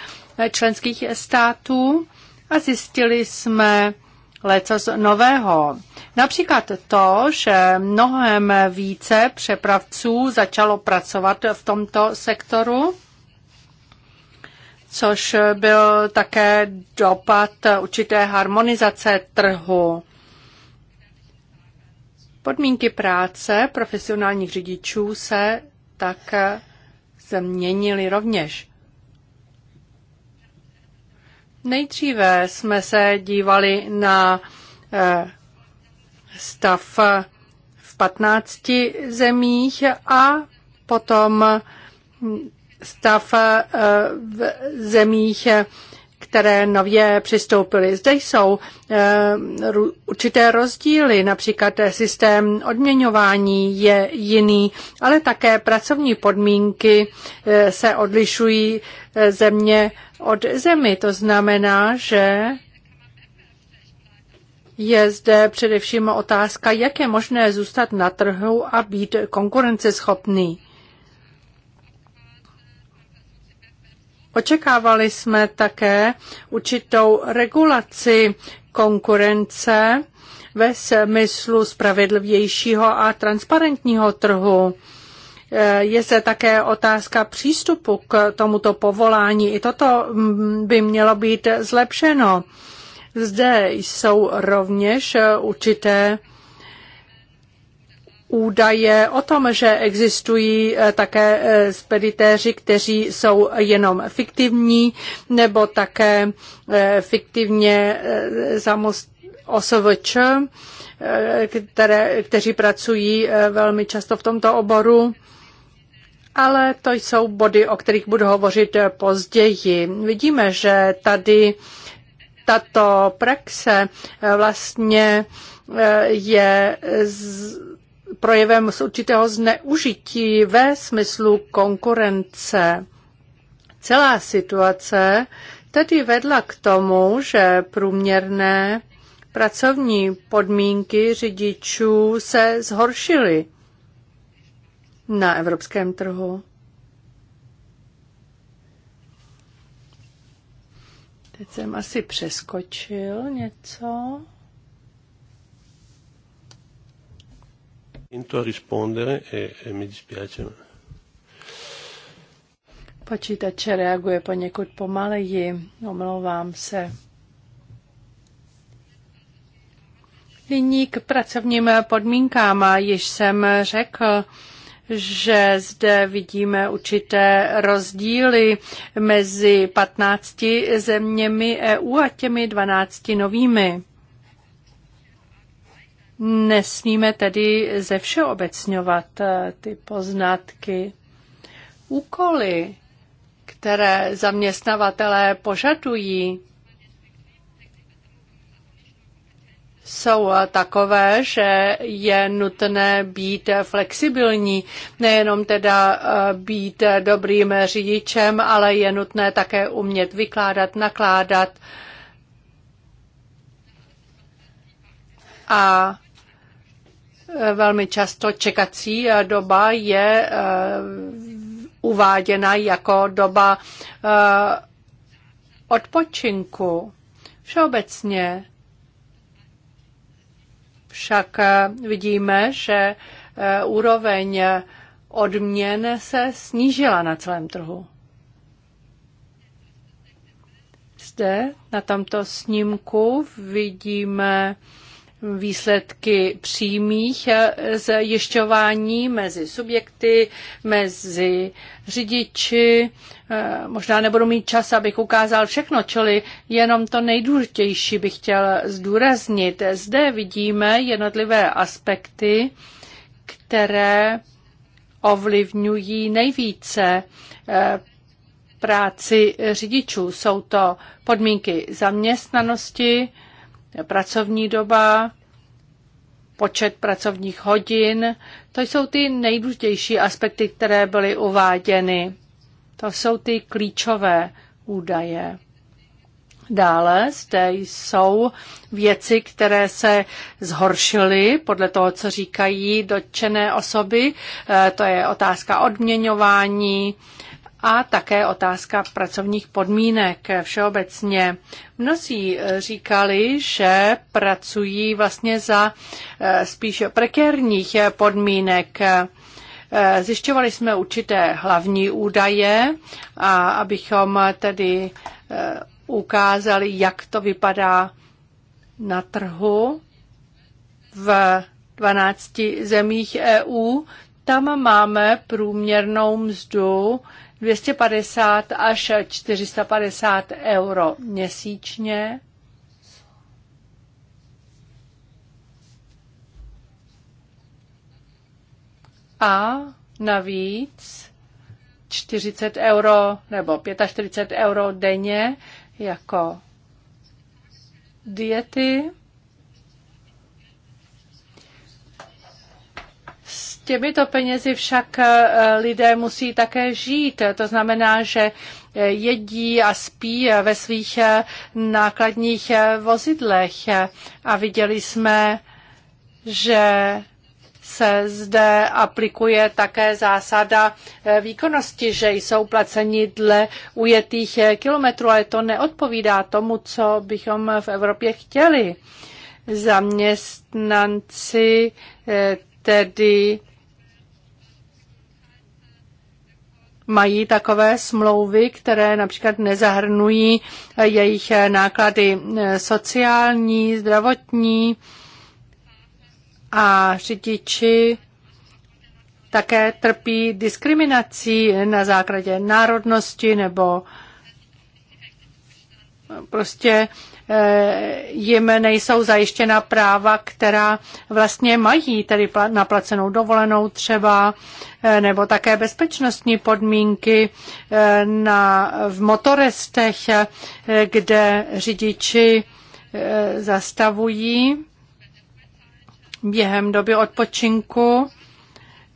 členských států a zjistili jsme z nového. Například to, že mnohem více přepravců začalo pracovat v tomto sektoru což byl také dopad určité harmonizace trhu. Podmínky práce profesionálních řidičů se tak změnily rovněž. Nejdříve jsme se dívali na eh, stav v 15 zemích a potom stav eh, v zemích, eh, které nově přistoupily. Zde jsou eh, určité rozdíly, například systém odměňování je jiný, ale také pracovní podmínky se odlišují země od zemi. To znamená, že je zde především otázka, jak je možné zůstat na trhu a být konkurenceschopný. Očekávali jsme také určitou regulaci konkurence ve smyslu spravedlivějšího a transparentního trhu. Eh, je se také otázka přístupu k tomuto povolání. I toto mm, by mělo být zlepšeno. Zde jsou rovněž eh, určité údaje o tom, že existují eh, také eh, speditéři, kteří jsou jenom fiktivní nebo také eh, fiktivně zamost OSVČ, které, kteří pracují velmi často v tomto oboru ale to jsou body, o kterých budu hovořit později. Vidíme, že tady tato praxe vlastně je projevem z určitého zneužití ve smyslu konkurence. Celá situace tedy vedla k tomu, že průměrné pracovní podmínky řidičů se zhoršily na evropském trhu. Teď jsem asi přeskočil něco. Into rispondere e, e mi dispiace. Počítače reaguje poněkud pomaleji, omlouvám se. Nyní k pracovním podmínkám. Již jsem řekl, že zde vidíme určité rozdíly mezi 15 zeměmi EU a těmi 12 novými. Nesmíme tedy ze všeobecňovat eh, ty poznatky. Úkoly, které zaměstnavatelé požadují, jsou eh, takové, že je nutné být flexibilní, nejenom teda eh, být dobrým řidičem, ale je nutné také umět vykládat, nakládat. A Velmi často čekací doba je eh, uváděna jako doba eh, odpočinku. Všeobecně však eh, vidíme, že úroveň odměn se snížila na celém trhu. Zde na tomto snímku vidíme výsledky přímých eh, zjišťování mezi subjekty, mezi řidiči. Eh, možná nebudu mít čas, abych ukázal všechno, čili jenom to nejdůležitější bych chtěl zdůraznit. Zde vidíme jednotlivé aspekty, které ovlivňují nejvíce eh, práci řidičů. Jsou to podmínky zaměstnanosti, pracovní doba, počet pracovních hodin. To jsou ty nejdůležitější aspekty, které byly uváděny. To jsou ty klíčové údaje. Dále zde jsou věci, které se zhoršily podle toho, co říkají dotčené osoby. Eh, to je otázka odměňování, a také otázka pracovních podmínek všeobecně. Mnozí eh, říkali, že pracují vlastně za eh, spíš prekérních eh, podmínek. Zjišťovali jsme určité hlavní údaje, a abychom tedy ukázali, jak to vypadá na trhu v 12 zemích EU. Tam máme průměrnou mzdu 250 až 450 euro měsíčně. A navíc 40 euro nebo 45 euro denně jako diety Těmito penězi však eh, lidé musí také žít. To znamená, že eh, jedí a spí eh, ve svých nákladních vozidlech. A viděli jsme, že se zde aplikuje také zásada výkonnosti, že jsou placeni dle ujetých kilometrů, ale to neodpovídá tomu, co bychom v Evropě chtěli. Zaměstnanci tedy mají takové smlouvy, které například nezahrnují eh, jejich eh, náklady eh, sociální, zdravotní a řidiči také trpí diskriminací na základě národnosti nebo prostě jim nejsou zajištěna práva, která vlastně mají, tedy naplacenou dovolenou třeba, eh, nebo také bezpečnostní podmínky eh, na, v motorestech, eh, kde řidiči zastavují během doby odpočinku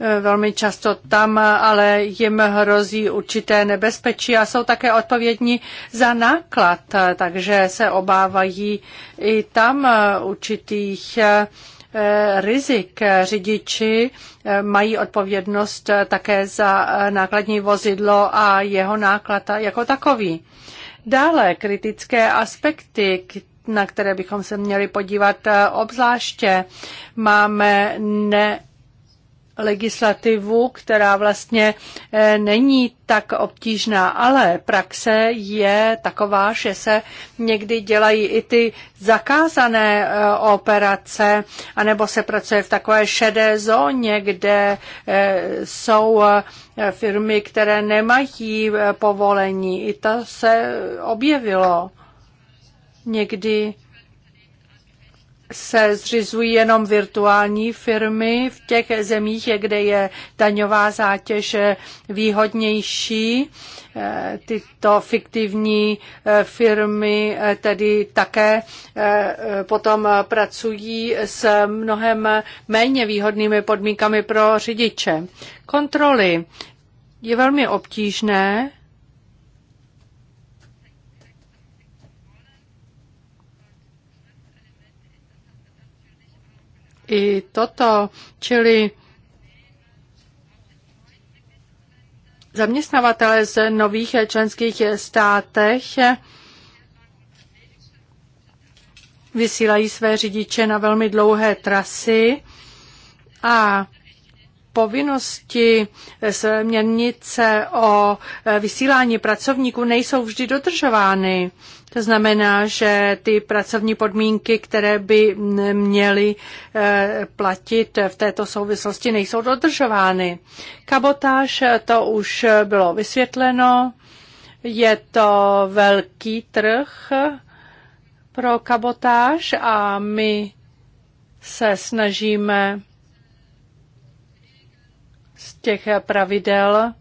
Eh, velmi často tam, ale jim hrozí určité nebezpečí a jsou také odpovědní za náklad, eh, takže se obávají i tam eh, určitých rizik. Řidiči mají odpovědnost také za nákladní vozidlo a jeho náklad jako takový. Dále kritické aspekty, na které bychom se měli podívat obzvláště. Máme ne legislativu, která vlastně eh, není tak obtížná, ale praxe je taková, že se někdy dělají i ty zakázané eh, operace, anebo se pracuje v takové šedé zóně, kde eh, jsou firmy, které nemají povolení. I to se objevilo někdy se zřizují jenom virtuální firmy v těch zemích, kde je daňová zátěž výhodnější. Eh, tyto fiktivní eh, firmy eh, tedy také potom pracují s mnohem méně výhodnými podmínkami pro řidiče. Kontroly je velmi obtížné i toto, čili zaměstnavatele z nových členských státech vysílají své řidiče na velmi dlouhé trasy a povinnosti směrnice o e, vysílání pracovníků nejsou vždy dodržovány. To znamená, že ty pracovní podmínky, které by měly e, platit v této souvislosti, nejsou dodržovány. Kabotáž, e, to už bylo vysvětleno, je to velký trh pro kabotáž a my se snažíme z těch pravidel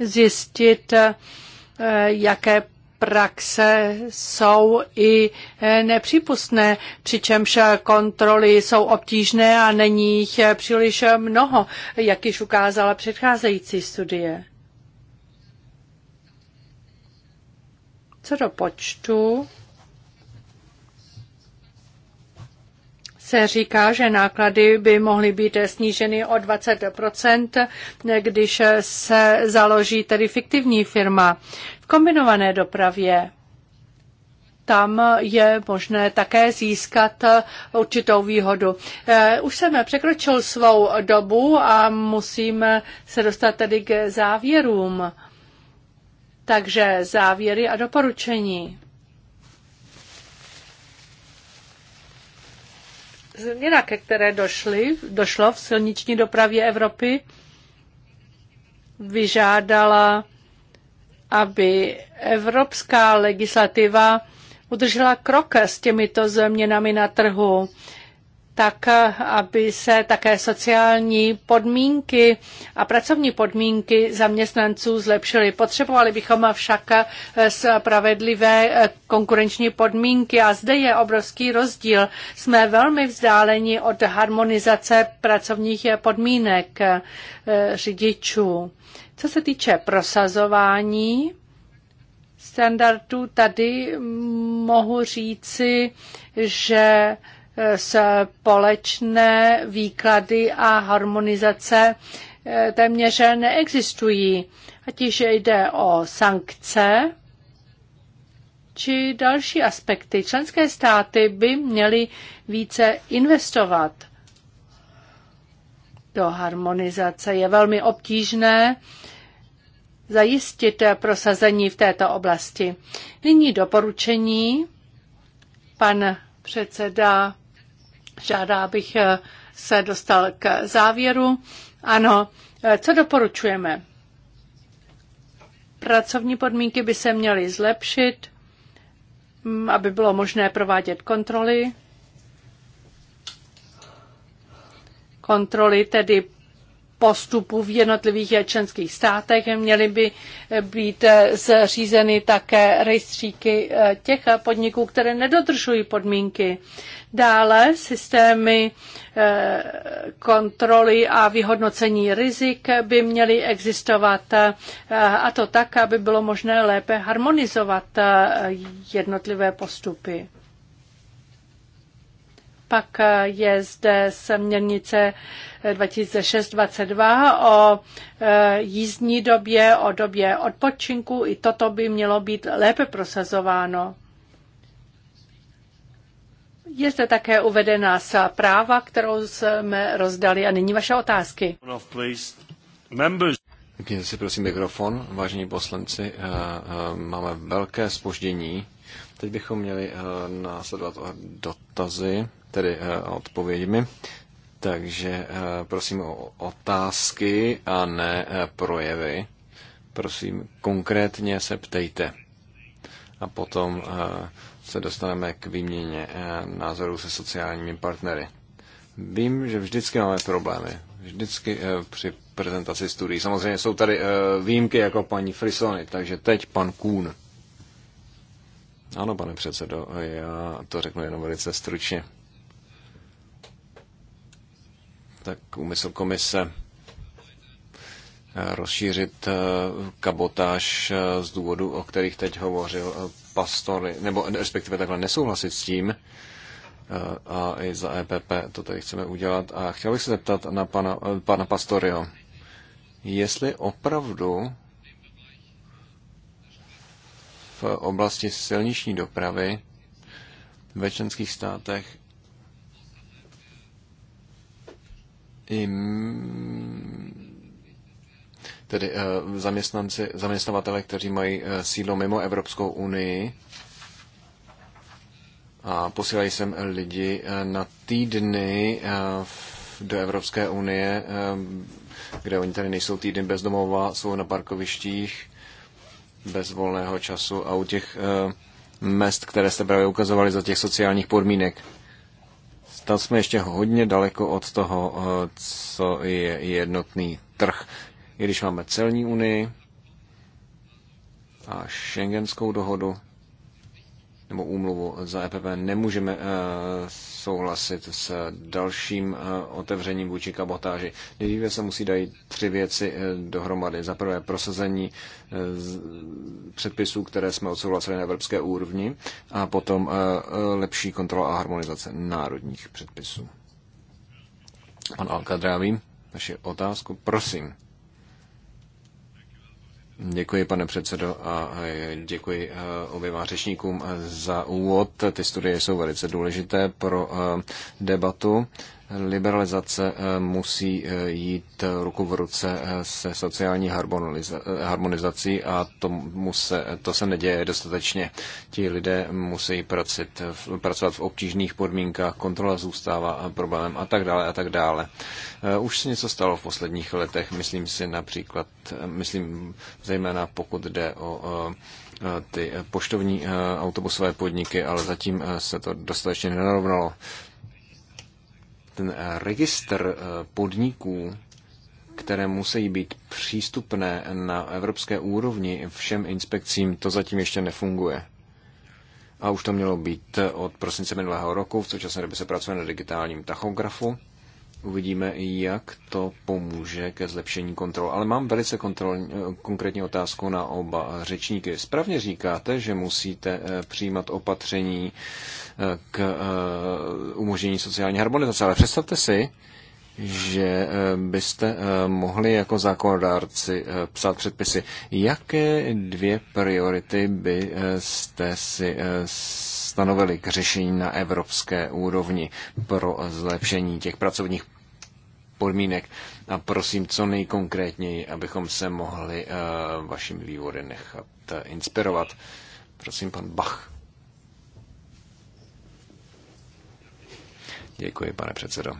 zjistit, eh, jaké praxe jsou i eh, nepřípustné, přičemž kontroly jsou obtížné a není jich eh, příliš mnoho, jak již ukázala předcházející studie. Co do počtu, se říká, že náklady by mohly být sníženy o 20 když se založí tedy fiktivní firma. V kombinované dopravě tam je možné také získat určitou výhodu. Eh, už jsem překročil svou dobu a musím se dostat tedy k závěrům. Takže závěry a doporučení. změna, ke které došly, došlo v silniční dopravě Evropy, vyžádala, aby evropská legislativa udržela krok s těmito změnami na trhu tak aby se také sociální podmínky a pracovní podmínky zaměstnanců zlepšily. Potřebovali bychom však spravedlivé konkurenční podmínky a zde je obrovský rozdíl. Jsme velmi vzdáleni od harmonizace pracovních podmínek eh, řidičů. Co se týče prosazování standardů, tady mohu říci, že společné výklady a harmonizace eh, téměř neexistují. Ať již jde o sankce, či další aspekty. Členské státy by měly více investovat do harmonizace. Je velmi obtížné zajistit prosazení v této oblasti. Nyní doporučení. Pan předseda Žádá, abych eh, se dostal k závěru. Ano, eh, co doporučujeme? Pracovní podmínky by se měly zlepšit, mm, aby bylo možné provádět kontroly. Kontroly tedy postupů v jednotlivých eh, členských státech. Měly by být zřízeny také rejstříky těch podniků, které nedodržují podmínky. Dále systémy eh, kontroly a vyhodnocení rizik by měly existovat eh, a to tak, aby bylo možné lépe harmonizovat eh, jednotlivé postupy. Pak je zde směrnice 2006-22 o jízdní době, o době odpočinku. I toto by mělo být lépe prosazováno. Je zde také uvedená práva, kterou jsme rozdali a nyní vaše otázky. Vypněte si prosím mikrofon, vážení poslanci, eh, eh, máme velké spoždění. Teď bychom měli eh, následovat dotazy, tedy odpověďmi. Takže prosím o otázky a ne projevy. Prosím, konkrétně se ptejte. A potom se dostaneme k výměně eh, názorů se sociálními partnery. Vím, že vždycky máme problémy. Vždycky eh, při prezentaci studií. Samozřejmě jsou tady eh, výjimky jako paní Frisony, takže teď pan Kůn. Ano, pane předsedo, já to řeknu jenom velice stručně. Tak úmysl komise rozšířit kabotáž z důvodu, o kterých teď hovořil pastory, nebo respektive takhle nesouhlasit s tím, eh, a i za EPP to tady chceme udělat. A chtěl bych se zeptat na pana, eh, pana Pastorio, jestli opravdu v oblasti silniční dopravy ve členských státech i tedy eh, zaměstnanci, zaměstnavatele, kteří mají eh, sídlo mimo Evropskou unii a posílají sem lidi eh, na týdny do Evropské unie, kde oni tady nejsou týdny bez domova, jsou na parkovištích bez volného času a u těch mest, které jste právě ukazovali za těch sociálních podmínek. Tam jsme ještě hodně daleko od toho, co je jednotný trh. I když máme celní unii a šengenskou dohodu nebo úmluvu za EPP, nemůžeme eh, souhlasit s dalším eh, otevřením vůči kabotáži. Nejdříve se musí dají tři věci eh, dohromady. Za prvé prosazení předpisů, které jsme odsouhlasili na evropské úrovni a potom lepší kontrola a harmonizace národních předpisů. Pan Alkadrávi, naši otázku, prosím. Děkuji, pane předsedo, a děkuji e, oběma řečníkům za úvod. Ty studie jsou velice důležité pro e, debatu liberalizace eh, musí eh, jít ruku v ruce eh, se sociální harmonizací a tomu se, to se neděje dostatečně. Ti lidé musí pracit pracovat v obtížných podmínkách, kontrola zůstává problémem a tak dále a tak dále. Už se něco stalo v posledních letech, myslím si například, myslím zejména pokud jde o ty poštovní autobusové podniky, ale zatím se to dostatečně nenarovnalo ten eh, registr eh, podniků, které musí být přístupné na evropské úrovni všem inspekcím, to zatím ještě nefunguje. A už to mělo být eh, od prosince minulého roku, v současné době se pracuje na digitálním tachografu. Uvidíme, jak to pomůže ke zlepšení kontrol. Ale mám velice kontrol, konkrétní otázku na oba řečníky. Správně říkáte, že musíte přijímat opatření k umožnění sociální harmonizace. Ale představte si, že eh, byste eh, mohli jako zákonodárci eh, psát předpisy. Jaké dvě priority byste si stanovili k řešení na evropské úrovni pro zlepšení těch pracovních podmínek? A prosím, co nejkonkrétněji, abychom se mohli vašimi vývody nechat inspirovat. Prosím, pan Bach. Děkuji, pane předsedo.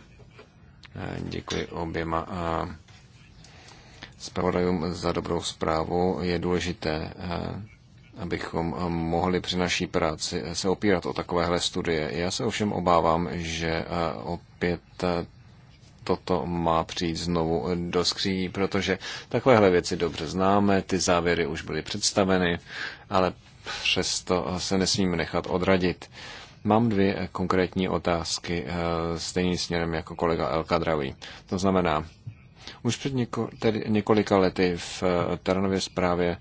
Eh, děkuji oběma eh, zpravodajům za dobrou zprávu. Je důležité, eh, abychom mohli při naší práci se opírat o takovéhle studie. Já se ovšem obávám, že opět toto má přijít znovu do skříní, protože takovéhle věci dobře známe, ty závěry už byly představeny, ale přesto se nesmíme nechat odradit. Mám dvě eh, konkrétní otázky eh, stejným směrem jako kolega El Kadrawi. To znamená, už před něko, tedy několika lety v eh, Taranově zprávě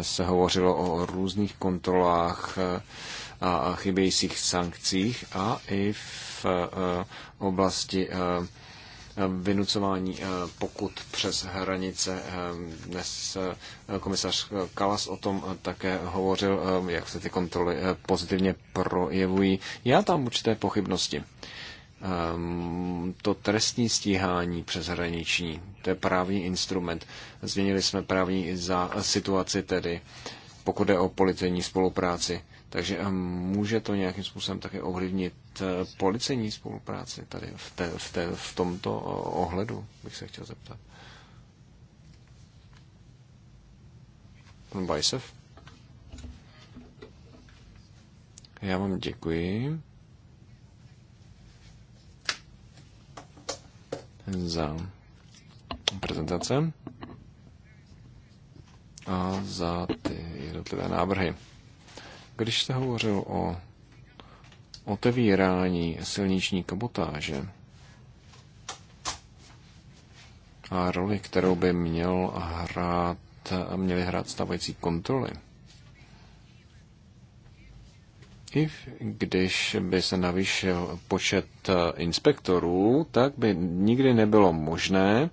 se hovořilo o různých kontrolách a chybějících sankcích a i v oblasti vynucování eh, pokud přes hranice. Eh, dnes eh, komisař Kalas o tom také hovořil, jak se ty kontroly pozitivně projevují. Já tam určité pochybnosti. To trestní stíhání hraniční, to je právní instrument. Změnili jsme právní za situaci tedy, pokud je o policejní spolupráci takže eh, může to nějakým způsobem také ovlivnit eh, policejní spolupráci tady v, té, v, té, v tomto eh, ohledu, bych se chtěl zeptat. Pan Bajsev? Já vám děkuji za prezentace a za ty jednotlivé návrhy. Když jste hovořil o otevírání silniční kabotáže a roli, kterou by měl hrát, měli hrát stavající kontroly, i když by se navýšil počet inspektorů, tak by nikdy nebylo možné,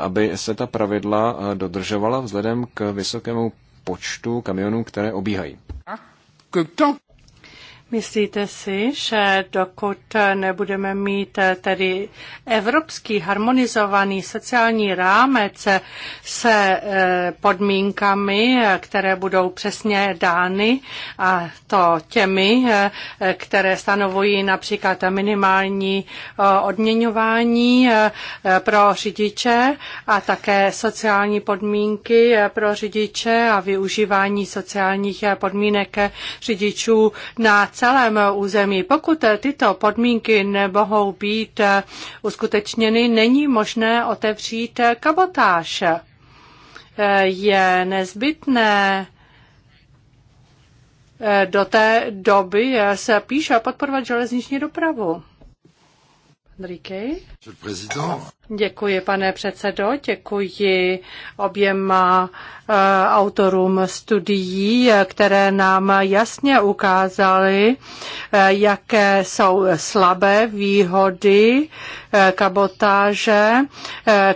aby se ta pravidla dodržovala vzhledem k vysokému počtu kamionů, které obíhají que tant Myslíte si, že dokud nebudeme mít tedy evropský harmonizovaný sociální rámec se eh, podmínkami, které budou přesně dány, a to těmi, eh, které stanovují například minimální eh, odměňování pro řidiče a také sociální podmínky pro řidiče a využívání sociálních podmínek řidičů na celém území. Pokud tyto podmínky nemohou být uskutečněny, není možné otevřít kabotáž. Je nezbytné do té doby se píše podporovat železniční dopravu. Rikej. Děkuji, pane předsedo, děkuji oběma eh, autorům studií, které nám jasně ukázaly, eh, jaké jsou slabé výhody eh, kabotáže,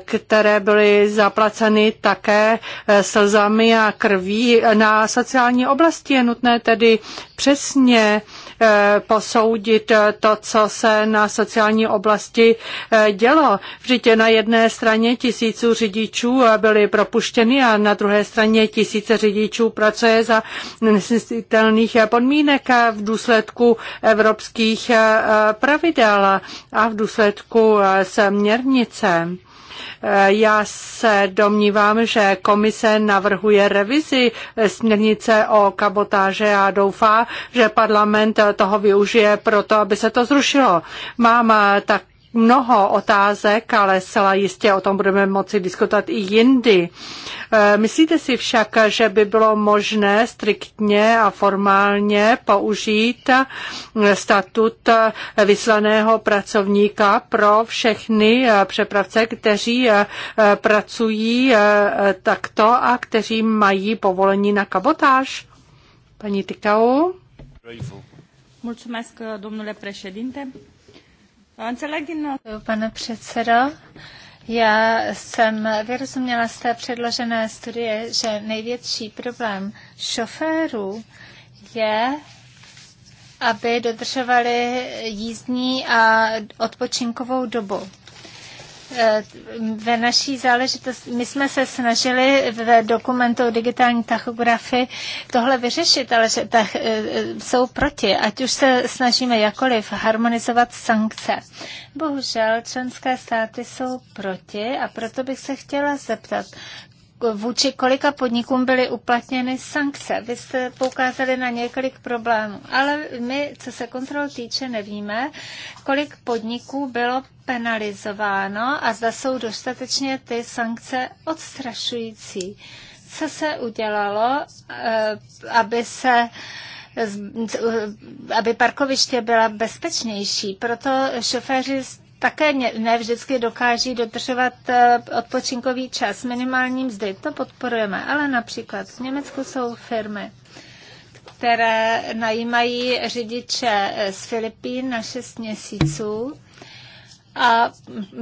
které byly zaplaceny také slzami a krví. Na sociální oblasti je nutné tedy přesně Eh, posoudit eh, to, co se na sociální oblasti eh, dělo. Vždyť na jedné straně tisíců řidičů byly propuštěny a na druhé straně tisíce řidičů pracuje za nesnesitelných podmínek v důsledku evropských pravidel a v důsledku směrnice. Já se domnívám, že komise navrhuje revizi směrnice o kabotáže a doufá, že parlament toho využije proto, aby se to zrušilo. Mám tak mnoho otázek, ale zcela jistě o tom budeme moci diskutovat i jindy. E, myslíte si však, že by bylo možné striktně a formálně použít statut vyslaného pracovníka pro všechny e, přepravce, kteří e, pracují takto a kteří mají povolení na kabotáž? Paní Tikau. Mulțumesc, domnule președinte. Pane předsedo, já jsem vyrozuměla z té předložené studie, že největší problém šoférů je, aby dodržovali jízdní a odpočinkovou dobu ve naší záležitosti, my jsme se snažili v dokumentu o digitální tachografy tohle vyřešit, ale že tach, e, e, jsou proti, ať už se snažíme jakoliv harmonizovat sankce. Bohužel členské státy jsou proti a proto bych se chtěla zeptat, vůči kolika podnikům byly uplatněny sankce. Vy jste poukázali na několik problémů, ale my, co se kontrol týče, nevíme, kolik podniků bylo penalizováno a zda jsou dostatečně ty sankce odstrašující. Co se udělalo, eh, aby se eh, aby parkoviště byla bezpečnější. Proto šoféři z také ne vždycky dokáží dodržovat eh, odpočinkový čas, minimální mzdy. To podporujeme, ale například v Německu jsou firmy, které najímají řidiče eh, z Filipín na 6 měsíců a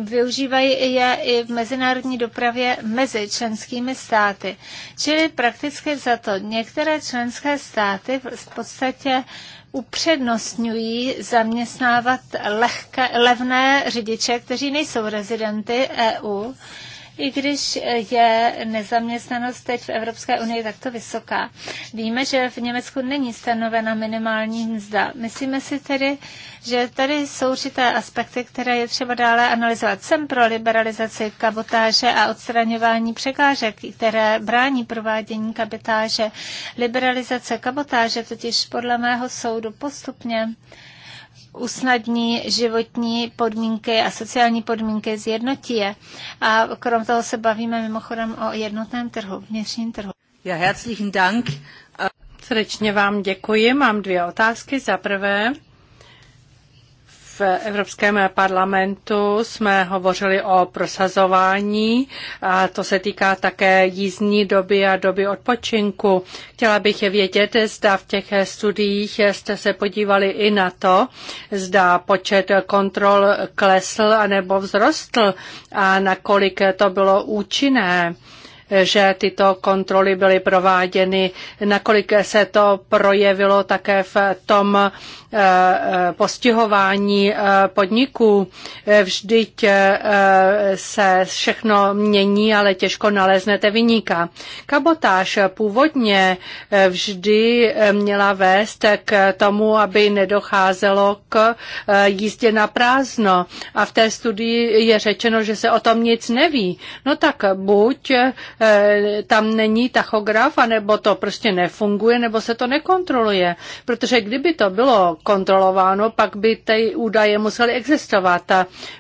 využívají je i v mezinárodní dopravě mezi členskými státy. Čili prakticky za to některé členské státy v podstatě upřednostňují zaměstnávat lehké, levné řidiče, kteří nejsou rezidenty EU, i když je nezaměstnanost teď v Evropské unii takto vysoká. Víme, že v Německu není stanovena minimální mzda. Myslíme si tedy, že tady jsou určité aspekty, které je třeba dále analyzovat. Jsem pro liberalizaci kabotáže a odstraňování překážek, které brání provádění kabotáže. Liberalizace kabotáže totiž podle mého soudu postupně usnadní životní podmínky a sociální podmínky, zjednotí je. A krom toho se bavíme mimochodem o jednotném trhu, vnitřním trhu. Ja, herzlichen Dank. Srdečně vám děkuji. Mám dvě otázky. Za prvé, v Evropském parlamentu jsme hovořili o prosazování a to se týká také jízdní doby a doby odpočinku. Chtěla bych vědět, zda v těch studiích jste se podívali i na to, zda počet kontrol klesl anebo vzrostl a nakolik to bylo účinné že tyto kontroly byly prováděny, nakolik se to projevilo také v tom Eh, eh, postihování eh, podniků. Vždyť se všechno mění, ale těžko naleznete vyníka. Kabotáž původně vždy měla vést k tomu, aby nedocházelo k jízdě na prázdno. A v té studii je řečeno, že se o tom nic neví. No tak buď tam není tachograf, anebo to prostě nefunguje, nebo se to nekontroluje. Protože kdyby to bylo kontrolováno, pak by ty údaje musely existovat.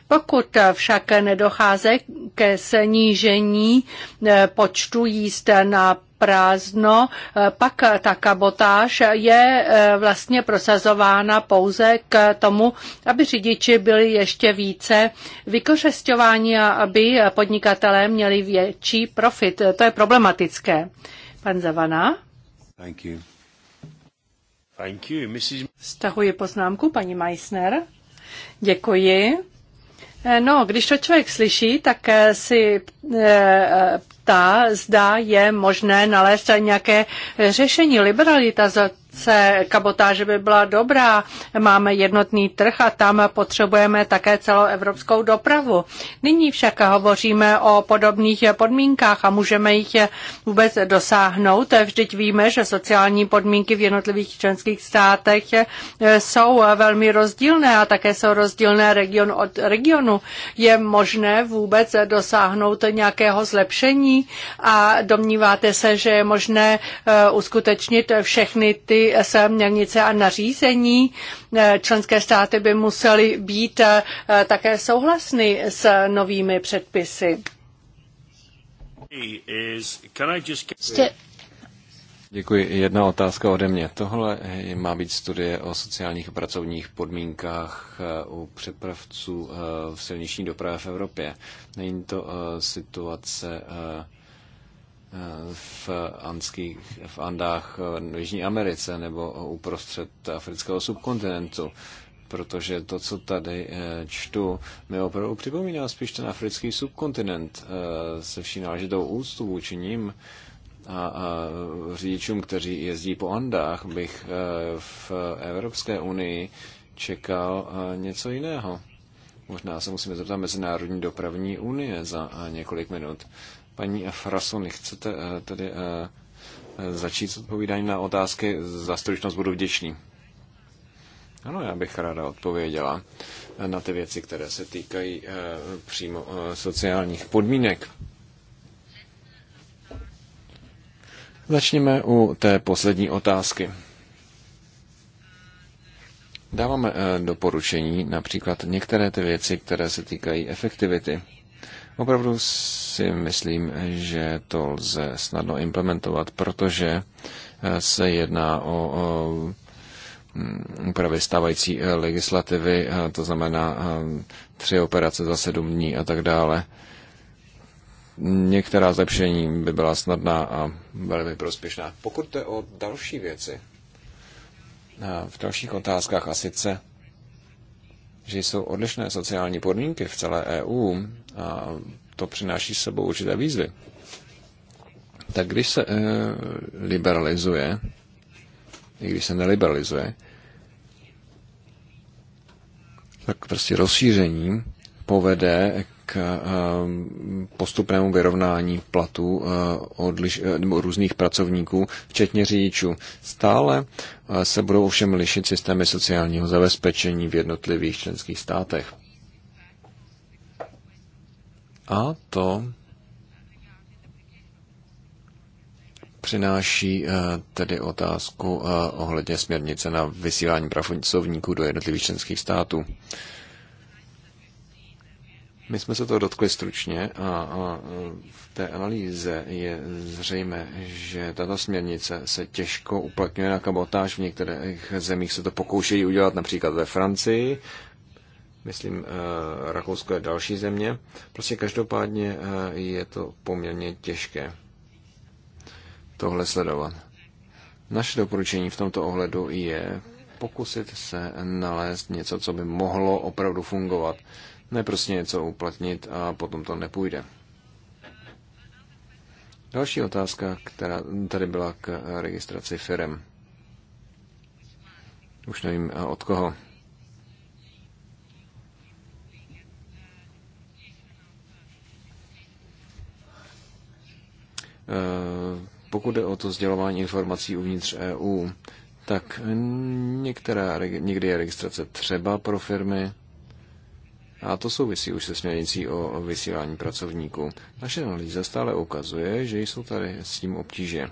Pokud však nedochází ke snížení eh, počtu jíst na prázdno, eh, pak ta kabotáž je eh, vlastně prosazována pouze k tomu, aby řidiči byli ještě více vykořesťováni a aby podnikatelé měli větší profit. To je problematické. Pan Zavana. Thank you. Thank you, Mrs. Stahuji poznámku, paní Meissner. Děkuji. Eh, no, když to člověk slyší, tak eh, si eh, ptá, zda je možné nalézt nějaké řešení. Liberalita se kabotáže by byla dobrá. Máme jednotný trh a tam potřebujeme také celoevropskou dopravu. Nyní však hovoříme o podobných podmínkách a můžeme jich vůbec dosáhnout. Vždyť víme, že sociální podmínky v jednotlivých členských státech jsou velmi rozdílné a také jsou rozdílné region od regionu. Je možné vůbec dosáhnout nějakého zlepšení a domníváte se, že je možné eh, uskutečnit všechny ty směrnice a nařízení eh, členské státy by musely být eh, také souhlasny s novými předpisy. Děkuji. Jedna otázka ode mě. Tohle eh, má být studie o sociálních a pracovních podmínkách u přepravců v silniční dopravě v Evropě. Není to situace v, Andských, v Andách v Jižní Americe nebo uprostřed afrického subkontinentu. Protože to, co tady eh, čtu, mi opravdu připomíná spíš ten africký subkontinent eh, se vším náležitou úctu vůči ním a, a řidičům, kteří jezdí po Andách, bych eh, v Evropské unii čekal něco jiného. Možná se musíme zeptat Mezinárodní dopravní unie za několik minut. Paní Frasony, chcete eh, tedy eh, eh, začít s odpovídáním na otázky? Za stručnost budu vděčný. Ano, já bych ráda odpověděla na ty věci, které se týkají přímo sociálních podmínek. Začněme u té poslední otázky. Dáváme doporučení, například některé ty věci, které se týkají efektivity. Opravdu si myslím, že to lze snadno implementovat, protože eh, se jedná o mm, úpravy stávající eh, legislativy, eh, to znamená tři operace za sedm dní a tak dále. Některá zlepšení by byla snadná a velmi prospěšná. Pokud jde o další věci, v dalších otázkách a sice že jsou odlišné sociální podmínky v celé EU a to přináší s sebou určité výzvy. Tak když se e, liberalizuje, i když se neliberalizuje, tak prostě rozšíření povede k eh, postupnému vyrovnání platů eh, odliš, eh, nebo různých pracovníků, včetně řidičů. Stále se budou ovšem lišit systémy sociálního zabezpečení v jednotlivých členských státech. A to přináší tedy otázku ohledně směrnice na vysílání pracovníků do jednotlivých členských států. My jsme se to dotkli stručně a, v té analýze je zřejmé, že tato směrnice se těžko uplatňuje na kabotáž. V některých zemích se to pokoušejí udělat, například ve Francii, myslím, eh, Rakousko je další země. Prostě každopádně eh, je to poměrně těžké tohle sledovat. Naše doporučení v tomto ohledu je pokusit se nalézt něco, co by mohlo opravdu fungovat ne prostě něco uplatnit a potom to nepůjde. Další otázka, která tady byla k registraci firm. Už nevím eh, od koho. Eh, pokud jde o to sdělování informací uvnitř EU, tak některá, někdy je registrace třeba pro firmy, a to souvisí už se směrnicí o vysílání pracovníků. Naše analýza stále ukazuje, že jsou tady s tím obtíže.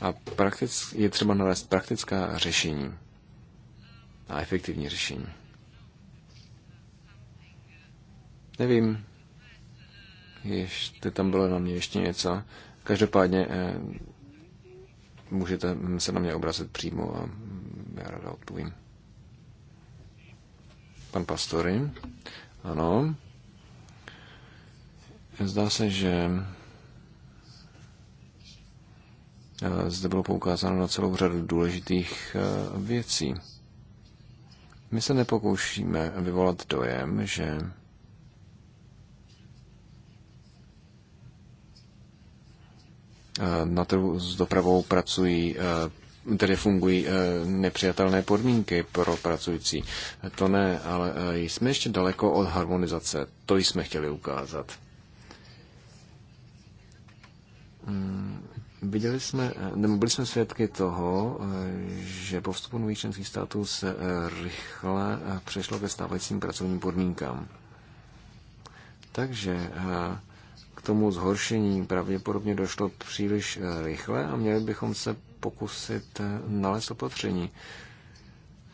A praktic, je třeba nalézt praktická řešení a efektivní řešení. Nevím, ještě tam bylo na mě ještě něco. Každopádně eh, můžete se na mě obrazit přímo a já ráda odpovím. Pan Pastory. Ano. Zdá se, že eh, zde bylo poukázáno na celou řadu důležitých eh, věcí. My se nepokoušíme vyvolat dojem, že eh, na trhu s dopravou pracují tedy fungují eh, nepřijatelné podmínky pro pracující. To ne, ale eh, jsme ještě daleko od harmonizace. To jsme chtěli ukázat. Hmm, viděli jsme, eh, nebo byli jsme svědky toho, že po vstupu nových členských států se rychle přešlo ke stávajícím pracovním podmínkám. Takže k tomu zhoršení pravděpodobně došlo příliš rychle a měli bychom se pokusit eh, nalézt opatření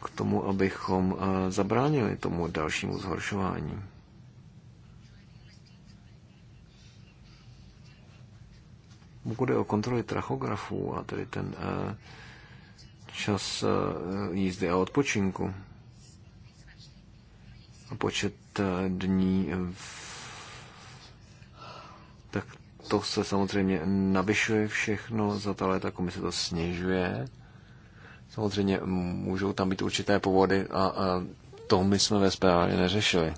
k tomu, abychom eh, zabránili tomu dalšímu zhoršování. Pokud je o kontroli trachografů a tedy ten eh, čas jízdy a odpočinku a počet dní v to se samozřejmě navyšuje všechno, za ta léta komise to snižuje. Samozřejmě můžou tam být určité povody a, a to my jsme ve zprávě neřešili.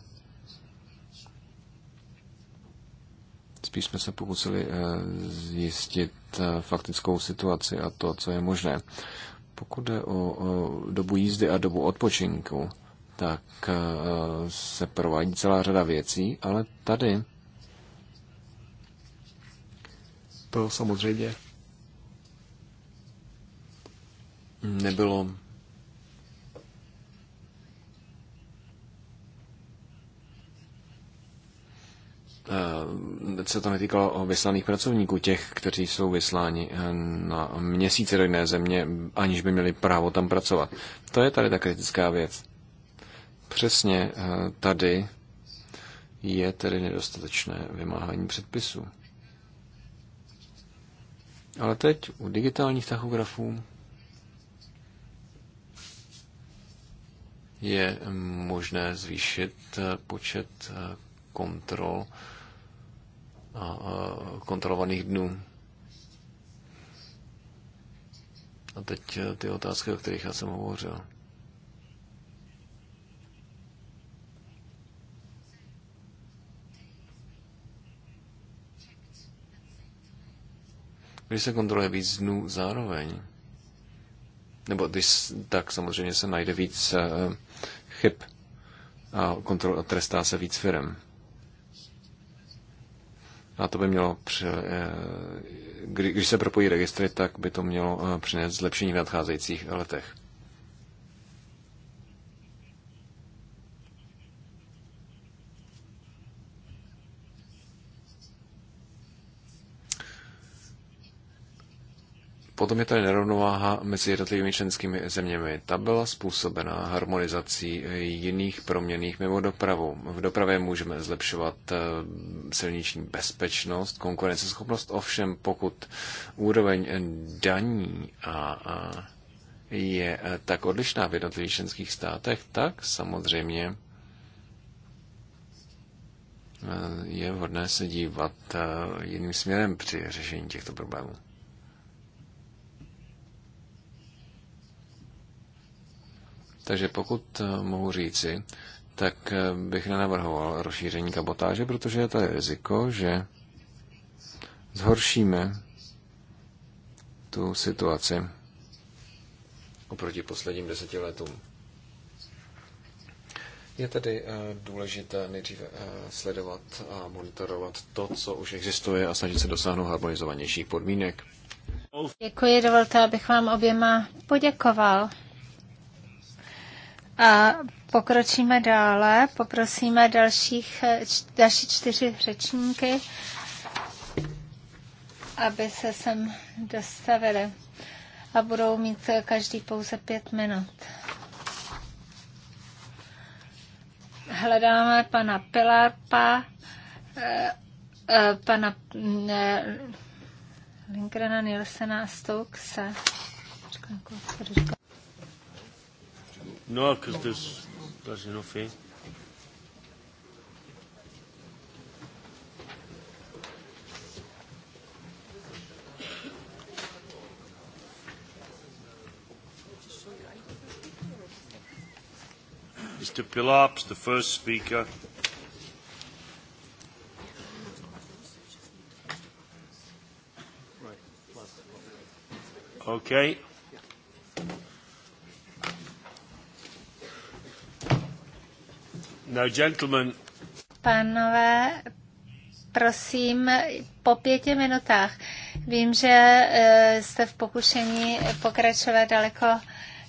Spíš jsme se pokusili eh, zjistit eh, faktickou situaci a to, co je možné. Pokud jde o dobu jízdy a dobu odpočinku, tak eh, se provádí celá řada věcí, ale tady To samozřejmě nebylo eh, se to netýkalo vyslaných pracovníků, těch, kteří jsou vysláni eh, na měsíce do jiné země, aniž by měli právo tam pracovat. To je tady ta kritická věc. Přesně eh, tady je tedy nedostatečné vymáhání předpisů. Ale teď u digitálních tachografů je možné zvýšit eh, počet eh, kontrol a eh, kontrolovaných dnů. A teď ty otázky, o kterých já jsem hovořil. Když se kontroluje víc dnů zároveň, nebo když, tak samozřejmě se najde víc eh, chyb a kontrol, trestá se víc firm. A to by mělo, při, eh, když se propojí registry, tak by to mělo eh, přinést zlepšení v nadcházejících letech. Potom je tady nerovnováha mezi jednotlivými členskými zeměmi. Ta byla způsobená harmonizací eh, jiných proměných mimo dopravu. V dopravě můžeme zlepšovat eh, silniční bezpečnost, konkurenceschopnost, ovšem pokud úroveň eh, daní a je tak odlišná v jednotlivých členských státech, tak samozřejmě je vhodné se dívat jiným směrem při řešení těchto problémů. Takže pokud eh, mohu říci, tak eh, bych nenavrhoval rozšíření kabotáže, protože je to riziko, že zhoršíme tu situaci oproti posledním deseti letům. Je tedy eh, důležité nejdříve sledovat a monitorovat to, co už existuje a snažit se dosáhnout harmonizovanějších podmínek. Děkuji, dovolte, abych vám oběma poděkoval. A pokročíme dále, poprosíme dalších, další čtyři řečníky, aby se sem dostavili a budou mít každý pouze pět minut. Hledáme pana Pilarpa, eh, eh, pana eh, Lindgrena Nielsena a Stokesa. No, because there's, there's enough here. Mr. Pilaps, the first speaker. Okay. Pánové, prosím, po pěti minutách. Vím, že eh, jste v pokušení pokračovat daleko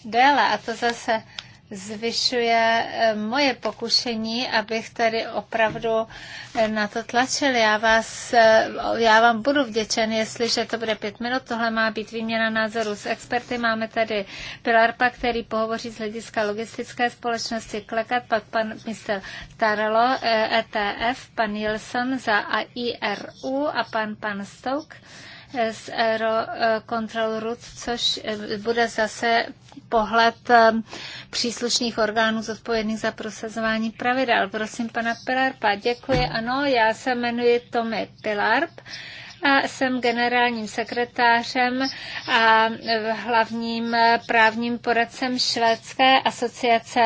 déle a to zase zvyšuje eh, moje pokušení, abych tady opravdu eh, na to tlačil. Já, vás, eh, já vám budu vděčen, jestliže to bude pět minut. Tohle má být výměna názorů s experty. Máme tady Pilarpa, který pohovoří z hlediska logistické společnosti Klekat, pak pan mistr Tarelo, ETF, e pan Jilson za IRU a pan pan Stoke z Aero Control Root, což eh, bude zase pohled eh, příslušných orgánů zodpovědných za prosazování pravidel. Prosím pana Pilarpa, děkuji. Ano, já se jmenuji Tomi Pilarp a jsem generálním sekretářem a hlavním právním poradcem Švédské asociace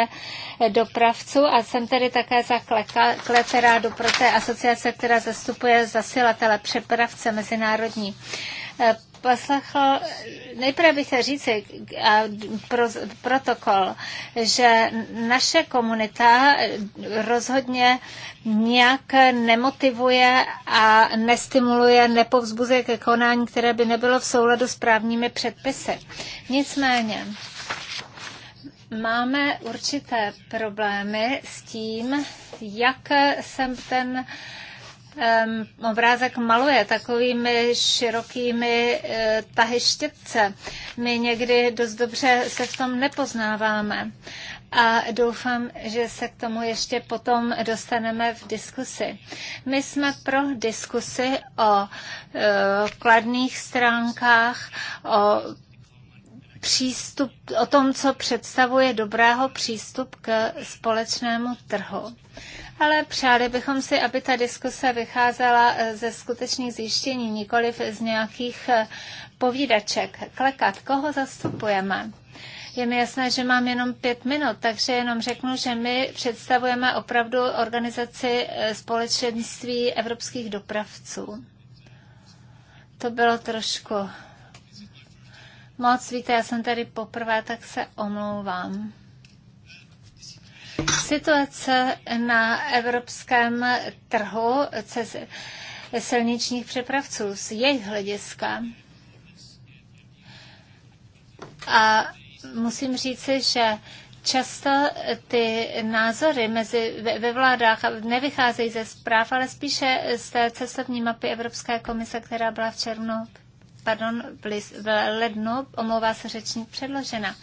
dopravců a jsem tedy také za kleterádu pro té asociace, která zastupuje zasilatele přepravce mezinárodní poslechl, nejprve bych chtěl říci eh, a pro, protokol, že naše komunita eh, rozhodně nějak nemotivuje a nestimuluje, nepovzbuzuje ke konání, které by nebylo v souladu s právními předpisy. Nicméně, máme určité problémy s tím, jak jsem ten uh, obrázek maluje takovými širokými eh, tahy štětce. My někdy dost dobře se v tom nepoznáváme a doufám, že se k tomu ještě potom dostaneme v diskusi. My jsme pro diskusi o eh, kladných stránkách, o přístup, o tom, co představuje dobrého přístup k společnému trhu ale přáli bychom si, aby ta diskuse vycházela eh, ze skutečných zjištění, nikoliv z nějakých eh, povídaček. Klekat, koho zastupujeme? Je mi jasné, že mám jenom pět minut, takže jenom řeknu, že my představujeme opravdu organizaci eh, společenství evropských dopravců. To bylo trošku moc. Víte, já jsem tady poprvé, tak se omlouvám. Situace na evropském trhu silničních přepravců z jejich hlediska a musím říci, že často ty názory mezi, ve vládách nevycházejí ze zpráv, ale spíše z té cestovní mapy Evropské komise, která byla v červnu, pardon, v lednu, omlouvá se řečník předložena.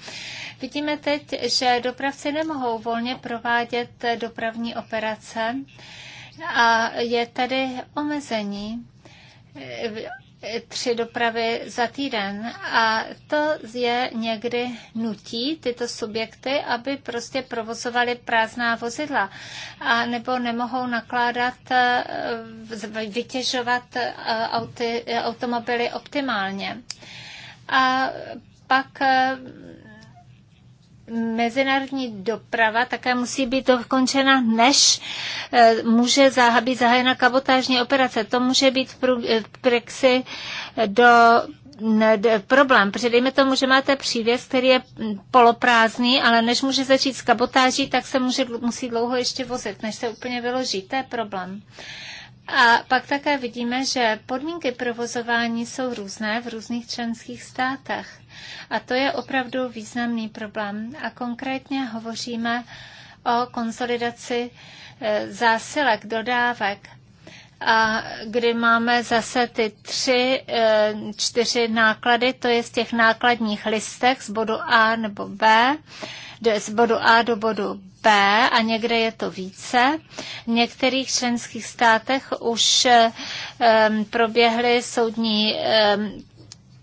Vidíme teď, že dopravci nemohou volně provádět dopravní operace a je tady omezení eh, tři dopravy za týden. A to je někdy nutí tyto subjekty, aby prostě provozovali prázdná vozidla a nebo nemohou nakládat, eh, vytěžovat eh, auty, automobily optimálně. A pak mezinárodní doprava také musí být dokončena, než eh, může být zahájena kabotážní operace. To může být v praxi eh, eh, do problém, protože dejme tomu, že máte přívěs, který je mm, poloprázdný, ale než může začít s kabotáží, tak se může, musí dlouho ještě vozit, než se úplně vyloží. To je problém. A pak také vidíme, že podmínky provozování jsou různé v různých členských státech. A to je opravdu významný problém. A konkrétně hovoříme o konsolidaci e, zásilek, dodávek a kdy máme zase ty tři, e, čtyři náklady, to je z těch nákladních listech z bodu A nebo B, z bodu A do bodu B a někde je to více. V některých členských státech už e, proběhly soudní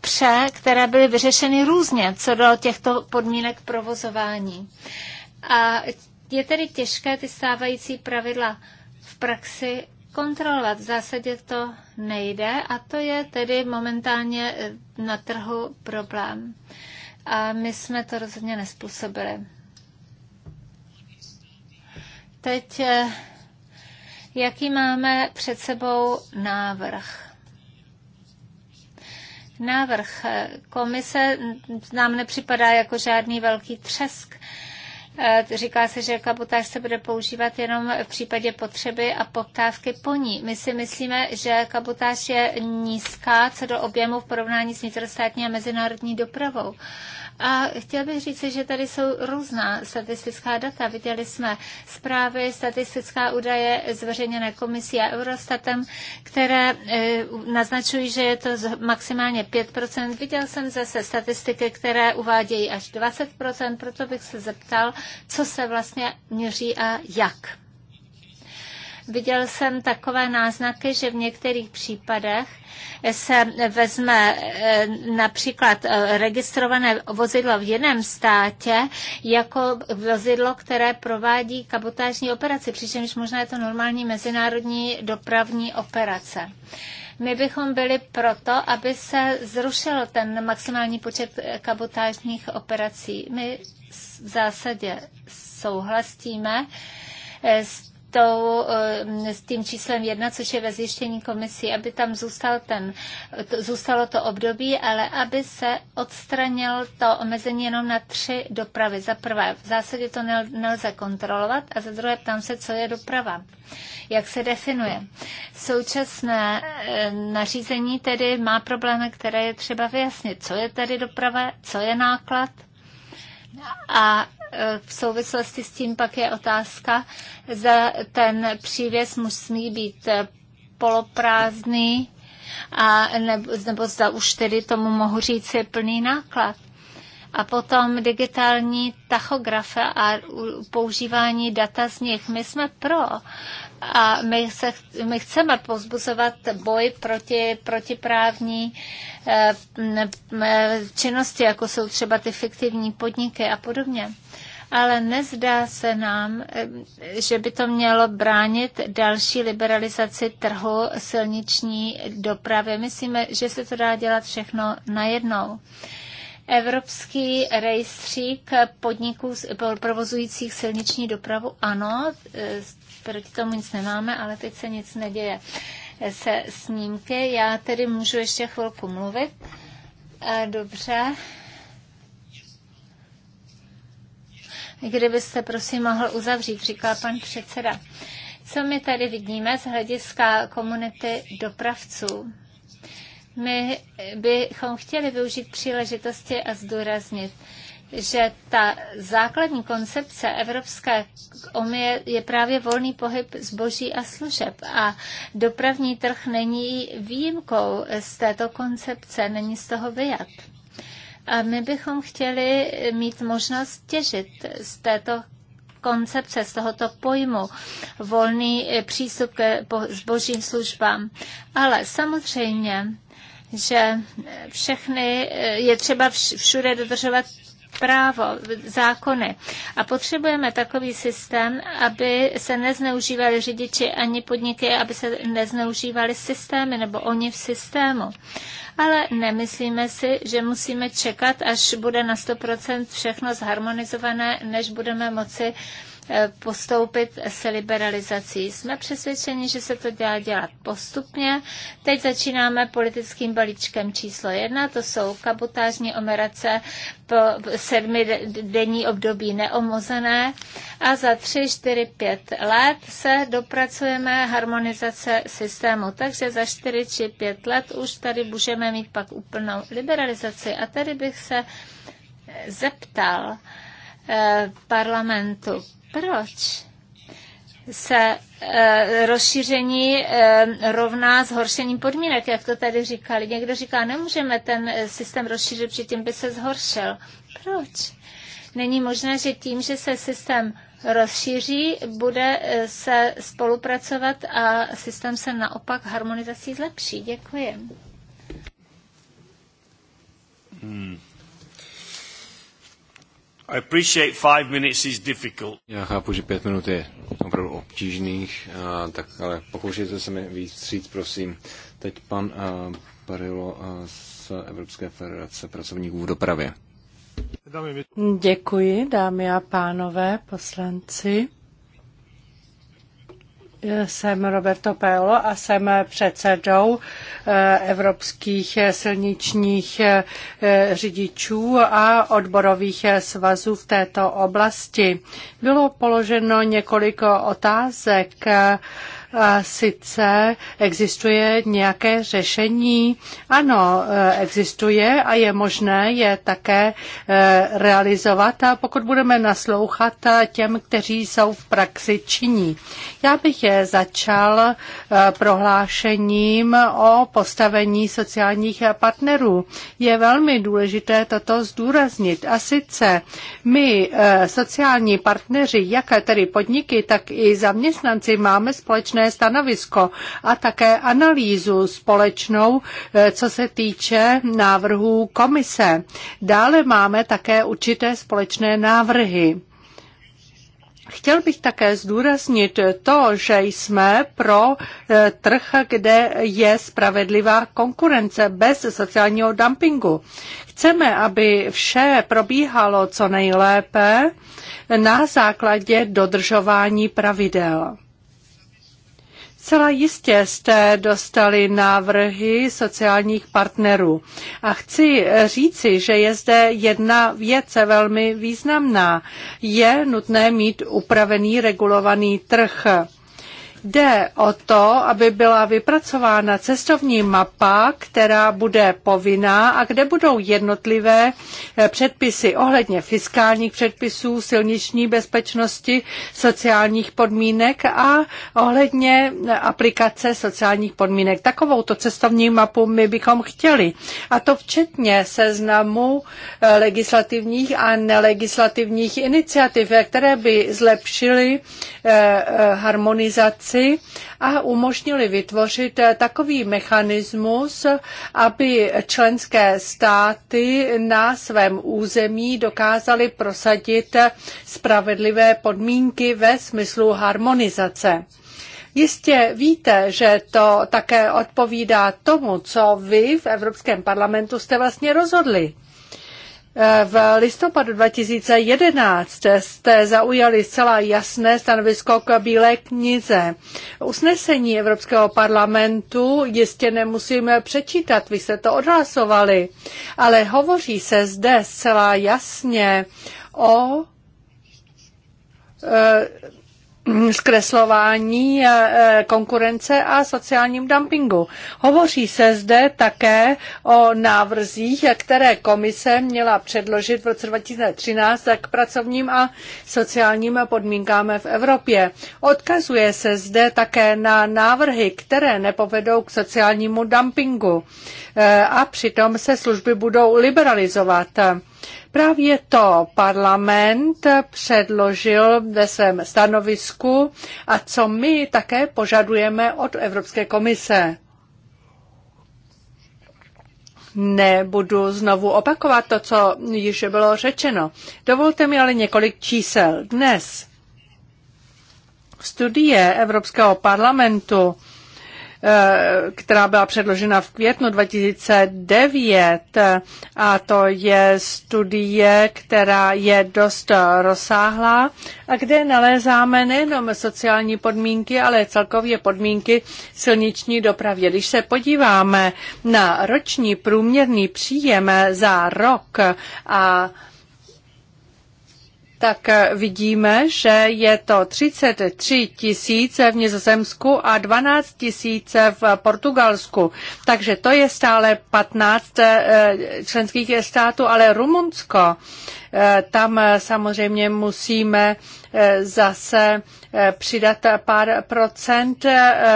pře, které byly vyřešeny různě co do těchto podmínek provozování. A je tedy těžké ty stávající pravidla v praxi kontrolovat. V zásadě to nejde a to je tedy momentálně eh, na trhu problém. A my jsme to rozhodně nespůsobili. Teď, eh, jaký máme před sebou návrh? Návrh komise nám nepřipadá jako žádný velký třesk. Eh, říká se, že kabotáž se bude používat jenom v případě potřeby a poptávky po ní. My si myslíme, že kabotáž je nízká co do objemu v porovnání s vnitrostátní a mezinárodní dopravou. A chtěl bych říct, že tady jsou různá statistická data. Viděli jsme zprávy, statistická údaje zveřejněné komisí a Eurostatem, které eh, naznačují, že je to maximálně 5%. Viděl jsem zase statistiky, které uvádějí až 20%, proto bych se zeptal, co se vlastně měří a jak. Viděl jsem takové náznaky, že v některých případech se vezme e, například e, registrované vozidlo v jiném státě jako vozidlo, které provádí kabotážní operaci, přičemž možná je to normální mezinárodní dopravní operace. My bychom byli proto, aby se zrušil ten maximální počet e, kabotážních operací. My v zásadě souhlasíme s tou, eh, s tím číslem jedna, což je ve zjištění komisí, aby tam zůstal ten, to, zůstalo to období, ale aby se odstranil to omezení jenom na tři dopravy. Za prvé, v zásadě to nel, nelze kontrolovat a za druhé ptám se, co je doprava. Jak se definuje? Současné eh, nařízení tedy má problémy, které je třeba vyjasnit. Co je tedy doprava, co je náklad? A v souvislosti s tím pak je otázka, za ten přívěs musí být poloprázdný a nebo, nebo zda už tedy tomu mohu říct je plný náklad. A potom digitální tachografy a používání data z nich. My jsme pro a my, se, my chceme pozbuzovat boj proti protiprávní eh, činnosti, jako jsou třeba ty fiktivní podniky a podobně ale nezdá se nám, eh, že by to mělo bránit další liberalizaci trhu silniční dopravy. Myslíme, že se to dá dělat všechno najednou. jednou. Evropský rejstřík podniků provozujících silniční dopravu, ano, e, proti tomu nic nemáme, ale teď se nic neděje e, se snímky. Já tedy můžu ještě chvilku mluvit. E, dobře. Kdybyste, prosím, mohl uzavřít, říká pan předseda. Co my tady vidíme z hlediska komunity dopravců? My bychom chtěli využít příležitosti a zdůraznit, že ta základní koncepce Evropské unie je právě volný pohyb zboží a služeb a dopravní trh není výjimkou z této koncepce, není z toho vyjat. A my bychom chtěli mít možnost těžit z této koncepce, z tohoto pojmu volný přístup k zbožím službám. Ale samozřejmě že všechny je třeba všude dodržovat právo, zákony. A potřebujeme takový systém, aby se nezneužívali řidiči ani podniky, aby se nezneužívali systémy nebo oni v systému. Ale nemyslíme si, že musíme čekat, až bude na 100% všechno zharmonizované, než budeme moci uh, Eh, postoupit se liberalizací. Jsme přesvědčeni, že se to dá dělat postupně. Teď začínáme politickým balíčkem číslo jedna, to jsou kabotážní omerace po sedmi denní období neomozené a za tři, čtyři, pět let se dopracujeme harmonizace systému. Takže za čtyři či pět let už tady můžeme mít pak úplnou liberalizaci. A tady bych se zeptal, eh, parlamentu. Proč? se e, rozšíření e, rovná zhoršením podmínek, jak to tady říkali. Někdo říká, nemůžeme ten systém rozšířit, předtím by se zhoršil. Proč? Není možné, že tím, že se systém rozšíří, bude e, se spolupracovat a systém se naopak harmonizací zlepší. Děkuji. Hmm. I appreciate five minutes is difficult. Já chápu, že pět minut je opravdu obtížných, a, tak ale pokoušejte se mi víc říct, prosím. Teď pan a, Parilo a, z Evropské federace pracovníků v dopravě. Děkuji, dámy a pánové, poslanci. Jsem Roberto Paolo a jsem předsedou eh, evropských silničních eh, řidičů a odborových svazů v této oblasti. Bylo položeno několik otázek eh, sice existuje nějaké řešení. Ano, e, existuje a je možné je také e, realizovat, pokud budeme naslouchat e, těm, kteří jsou v praxi činí. Já bych je začal prohlášením o postavení sociálních partnerů. Je velmi důležité toto zdůraznit. A sice my, sociální partneři, jak tedy podniky, tak i zaměstnanci, máme společné stanovisko a také analýzu společnou, eh, co se týče návrhů komise. Dále máme také určité společné návrhy. Chtěl bych také zdůraznit to, že jsme pro eh, trh, kde je spravedlivá konkurence bez sociálního dumpingu. Chceme, aby vše probíhalo co nejlépe na základě dodržování pravidel. Zcela jistě jste dostali návrhy sociálních partnerů. A chci říci, že je zde jedna věc velmi významná. Je nutné mít upravený regulovaný trh. Jde o to, aby byla vypracována cestovní mapa, která bude povinná a kde budou jednotlivé eh, předpisy ohledně fiskálních předpisů, silniční bezpečnosti, sociálních podmínek a ohledně eh, aplikace sociálních podmínek. Takovouto cestovní mapu my bychom chtěli. A to včetně seznamu eh, legislativních a nelegislativních iniciativ, které by zlepšily harmonizaci práci a umožnili vytvořit takový mechanismus, aby členské státy na svém území dokázaly prosadit spravedlivé podmínky ve smyslu harmonizace. Jistě víte, že to také odpovídá tomu, co vy v Evropském parlamentu jste vlastně rozhodli. Eh, v listopadu 2011 jste zaujali zcela jasné stanovisko k Bílé knize. Usnesení Evropského parlamentu jistě nemusíme přečítat, vy jste to odhlasovali, ale hovoří se zde zcela jasně o e, Mm, zkreslování eh, eh, konkurence a sociálním dumpingu. Hovoří se zde také o návrzích, které komise měla předložit v roce 2013 k pracovním a sociálním podmínkám v Evropě. Odkazuje se zde také na návrhy, které nepovedou k sociálnímu dumpingu eh, a přitom se služby budou liberalizovat. Právě to parlament předložil ve svém stanovisku a co my také požadujeme od Evropské komise. Nebudu znovu opakovat to, co již bylo řečeno. Dovolte mi ale několik čísel. Dnes studie Evropského parlamentu Eh, která byla předložena v květnu 2009 a to je studie, která je dost rozsáhlá a kde nalézáme nejenom sociální podmínky, ale celkově podmínky silniční dopravě. Když se podíváme na roční průměrný příjem za rok a tak vidíme, že je to 33 tisíc v Nizozemsku a 12 tisíc v Portugalsku. Takže to je stále 15 eh, členských států, ale Rumunsko, eh, tam samozřejmě musíme eh, zase přidat pár procent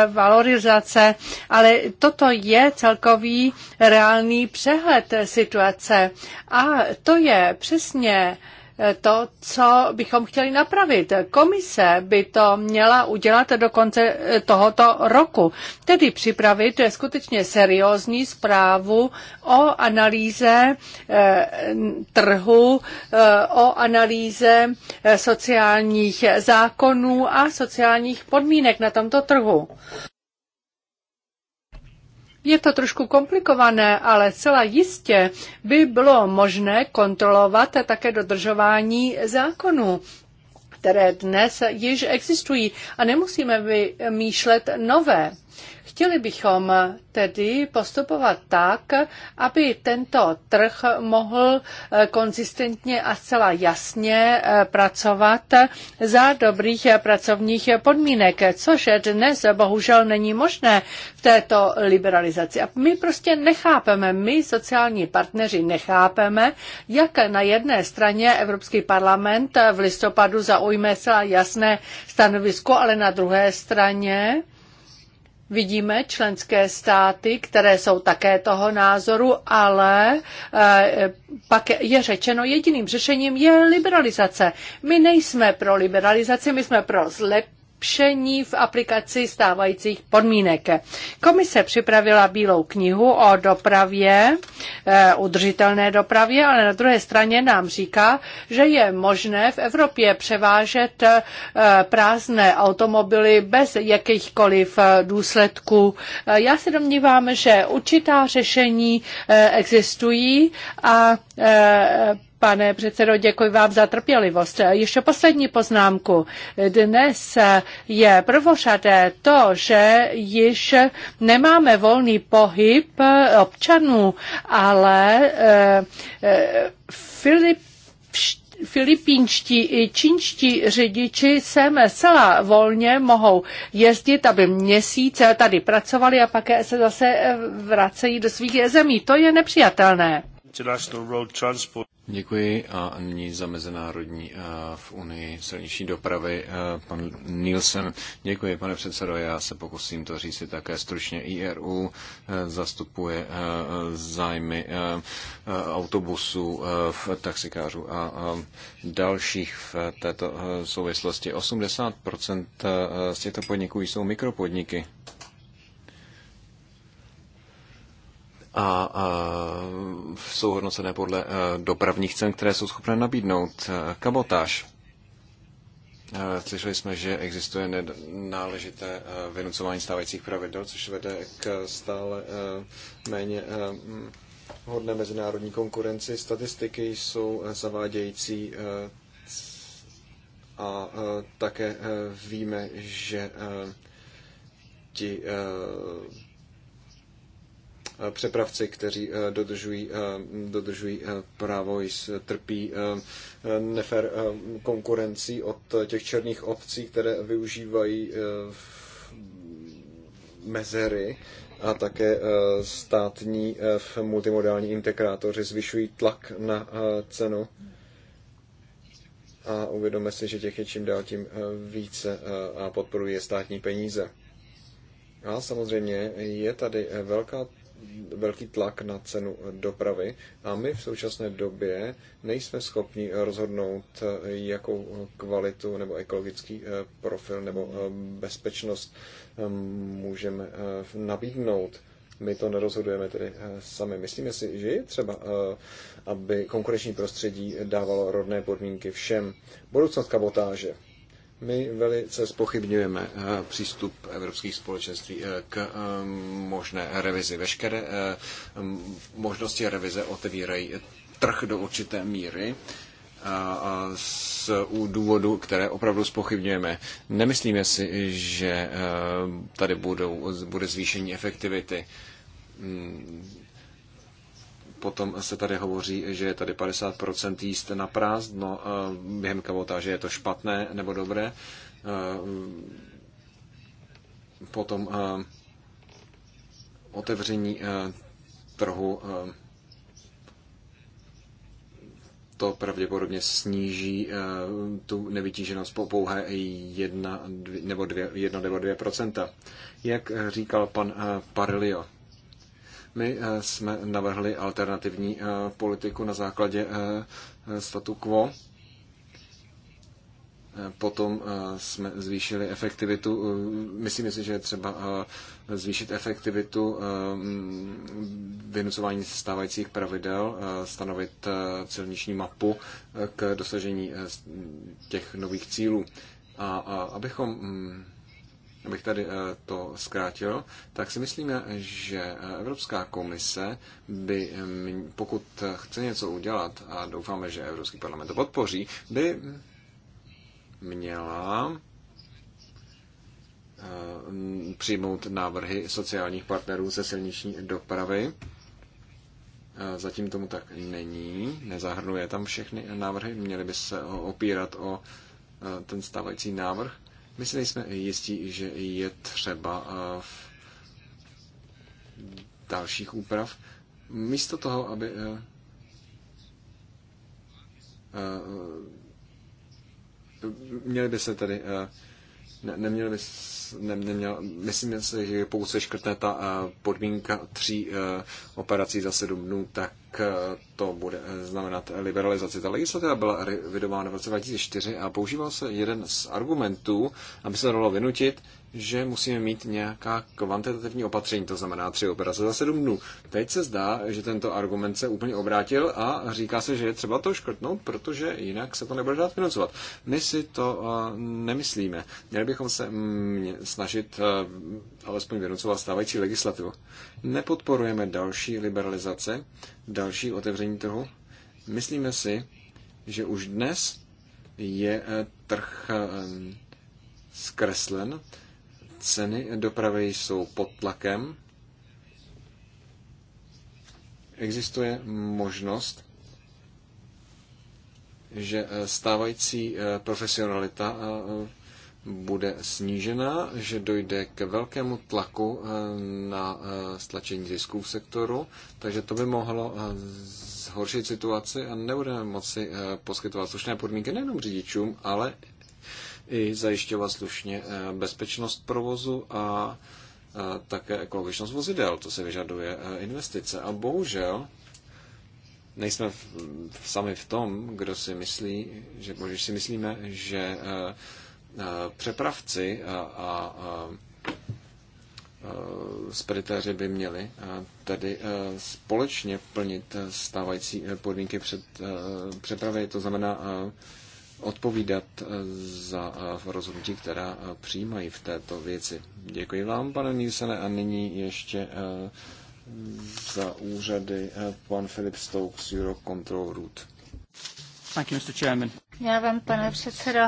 valorizace, ale toto je celkový reálný přehled situace. A to je přesně to, co bychom chtěli napravit. Komise by to měla udělat do konce eh, tohoto roku, tedy připravit skutečně seriózní zprávu o analýze eh, trhu, eh, o analýze sociálních zákonů a sociálních podmínek na tomto trhu. Je to trošku komplikované, ale celá jistě by bylo možné kontrolovat také dodržování zákonů které dnes již existují a nemusíme vymýšlet nové. Chtěli bychom tedy postupovat tak, aby tento trh mohl eh, konzistentně a zcela jasně eh, pracovat za dobrých eh, pracovních podmínek, což dnes bohužel není možné v této liberalizaci. A my prostě nechápeme, my sociální partneři nechápeme, jak na jedné straně Evropský parlament v listopadu zaujme zcela jasné stanovisko, ale na druhé straně Vidíme členské státy, které jsou také toho názoru, ale eh, pak je řečeno, jediným řešením je liberalizace. My nejsme pro liberalizaci, my jsme pro zlep zlepšení v aplikaci stávajících podmínek. Komise připravila bílou knihu o dopravě, eh, udržitelné dopravě, ale na druhé straně nám říká, že je možné v Evropě převážet eh, prázdné automobily bez jakýchkoliv eh, důsledků. Já se domnívám, že určitá řešení existují a Pane předsedo, děkuji vám za trpělivost. Ještě poslední poznámku. Dnes je prvořadé to, že již nemáme volný pohyb občanů, ale eh, eh, Filip filipínští i čínští řidiči sem celá volně mohou jezdit, aby měsíce tady pracovali a pak se zase vracejí do svých zemí. To je nepřijatelné. Děkuji a nyní za mezinárodní eh, v Unii silniční dopravy eh, pan Nielsen. Děkuji, pane předsedo, já se pokusím to říct také stručně. IRU eh, zastupuje zájmy autobusů, taxikářů a dalších v této souvislosti. 80% z těchto podniků jsou mikropodniky. a jsou hodnocené podle e, dopravních cen, které jsou schopné nabídnout. E, kabotáž. E, slyšeli jsme, že existuje náležité vynucování stávajících pravidel, což vede k stále méně hodné mezinárodní konkurenci. Statistiky jsou zavádějící a také víme, že ti přepravci, kteří eh, dodržují, eh, dodržují eh, právo, trpí nefer konkurencí od těch černých obcí, které využívají mezery a také státní multimodální integrátoři zvyšují tlak na cenu. A uvědomme si, že těch je čím dál tím více a podporuje státní peníze. A samozřejmě je tady velká velký tlak na cenu dopravy a my v současné době nejsme schopni rozhodnout, jakou kvalitu nebo ekologický eh, profil nebo eh, bezpečnost eh, můžeme nabídnout. My to nerozhodujeme tedy sami. Myslíme si, že je třeba, aby konkurenční prostředí dávalo rodné podmínky všem. Budoucnost kabotáže my velice spochybňujeme eh, přístup evropských společenství eh, k eh, možné revizi. Veškeré možnosti revize otevírají trh do určité míry z důvodu, které opravdu spochybňujeme. Nemyslíme si, že tady budou, bude zvýšení efektivity hmm, Potom se tady hovoří, že je tady 50% jíst na prázdno no, eh, během že je to špatné nebo dobré. Eh, potom eh, otevření trhu to pravděpodobně sníží tu nevytíženost po pouhé 1 nebo 2, procenta. Jak říkal pan Parilio, my eh, jsme navrhli alternativní eh, politiku na základě eh, statu quo. Potom jsme zvýšili efektivitu. Myslím si, že je třeba zvýšit efektivitu mm, vynucování stávajících pravidel, stanovit celniční mapu k dosažení těch nových cílů. A abychom mm, abych tady eh, to zkrátil, tak si myslíme, že eh, Evropská komise by, mm, pokud chce něco udělat, a doufáme, že Evropský parlament to podpoří, by měla eh, přijmout návrhy sociálních partnerů ze silniční dopravy. Zatím tomu tak není, nezahrnuje tam všechny návrhy, měly by se opírat o ten stávající návrh my si nejsme jistí, že je třeba eh, v dalších úprav. Místo toho, aby eh, eh, měli by se tedy ne, neměl bys, ne, neměl, myslím si, že pokud se škrtne ta eh, podmínka tří eh, operací za sedm dnů, tak eh, to bude znamenat liberalizaci. Ta legislativa byla vydována v roce 2004 a používal se jeden z argumentů, aby se dalo vynutit, že musíme mít nějaká kvantitativní opatření, to znamená tři operace za sedm dnů. Teď se zdá, že tento argument se úplně obrátil a říká se, že je třeba to škrtnout, protože jinak se to nebude dát financovat. My si to eh, nemyslíme. Měli bychom se mm, snažit eh, alespoň vynucovat stávající legislativu. Nepodporujeme další liberalizace, další otevření trhu. Myslíme si, že už dnes je eh, trh zkreslen Ceny dopravy jsou pod tlakem. Existuje možnost, že eh, stávající eh, profesionalita eh, bude snížena, že dojde k velkému tlaku na stlačení zisků v sektoru, takže to by mohlo zhoršit situaci a nebudeme moci poskytovat slušné podmínky nejenom řidičům, ale i zajišťovat slušně eh, bezpečnost provozu a eh, také ekologičnost vozidel. To se vyžaduje eh, investice. A bohužel nejsme v, sami v tom, kdo si myslí, že bože, si myslíme, že přepravci a, a, a speditéři by měli tedy společně plnit stávající podmínky před přepravy. To znamená odpovídat eh, za eh, rozhodnutí, která eh, přijímají v této věci. Děkuji vám, pane Nilsene, a nyní ještě za úřady pan Filip Stokes, Eurocontrol Root. Thank you, Mr. Chairman. Já vám, pane předsedo,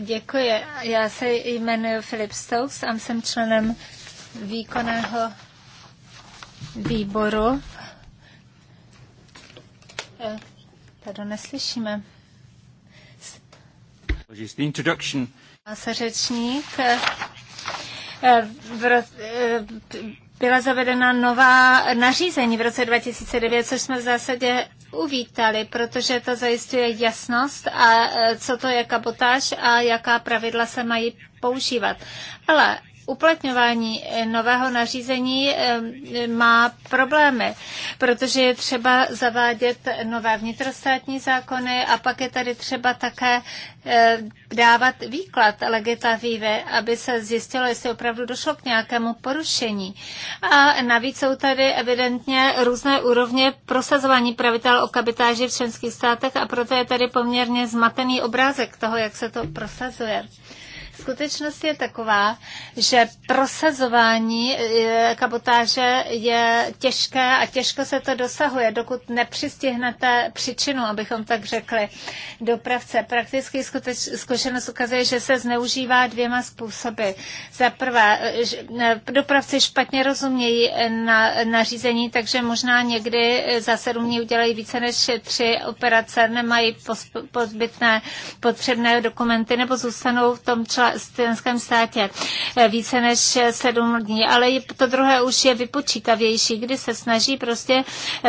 děkuji. Já se jmenuji Filip Stokes a jsem členem výkonného výboru. Tady neslyšíme. Se řečník eh, eh, v, eh, byla zavedena nová nařízení v roce 2009, což jsme v zásadě uvítali, protože to zajišťuje jasnost a co to je kabotáž a jaká pravidla se mají používat. Ale uplatňování nového nařízení eh, má problémy, protože je třeba zavádět nové vnitrostátní zákony a pak je tady třeba také eh, dávat výklad legislativy, aby se zjistilo, jestli opravdu došlo k nějakému porušení. A navíc jsou tady evidentně různé úrovně prosazování pravidel o kapitáži v členských státech a proto je tady poměrně zmatený obrázek toho, jak se to prosazuje. Skutečnost je taková, že prosazování e, kabotáže je těžké a těžko se to dosahuje, dokud nepřistihnete příčinu, abychom tak řekli, dopravce. Prakticky zkušenost ukazuje, že se zneužívá dvěma způsoby. Za prvé, e, e, dopravci špatně rozumějí na, nařízení, takže možná někdy za sedm dní udělají více než tři operace, nemají pozbytné potřebné dokumenty nebo zůstanou v tom člověku členském státě eh, více než sedm dní, ale to druhé už je vypočítavější, kdy se snaží prostě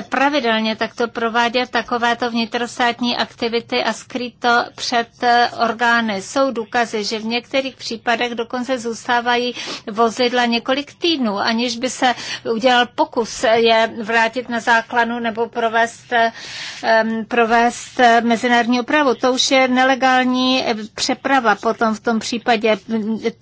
pravidelně takto provádět takovéto vnitrostátní aktivity a skrýt to před eh, orgány. Jsou důkazy, že v některých případech dokonce zůstávají vozidla několik týdnů, aniž by se udělal pokus je vrátit na základnu nebo provést, eh, provést mezinárodní opravu. To už je nelegální přeprava potom v tom případě případě,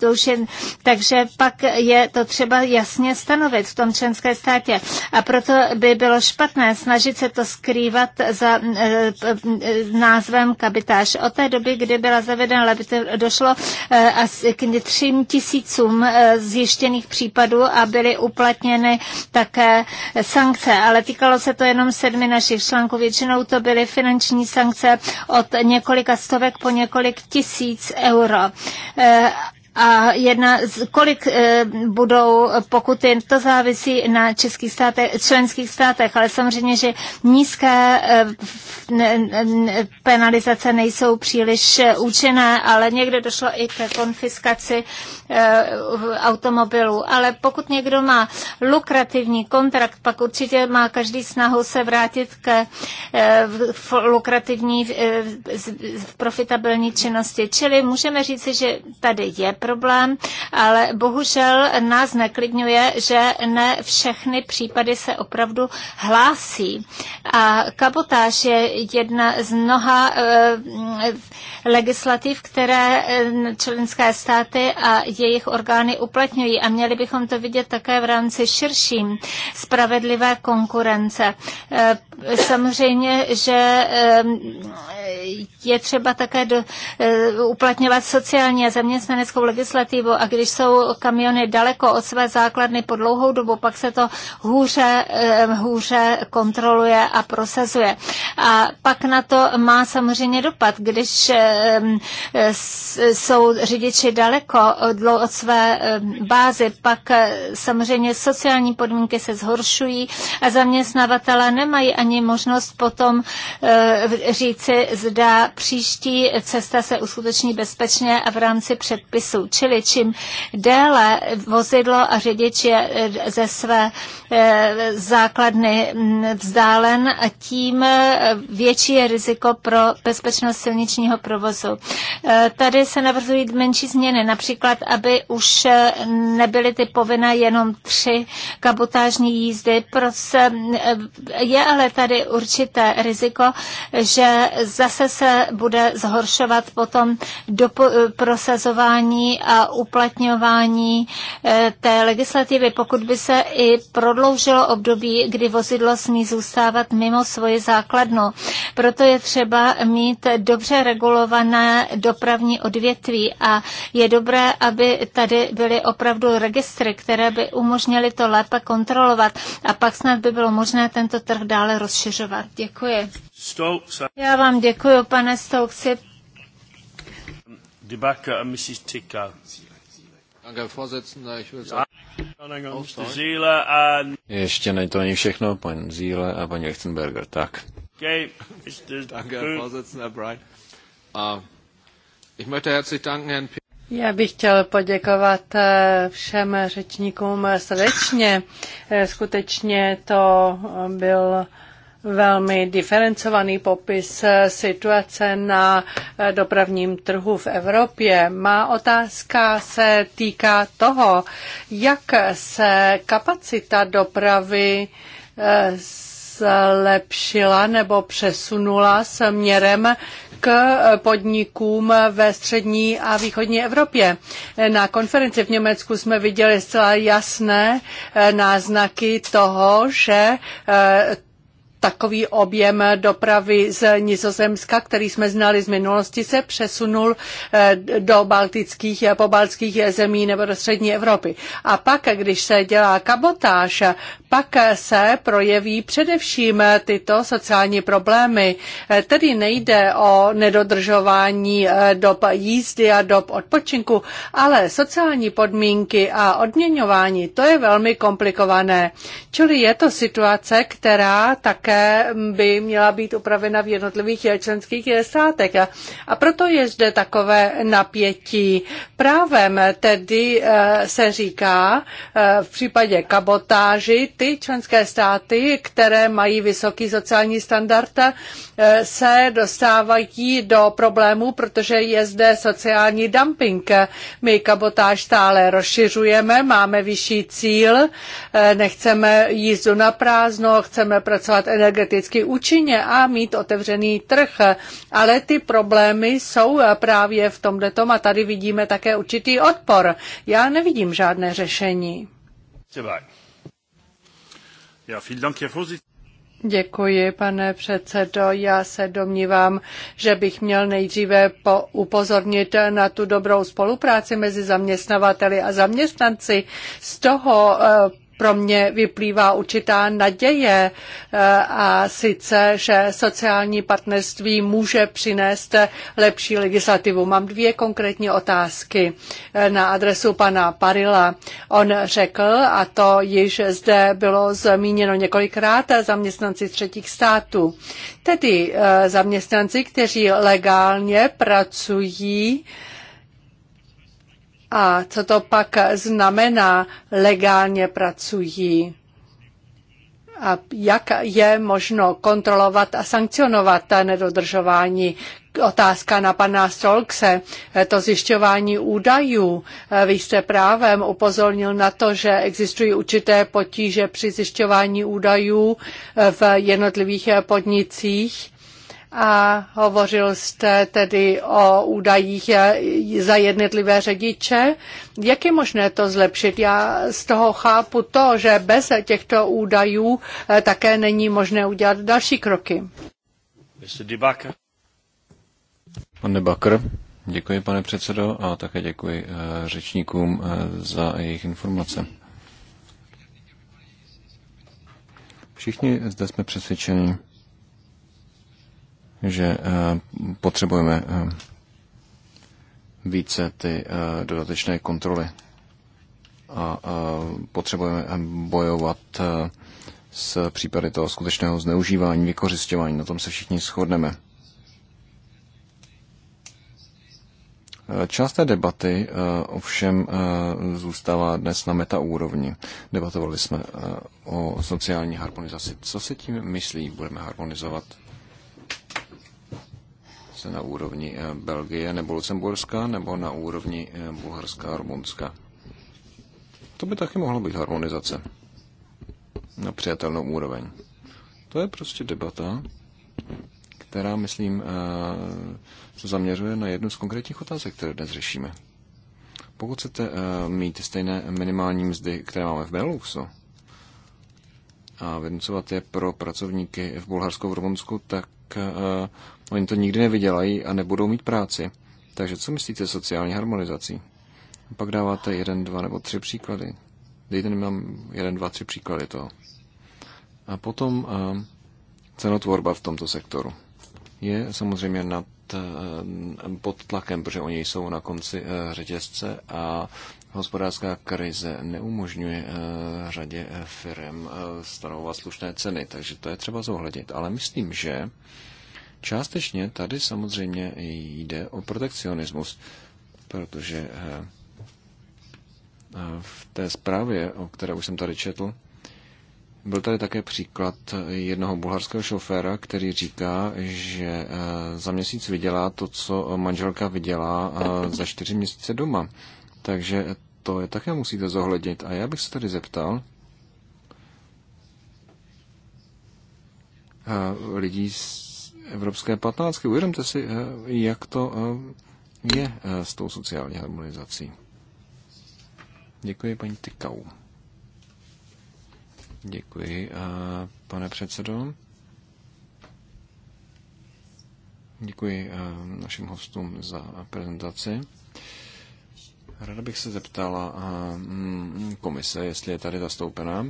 to už je, takže pak je to třeba jasně stanovit v tom členské státě. A proto by bylo špatné snažit se to skrývat za e, e, názvem kabitáž. Od té doby, kdy byla zavedena, došlo e, asi k třím tisícům zjištěných případů a byly uplatněny také sankce, ale týkalo se to jenom sedmi našich článků. Většinou to byly finanční sankce od několika stovek po několik tisíc euro. Eh, a jedna, kolik eh, budou pokuty, to závisí na českých státech, členských státech, ale samozřejmě, že nízké eh, penalizace nejsou příliš účinné, ale někde došlo i ke konfiskaci eh, automobilů. Ale pokud někdo má lukrativní kontrakt, pak určitě má každý snahu se vrátit ke lukrativní profitabilní činnosti. Čili můžeme říci, že tady je pro problém, ale bohužel nás neklidňuje, že ne všechny případy se opravdu hlásí. A kabotáž je jedna z mnoha eh, legislativ, které eh, členské státy a jejich orgány uplatňují a měli bychom to vidět také v rámci širším spravedlivé konkurence. Eh, samozřejmě, že je třeba také do, e, uplatňovat sociální a zaměstnaneckou legislativu a když jsou kamiony daleko od své základny po dlouhou dobu, pak se to hůře, hůře kontroluje a prosazuje. A pak na to má samozřejmě dopad, když eh, eh, jsou řidiči daleko od své eh, bázy, pak samozřejmě sociální podmínky se zhoršují a zaměstnavatele nemají ani možnost potom říci, zda příští cesta se uskuteční bezpečně a v rámci předpisů. Čili čím déle vozidlo a řidič je ze své základny mm, vzdálen, tím větší je riziko pro bezpečnost silničního provozu. E, tady se navrhují menší změny, například, aby už e, nebyly ty povinné jenom tři kabotážní jízdy. E, je ale tady určité riziko, že zase se bude zhoršovat potom do prosazování a uplatňování té legislativy, pokud by se i prodloužilo období, kdy vozidlo smí zůstávat mimo svoje základy snadno. Proto je třeba mít dobře regulované dopravní odvětví a je dobré, aby tady byly opravdu registry, které by umožnily to lépe kontrolovat a pak snad by bylo možné tento trh dále rozšiřovat. Děkuji. Já vám děkuji, pane Stouksi. Ještě není to ani všechno, pan Zíle a paní Lichtenberger, tak. Okay. Ich, Danke, Herr Vorsitzender, Brian. Uh, ich möchte herzlich danken, Herrn já bych chtěl poděkovat eh, všem řečníkům srdečně. Eh, skutečně to eh, byl velmi diferencovaný popis situace na dopravním trhu v Evropě. Má otázka se týká toho, jak se kapacita dopravy zlepšila nebo přesunula směrem k podnikům ve střední a východní Evropě. Na konferenci v Německu jsme viděli zcela jasné eh, náznaky toho, že eh, takový objem dopravy z Nizozemska, který jsme znali z minulosti, se přesunul eh, do baltických, pobaltských zemí nebo do střední Evropy. A pak, když se dělá kabotáž, pak se projeví především tyto sociální problémy. Tedy nejde o nedodržování eh, dob jízdy a dob odpočinku, ale sociální podmínky a odměňování, to je velmi komplikované. Čili je to situace, která také by měla být upravena v jednotlivých eh, členských eh, státech. A proto je zde takové napětí. Právem tedy se říká v případě kabotáži, ty členské státy, které mají vysoký sociální standard, eh, se dostávají do problémů, protože je zde sociální dumping. My kabotáž stále rozšiřujeme, máme vyšší cíl, eh, nechceme jízdu na prázdno, chceme pracovat energeticky účinně a mít otevřený trh. Ale ty problémy jsou eh, právě v tomhle a tady vidíme také určitý odpor. Já nevidím žádné řešení. Děkujeme. Ja, vielen Dank, Herr Děkuji, pane předsedo. Já se domnívám, že bych měl nejdříve upozornit na tu dobrou spolupráci mezi zaměstnavateli a zaměstnanci. Z toho eh, pro mě vyplývá určitá naděje eh, a sice, že sociální partnerství může přinést lepší legislativu. Mám dvě konkrétní otázky eh, na adresu pana Parila. On řekl, a to již zde bylo zmíněno několikrát, eh, zaměstnanci třetích států. Tedy zaměstnanci, kteří legálně pracují, a co to pak znamená legálně pracují? A jak je možno kontrolovat a sankcionovat nedodržování Otázka na pana Stolkse, to zjišťování údajů. Vy jste právem upozornil na to, že existují určité potíže při zjišťování údajů v jednotlivých podnicích a hovořil jste tedy o údajích za jednotlivé řidiče. Jak je možné to zlepšit? Já z toho chápu to, že bez těchto údajů eh, také není možné udělat další kroky. Pan Debakr, děkuji pane předsedo a také děkuji eh, řečníkům eh, za jejich informace. Všichni zde jsme přesvědčeni, že eh, potřebujeme eh, více ty eh, dodatečné kontroly a potřebujeme bojovat s případy toho skutečného zneužívání, vykořišťování. Na tom se všichni shodneme. Část té debaty ovšem zůstává dnes na úrovni. Debatovali jsme o sociální harmonizaci. Co se tím myslí, budeme harmonizovat situace na úrovni eh, Belgie nebo Lucemburska nebo na úrovni eh, Bulharska a Rumunska. To by taky mohlo být harmonizace na přijatelnou úroveň. To je prostě debata, která, myslím, eh, se zaměřuje na jednu z konkrétních otázek, které dnes řešíme. Pokud chcete mít stejné minimální mzdy, které máme v Beluxu, a vynucovat je pro pracovníky v Bulharsku, v Rumunsku, tak Oni to nikdy nevydělají a nebudou mít práci. Takže co myslíte sociální harmonizací? A pak dáváte jeden, dva nebo tři příklady. Dejte mám jeden, dva, tři příklady toho. A potom uh, cenotvorba v tomto sektoru je samozřejmě nad, eh, pod tlakem, protože oni jsou na konci eh, řetězce a hospodářská krize neumožňuje řadě firm stanovovat slušné ceny, takže to je třeba zohlednit. Ale myslím, že Částečně tady samozřejmě jde o protekcionismus, protože eh, eh, v té zprávě, o které už jsem tady četl, byl tady také příklad jednoho bulharského šoféra, který říká, že eh, za měsíc vydělá to, co manželka vydělá za čtyři měsíce doma. Takže to je také musíte zohlednit. A já bych se tady zeptal lidí z evropské patnáctky. Uvědomte si, eh, jak to eh, je eh, s tou sociální harmonizací. Děkuji, paní Tykau. Děkuji, pane předsedo. Děkuji našim hostům za prezentaci. Rada bych se zeptala mm, komise, jestli je tady zastoupená.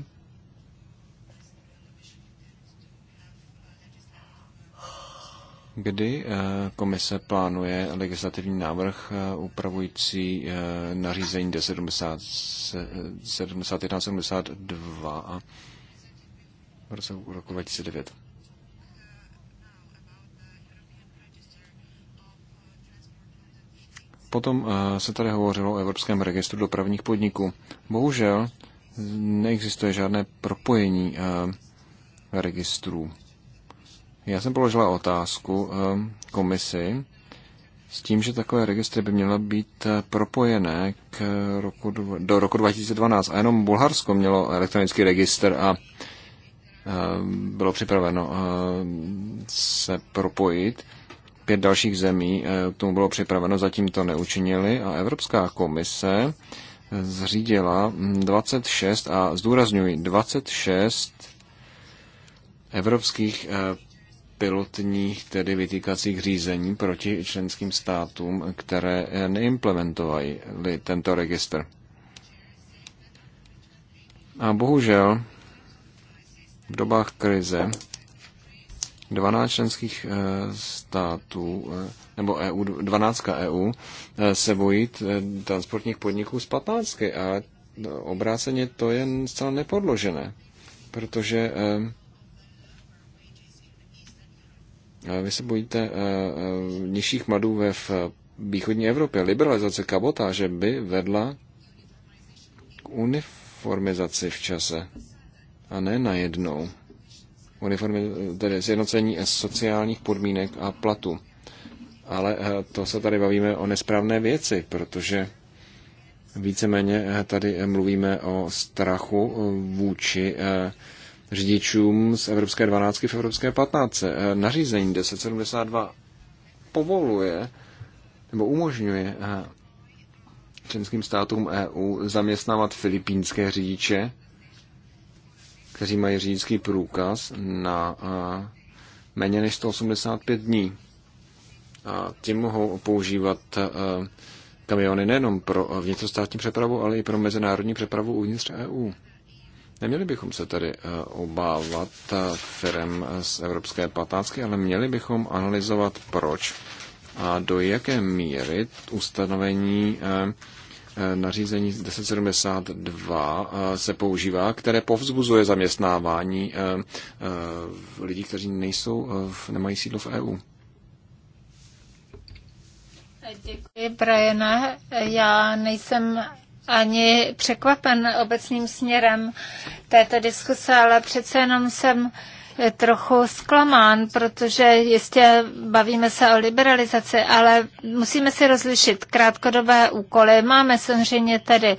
Kdy eh, komise plánuje legislativní návrh eh, upravující eh, nařízení 1071 72 v roku 2009? Potom se tady hovořilo o Evropském registru dopravních podniků. Bohužel neexistuje žádné propojení registrů já jsem položila otázku eh, komisi s tím, že takové registry by měly být eh, propojené k eh, roku, do roku 2012. A jenom Bulharsko mělo elektronický registr a bylo připraveno se propojit. Pět dalších zemí k tomu bylo připraveno, zatím to neučinili a Evropská komise zřídila 26 hm, a zdůrazňuji 26 evropských pilotních, tedy vytýkacích řízení proti členským státům, které eh, neimplementovaly tento registr. A bohužel v dobách krize 12 členských eh, států, eh, nebo EU, 12 EU, se bojí transportních podniků z 15, a no, obráceně to je zcela nepodložené, protože vy se bojíte eh, eh, nižších madů ve v eh, východní Evropě. Liberalizace kabotáže by vedla k uniformizaci v čase a ne najednou. Uniformi, tedy zjednocení sociálních podmínek a platu. Ale to se tady bavíme o nesprávné věci, protože víceméně tady mluvíme o strachu vůči řidičům z Evropské 12 v Evropské 15. Eh, nařízení 1072 povoluje nebo umožňuje eh, členským státům EU zaměstnávat filipínské řidiče, kteří mají řidičský průkaz na eh, méně než 185 dní. A tím mohou používat kamiony nejenom pro vnitrostátní přepravu, ale i pro mezinárodní přepravu uvnitř EU. Neměli bychom se tedy eh, obávat eh, firm eh, z evropské patácky, ale měli bychom analyzovat proč a do jaké míry ustanovení nařízení 1072 se používá, které povzbuzuje zaměstnávání lidí, kteří nejsou, nemají sídlo v EU. Děkuji, Brian. Já nejsem ani překvapen obecným směrem této diskuse, ale přece jenom jsem eh, trochu zklamán, protože jistě bavíme se o liberalizaci, ale musíme si rozlišit krátkodobé úkoly. Máme samozřejmě tady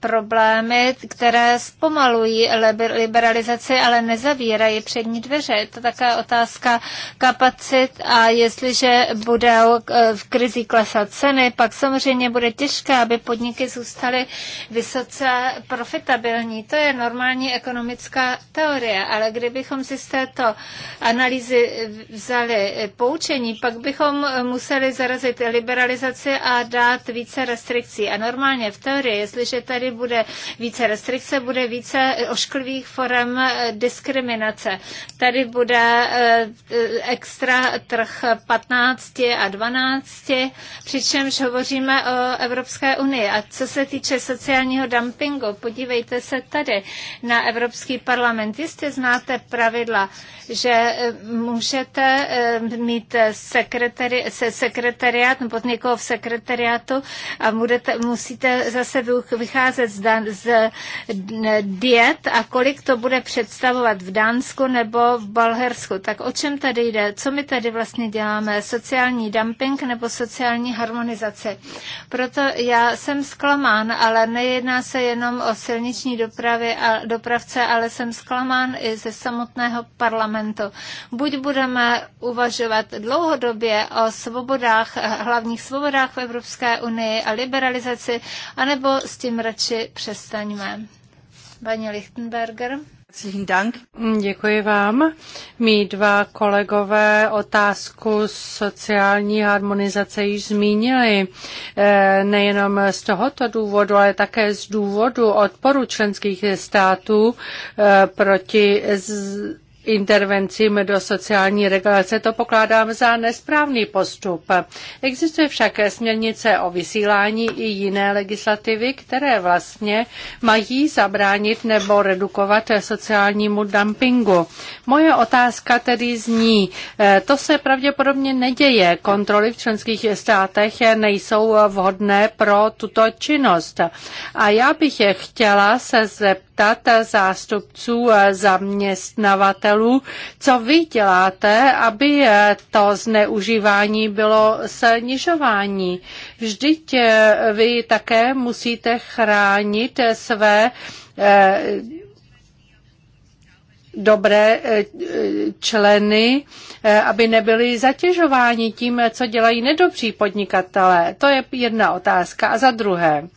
problémy, které zpomalují liberalizaci, ale nezavírají přední dveře. Je to také otázka kapacit a jestliže bude eh, v krizi klesat ceny, pak samozřejmě bude těžké, aby podniky zůstaly vysoce profitabilní. To je normální ekonomická teorie, ale kdybychom si z této analýzy vzali poučení, pak bychom museli zarazit liberalizaci a dát více restrikcí. A normálně v teorii, jestliže tady bude více restrikce, bude více eh, ošklivých forem eh, diskriminace. Tady bude eh, extra trh 15 a 12, přičemž hovoříme o Evropské unii. A co se týče sociálního dumpingu, podívejte se tady na Evropský parlament. Jistě znáte pravidla, že můžete mít sekretari, se sekretariát nebo někoho v sekretariátu a budete, musíte zase vycházet vracet z, dan- z diet a kolik to bude představovat v Dánsku nebo v Balhersku. Tak o čem tady jde? Co my tady vlastně děláme? Sociální dumping nebo sociální harmonizace? Proto já jsem zklamán, ale nejedná se jenom o silniční dopravy a dopravce, ale jsem zklamán i ze samotného parlamentu. Buď budeme uvažovat dlouhodobě o svobodách, hlavních svobodách v Evropské unii a liberalizaci, anebo s tím radši radši přestaňme. Paní Lichtenberger. Děkuji vám. Mí dva kolegové otázku sociální harmonizace již zmínili. Eh, nejenom z tohoto důvodu, ale také z důvodu odporu členských států eh, proti z intervencím do sociální regulace to pokládám za nesprávný postup. Existuje však směrnice o vysílání i jiné legislativy, které vlastně mají zabránit nebo redukovat sociálnímu dumpingu. Moje otázka tedy zní, eh, to se pravděpodobně neděje. Kontroly v členských státech nejsou vhodné pro tuto činnost. A já bych chtěla se zeptat zástupců zaměstnavatelů, podnikatelů. Co vy děláte, aby to zneužívání bylo snižování? Vždyť eh, vy také musíte chránit své eh, dobré eh, členy, aby nebyli zatěžováni tím, co dělají nedobří podnikatelé. To je jedna otázka. A za druhé,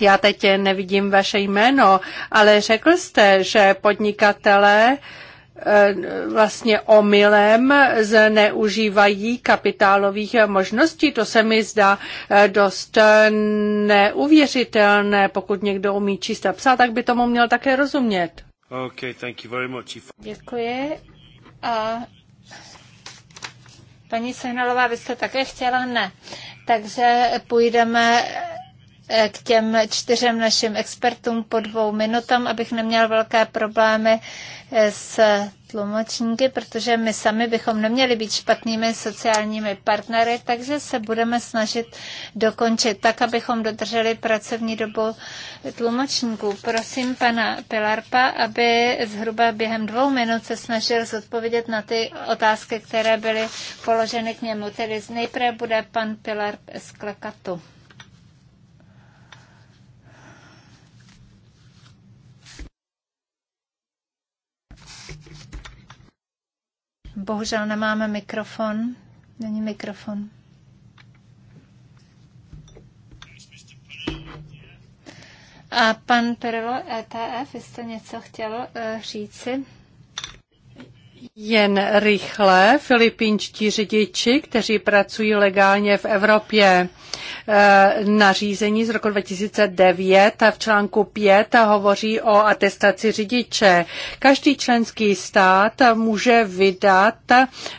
já teď nevidím vaše jméno, ale řekl jste, že podnikatelé eh, vlastně omylem zneužívají kapitálových možností. To se mi zdá eh, dost eh, neuvěřitelné. Pokud někdo umí číst a psát, tak by tomu měl také rozumět. Okay, thank you very much. Děkuji. A paní Sehnalová, vy jste také chtěla? Ne. Takže půjdeme k těm čtyřem našim expertům po dvou minutám, abych neměl velké problémy eh, s tlumočníky, protože my sami bychom neměli být špatnými sociálními partnery, takže se budeme snažit dokončit tak, abychom dodrželi pracovní dobu tlumočníků. Prosím pana Pilarpa, aby zhruba během dvou minut se snažil zodpovědět na ty otázky, které byly položeny k němu. Tedy nejprve bude pan Pilarp z Klekatu. Bohužel nemáme mikrofon. Není mikrofon. A pan Perlo ETF, jste něco chtěl eh, říci? Jen rychle filipínští řidiči, kteří pracují legálně v Evropě, Eh, nařízení z roku 2009 v článku 5 hovoří o atestaci řidiče. Každý členský stát může vydat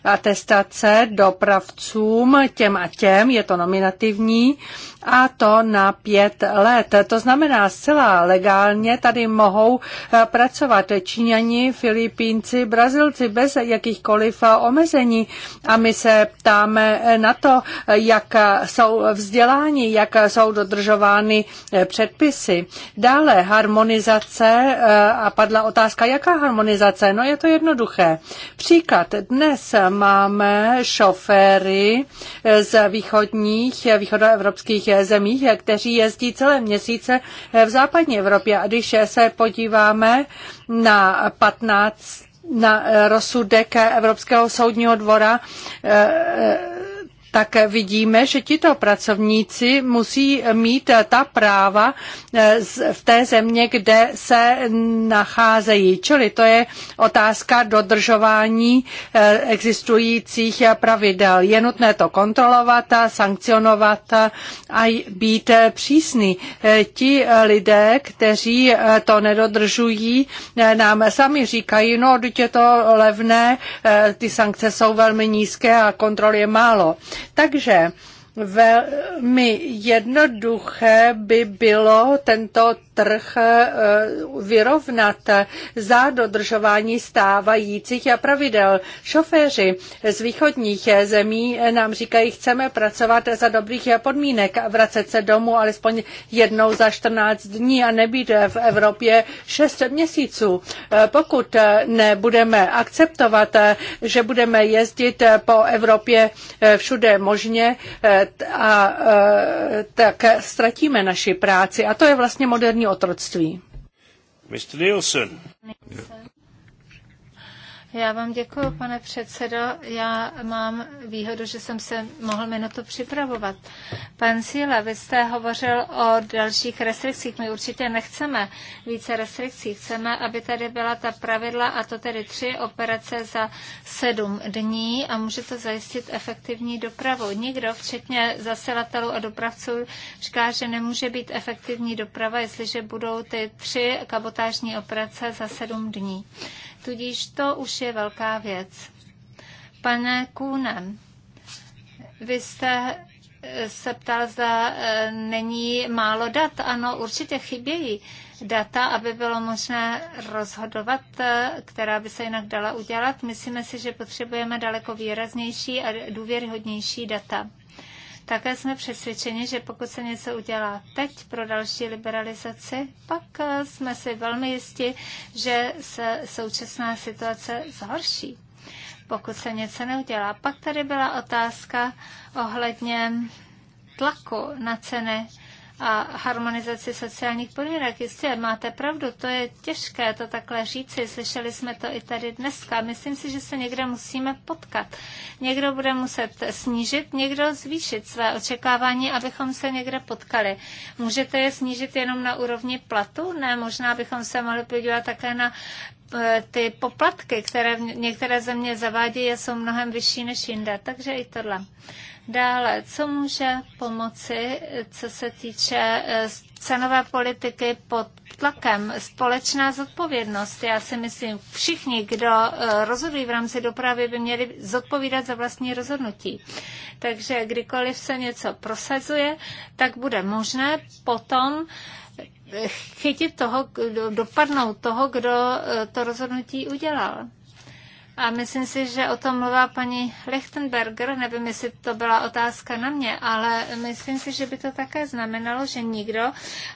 atestace dopravcům těm a těm, je to nominativní, a to na pět let. To znamená, zcela legálně tady mohou eh, pracovat Číňani, Filipínci, Brazilci bez jakýchkoliv eh, omezení. A my se ptáme eh, na to, jak jsou vzděláni, jak jsou dodržovány předpisy. Dále harmonizace a padla otázka, jaká harmonizace? No je to jednoduché. Příklad, dnes máme šoféry z východních, východoevropských zemích, kteří jezdí celé měsíce v západní Evropě. A když se podíváme na 15 na rozsudek Evropského soudního dvora tak vidíme, že tito pracovníci musí mít ta práva eh, v té země, kde se nacházejí. Čili to je otázka dodržování eh, existujících pravidel. Je nutné to kontrolovat, sankcionovat a být přísný. Eh, ti lidé, kteří to nedodržují, nám sami říkají, no, teď je to levné, ty sankce jsou velmi nízké a kontrol je málo. Takže Velmi jednoduché by bylo tento trh eh, vyrovnat za dodržování stávajících pravidel. Šoféři z východních zemí nám říkají, chceme pracovat za dobrých podmínek a vracet se domů alespoň jednou za 14 dní a nebýt v Evropě 6 měsíců. Eh, pokud eh, nebudeme akceptovat, že budeme jezdit po Evropě všude možně, a e, tak ztratíme naši práci. A to je vlastně moderní otroctví. Mr. Nielsen. Já vám děkuji, pane předsedo. Já mám výhodu, že jsem se mohl minutu připravovat. Pan Síla, vy jste hovořil o dalších restrikcích. My určitě nechceme více restrikcí. Chceme, aby tady byla ta pravidla, a to tedy tři operace za sedm dní a může to zajistit efektivní dopravu. Nikdo, včetně zasilatelů a dopravců, říká, že nemůže být efektivní doprava, jestliže budou ty tři kabotážní operace za sedm dní. Tudíž to už je velká věc. Pane Kůne, vy jste eh, se ptal, zda eh, není málo dat. Ano, určitě chybějí data, aby bylo možné rozhodovat, eh, která by se jinak dala udělat. Myslíme si, že potřebujeme daleko výraznější a důvěryhodnější data. Také jsme přesvědčeni, že pokud se něco udělá teď pro další liberalizaci, pak eh, jsme si velmi jisti, že se současná situace zhorší pokud se něco neudělá. Pak tady byla otázka ohledně tlaku na ceny a harmonizaci sociálních podmínek. Jistě, máte pravdu, to je těžké to takhle říci. Slyšeli jsme to i tady dneska. Myslím si, že se někde musíme potkat. Někdo bude muset snížit, někdo zvýšit své očekávání, abychom se někde potkali. Můžete je snížit jenom na úrovni platu? Ne, možná bychom se mohli podívat také na eh, ty poplatky, které některé země zavádějí, jsou mnohem vyšší než jinde. Takže i tohle. Dále, co může pomoci, co se týče eh, cenové politiky pod tlakem, společná zodpovědnost. Já si myslím, všichni, kdo eh, rozhodují v rámci dopravy, by měli zodpovídat za vlastní rozhodnutí. Takže kdykoliv se něco prosazuje, tak bude možné potom eh, chytit toho, dopadnout toho, kdo to rozhodnutí udělal. A myslím si, že o tom mluvá paní Lichtenberger, nevím, jestli to byla otázka na mě, ale myslím si, že by to také znamenalo, že nikdo,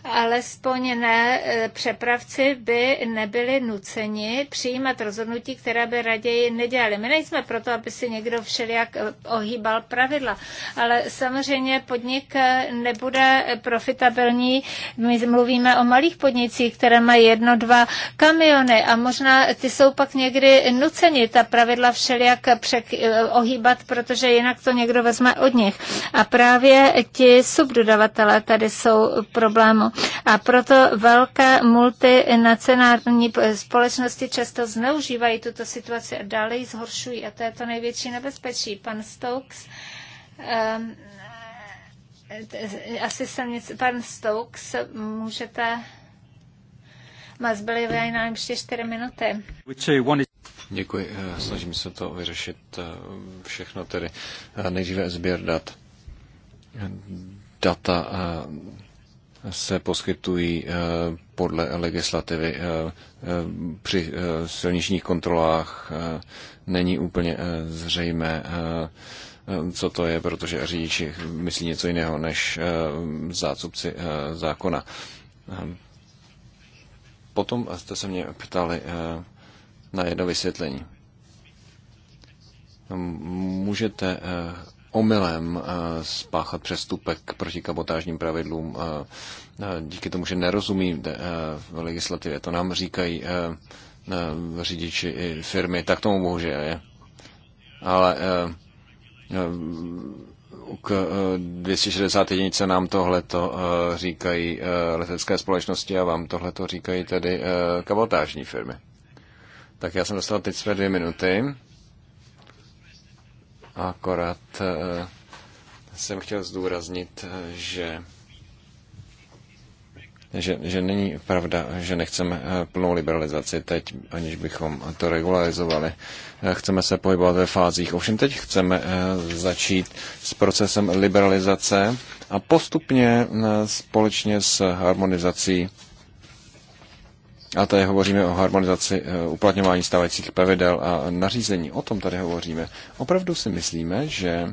alespoň ne e, přepravci, by nebyli nuceni přijímat rozhodnutí, které by raději nedělali. My nejsme proto, aby si někdo všelijak e, ohýbal pravidla, ale samozřejmě podnik e, nebude profitabilní. My mluvíme o malých podnicích, které mají jedno, dva kamiony a možná ty jsou pak někdy nuceni ta pravidla všelijak eh, ohýbat, protože jinak to někdo vezme od nich. A právě ti subdodavatelé tady jsou problému. A proto velké multinacionální společnosti často zneužívají tuto situaci a dále ji zhoršují. A to je to největší nebezpečí. Pan Stokes um, asi jsem nic, pan Stokes, můžete ještě 4 minuty. Děkuji, eh, snažím se to vyřešit eh, všechno tedy. Eh, nejdříve sběr dat. Data se poskytují podle legislativy při silničních kontrolách. Není úplně zřejmé, co to je, protože řidiči myslí něco jiného než zácupci zákona potom jste se mě ptali eh, na jedno vysvětlení. No, můžete eh, omylem eh, spáchat přestupek proti kabotážním pravidlům díky tomu, že nerozumí legislativě. To nám říkají řidiči firmy, tak tomu bohužel je. Ale k 260 eh, jedinice nám tohleto eh, říkají eh, letecké společnosti a vám tohleto říkají tedy kabotážní firmy. Tak já jsem dostal teď své dvě minuty. Akorát jsem chtěl zdůraznit, že že, že není pravda, že nechceme eh, plnou liberalizaci teď, aniž bychom to regularizovali. Eh, chceme se pohybovat ve fázích. Ovšem teď chceme eh, začít s procesem liberalizace a postupně společně s harmonizací a tady hovoříme o harmonizaci uplatňování stávajících pravidel a nařízení. O tom tady hovoříme. Opravdu si myslíme, že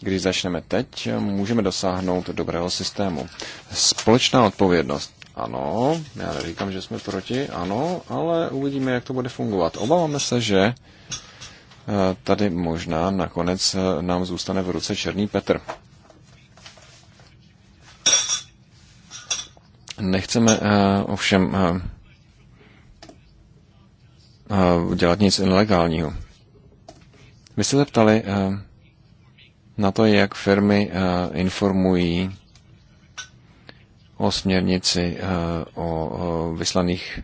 když začneme teď, můžeme dosáhnout dobrého systému. Společná odpovědnost. Ano, já neříkám, že jsme proti, ano, ale uvidíme, jak to bude fungovat. Obáváme se, že eh, tady možná nakonec eh, nám zůstane v ruce Černý Petr. Nechceme eh, ovšem dělat nic ilegálního. Vy jste se ptali, na to, jak firmy eh, informují o směrnici eh, o vyslaných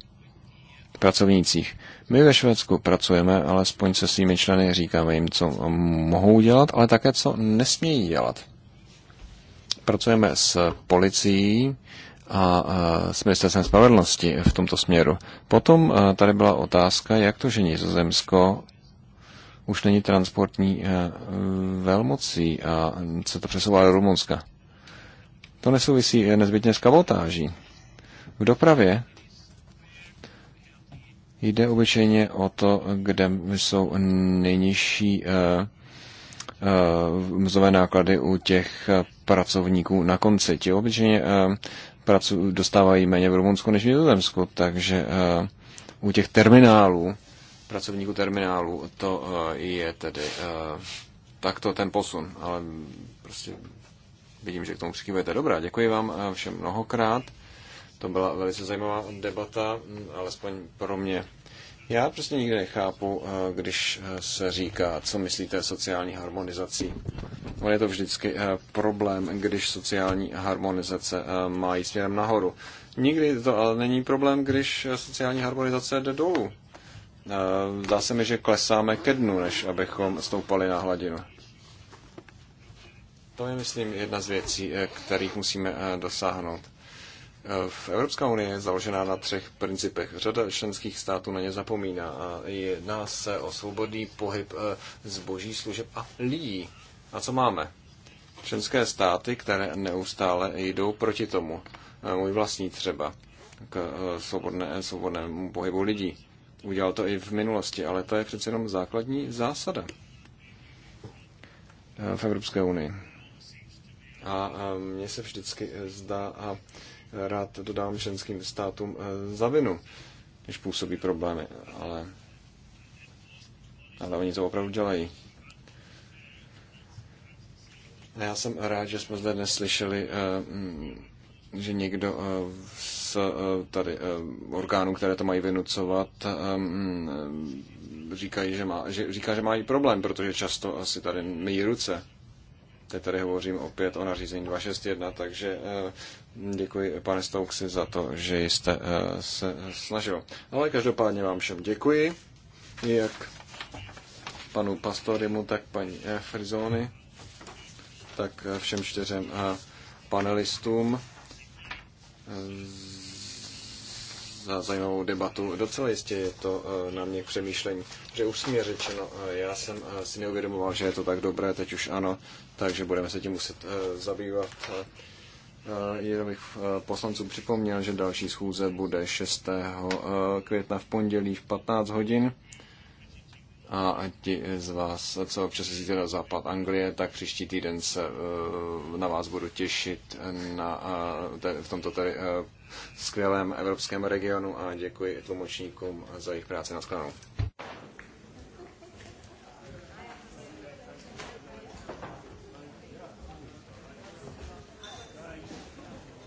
pracovnících. My ve Švédsku pracujeme, alespoň se svými členy říkáme jim, co mohou dělat, ale také co nesmějí dělat. Pracujeme s policií a eh, s ministerstvem spravedlnosti v tomto směru. Potom tady byla otázka, jak to, že Nizozemsko už není transportní eh, velmocí a se to přesouvá do Rumunska. To nesouvisí eh, nezbytně s kabotáží. V dopravě jde obyčejně o to, kde jsou nejnižší eh, mzové náklady u těch pracovníků na konci. Ti obyčejně pracu, dostávají méně v Rumunsku než v Nizozemsku, takže u těch terminálů pracovníků terminálu. To eh, je tedy eh, takto ten posun, ale prostě vidím, že k tomu přikývujete. Dobrá, děkuji vám eh, všem mnohokrát. To byla velice zajímavá debata, mm, alespoň pro mě. Já prostě nikdy nechápu, když se říká, co myslíte sociální harmonizací. On je to vždycky problém, když sociální harmonizace má jít směrem nahoru. Nikdy to ale není problém, když sociální harmonizace jde dolů. Eh, zdá se mi, že klesáme ke dnu, než abychom stoupali na hladinu. To je, myslím, jedna z věcí, eh, kterých musíme eh, dosáhnout. V Evropská unie je založená na třech principech. Řada členských států na ně zapomíná a jedná se o svobodný pohyb zboží, služeb a lidí. A co máme? Členské státy, které neustále jdou proti tomu. Můj vlastní třeba k svobodné, svobodnému pohybu lidí. Udělal to i v minulosti, ale to je přece jenom základní zásada eh, v Evropské unii. A eh, mně se vždycky eh, zdá a rád dodám ženským státům za vinu, když působí problémy, ale, ale oni to opravdu dělají. Já jsem rád, že jsme zde dnes slyšeli, že někdo Eh, tady eh, orgánů, které to mají vynucovat, eh, mm, říkají, že má, že, říká, že mají problém, protože často asi tady myjí ruce. Teď tady hovořím opět o nařízení 261, takže děkuji, pane Stouksi, za to, že jste se snažil. Ale každopádně vám všem děkuji, jak panu Pastorimu, tak paní Frizony, tak všem čtyřem panelistům za zajímavou debatu. Docela jistě je to eh, na mě k přemýšlení, že upřímně řečeno, eh, já jsem eh, si neuvědomoval, že je to tak dobré, teď už ano, takže budeme se tím muset zabývat. Jenom bych poslancům připomněl, že další schůze bude 6. května v pondělí v 15 hodin a ti z vás, co občas jezdíte na západ Anglie, tak příští týden se eh, na vás budu těšit na, eh, v tomto tady eh, skvělém evropském regionu a děkuji tlumočníkům za jejich práci na skladu.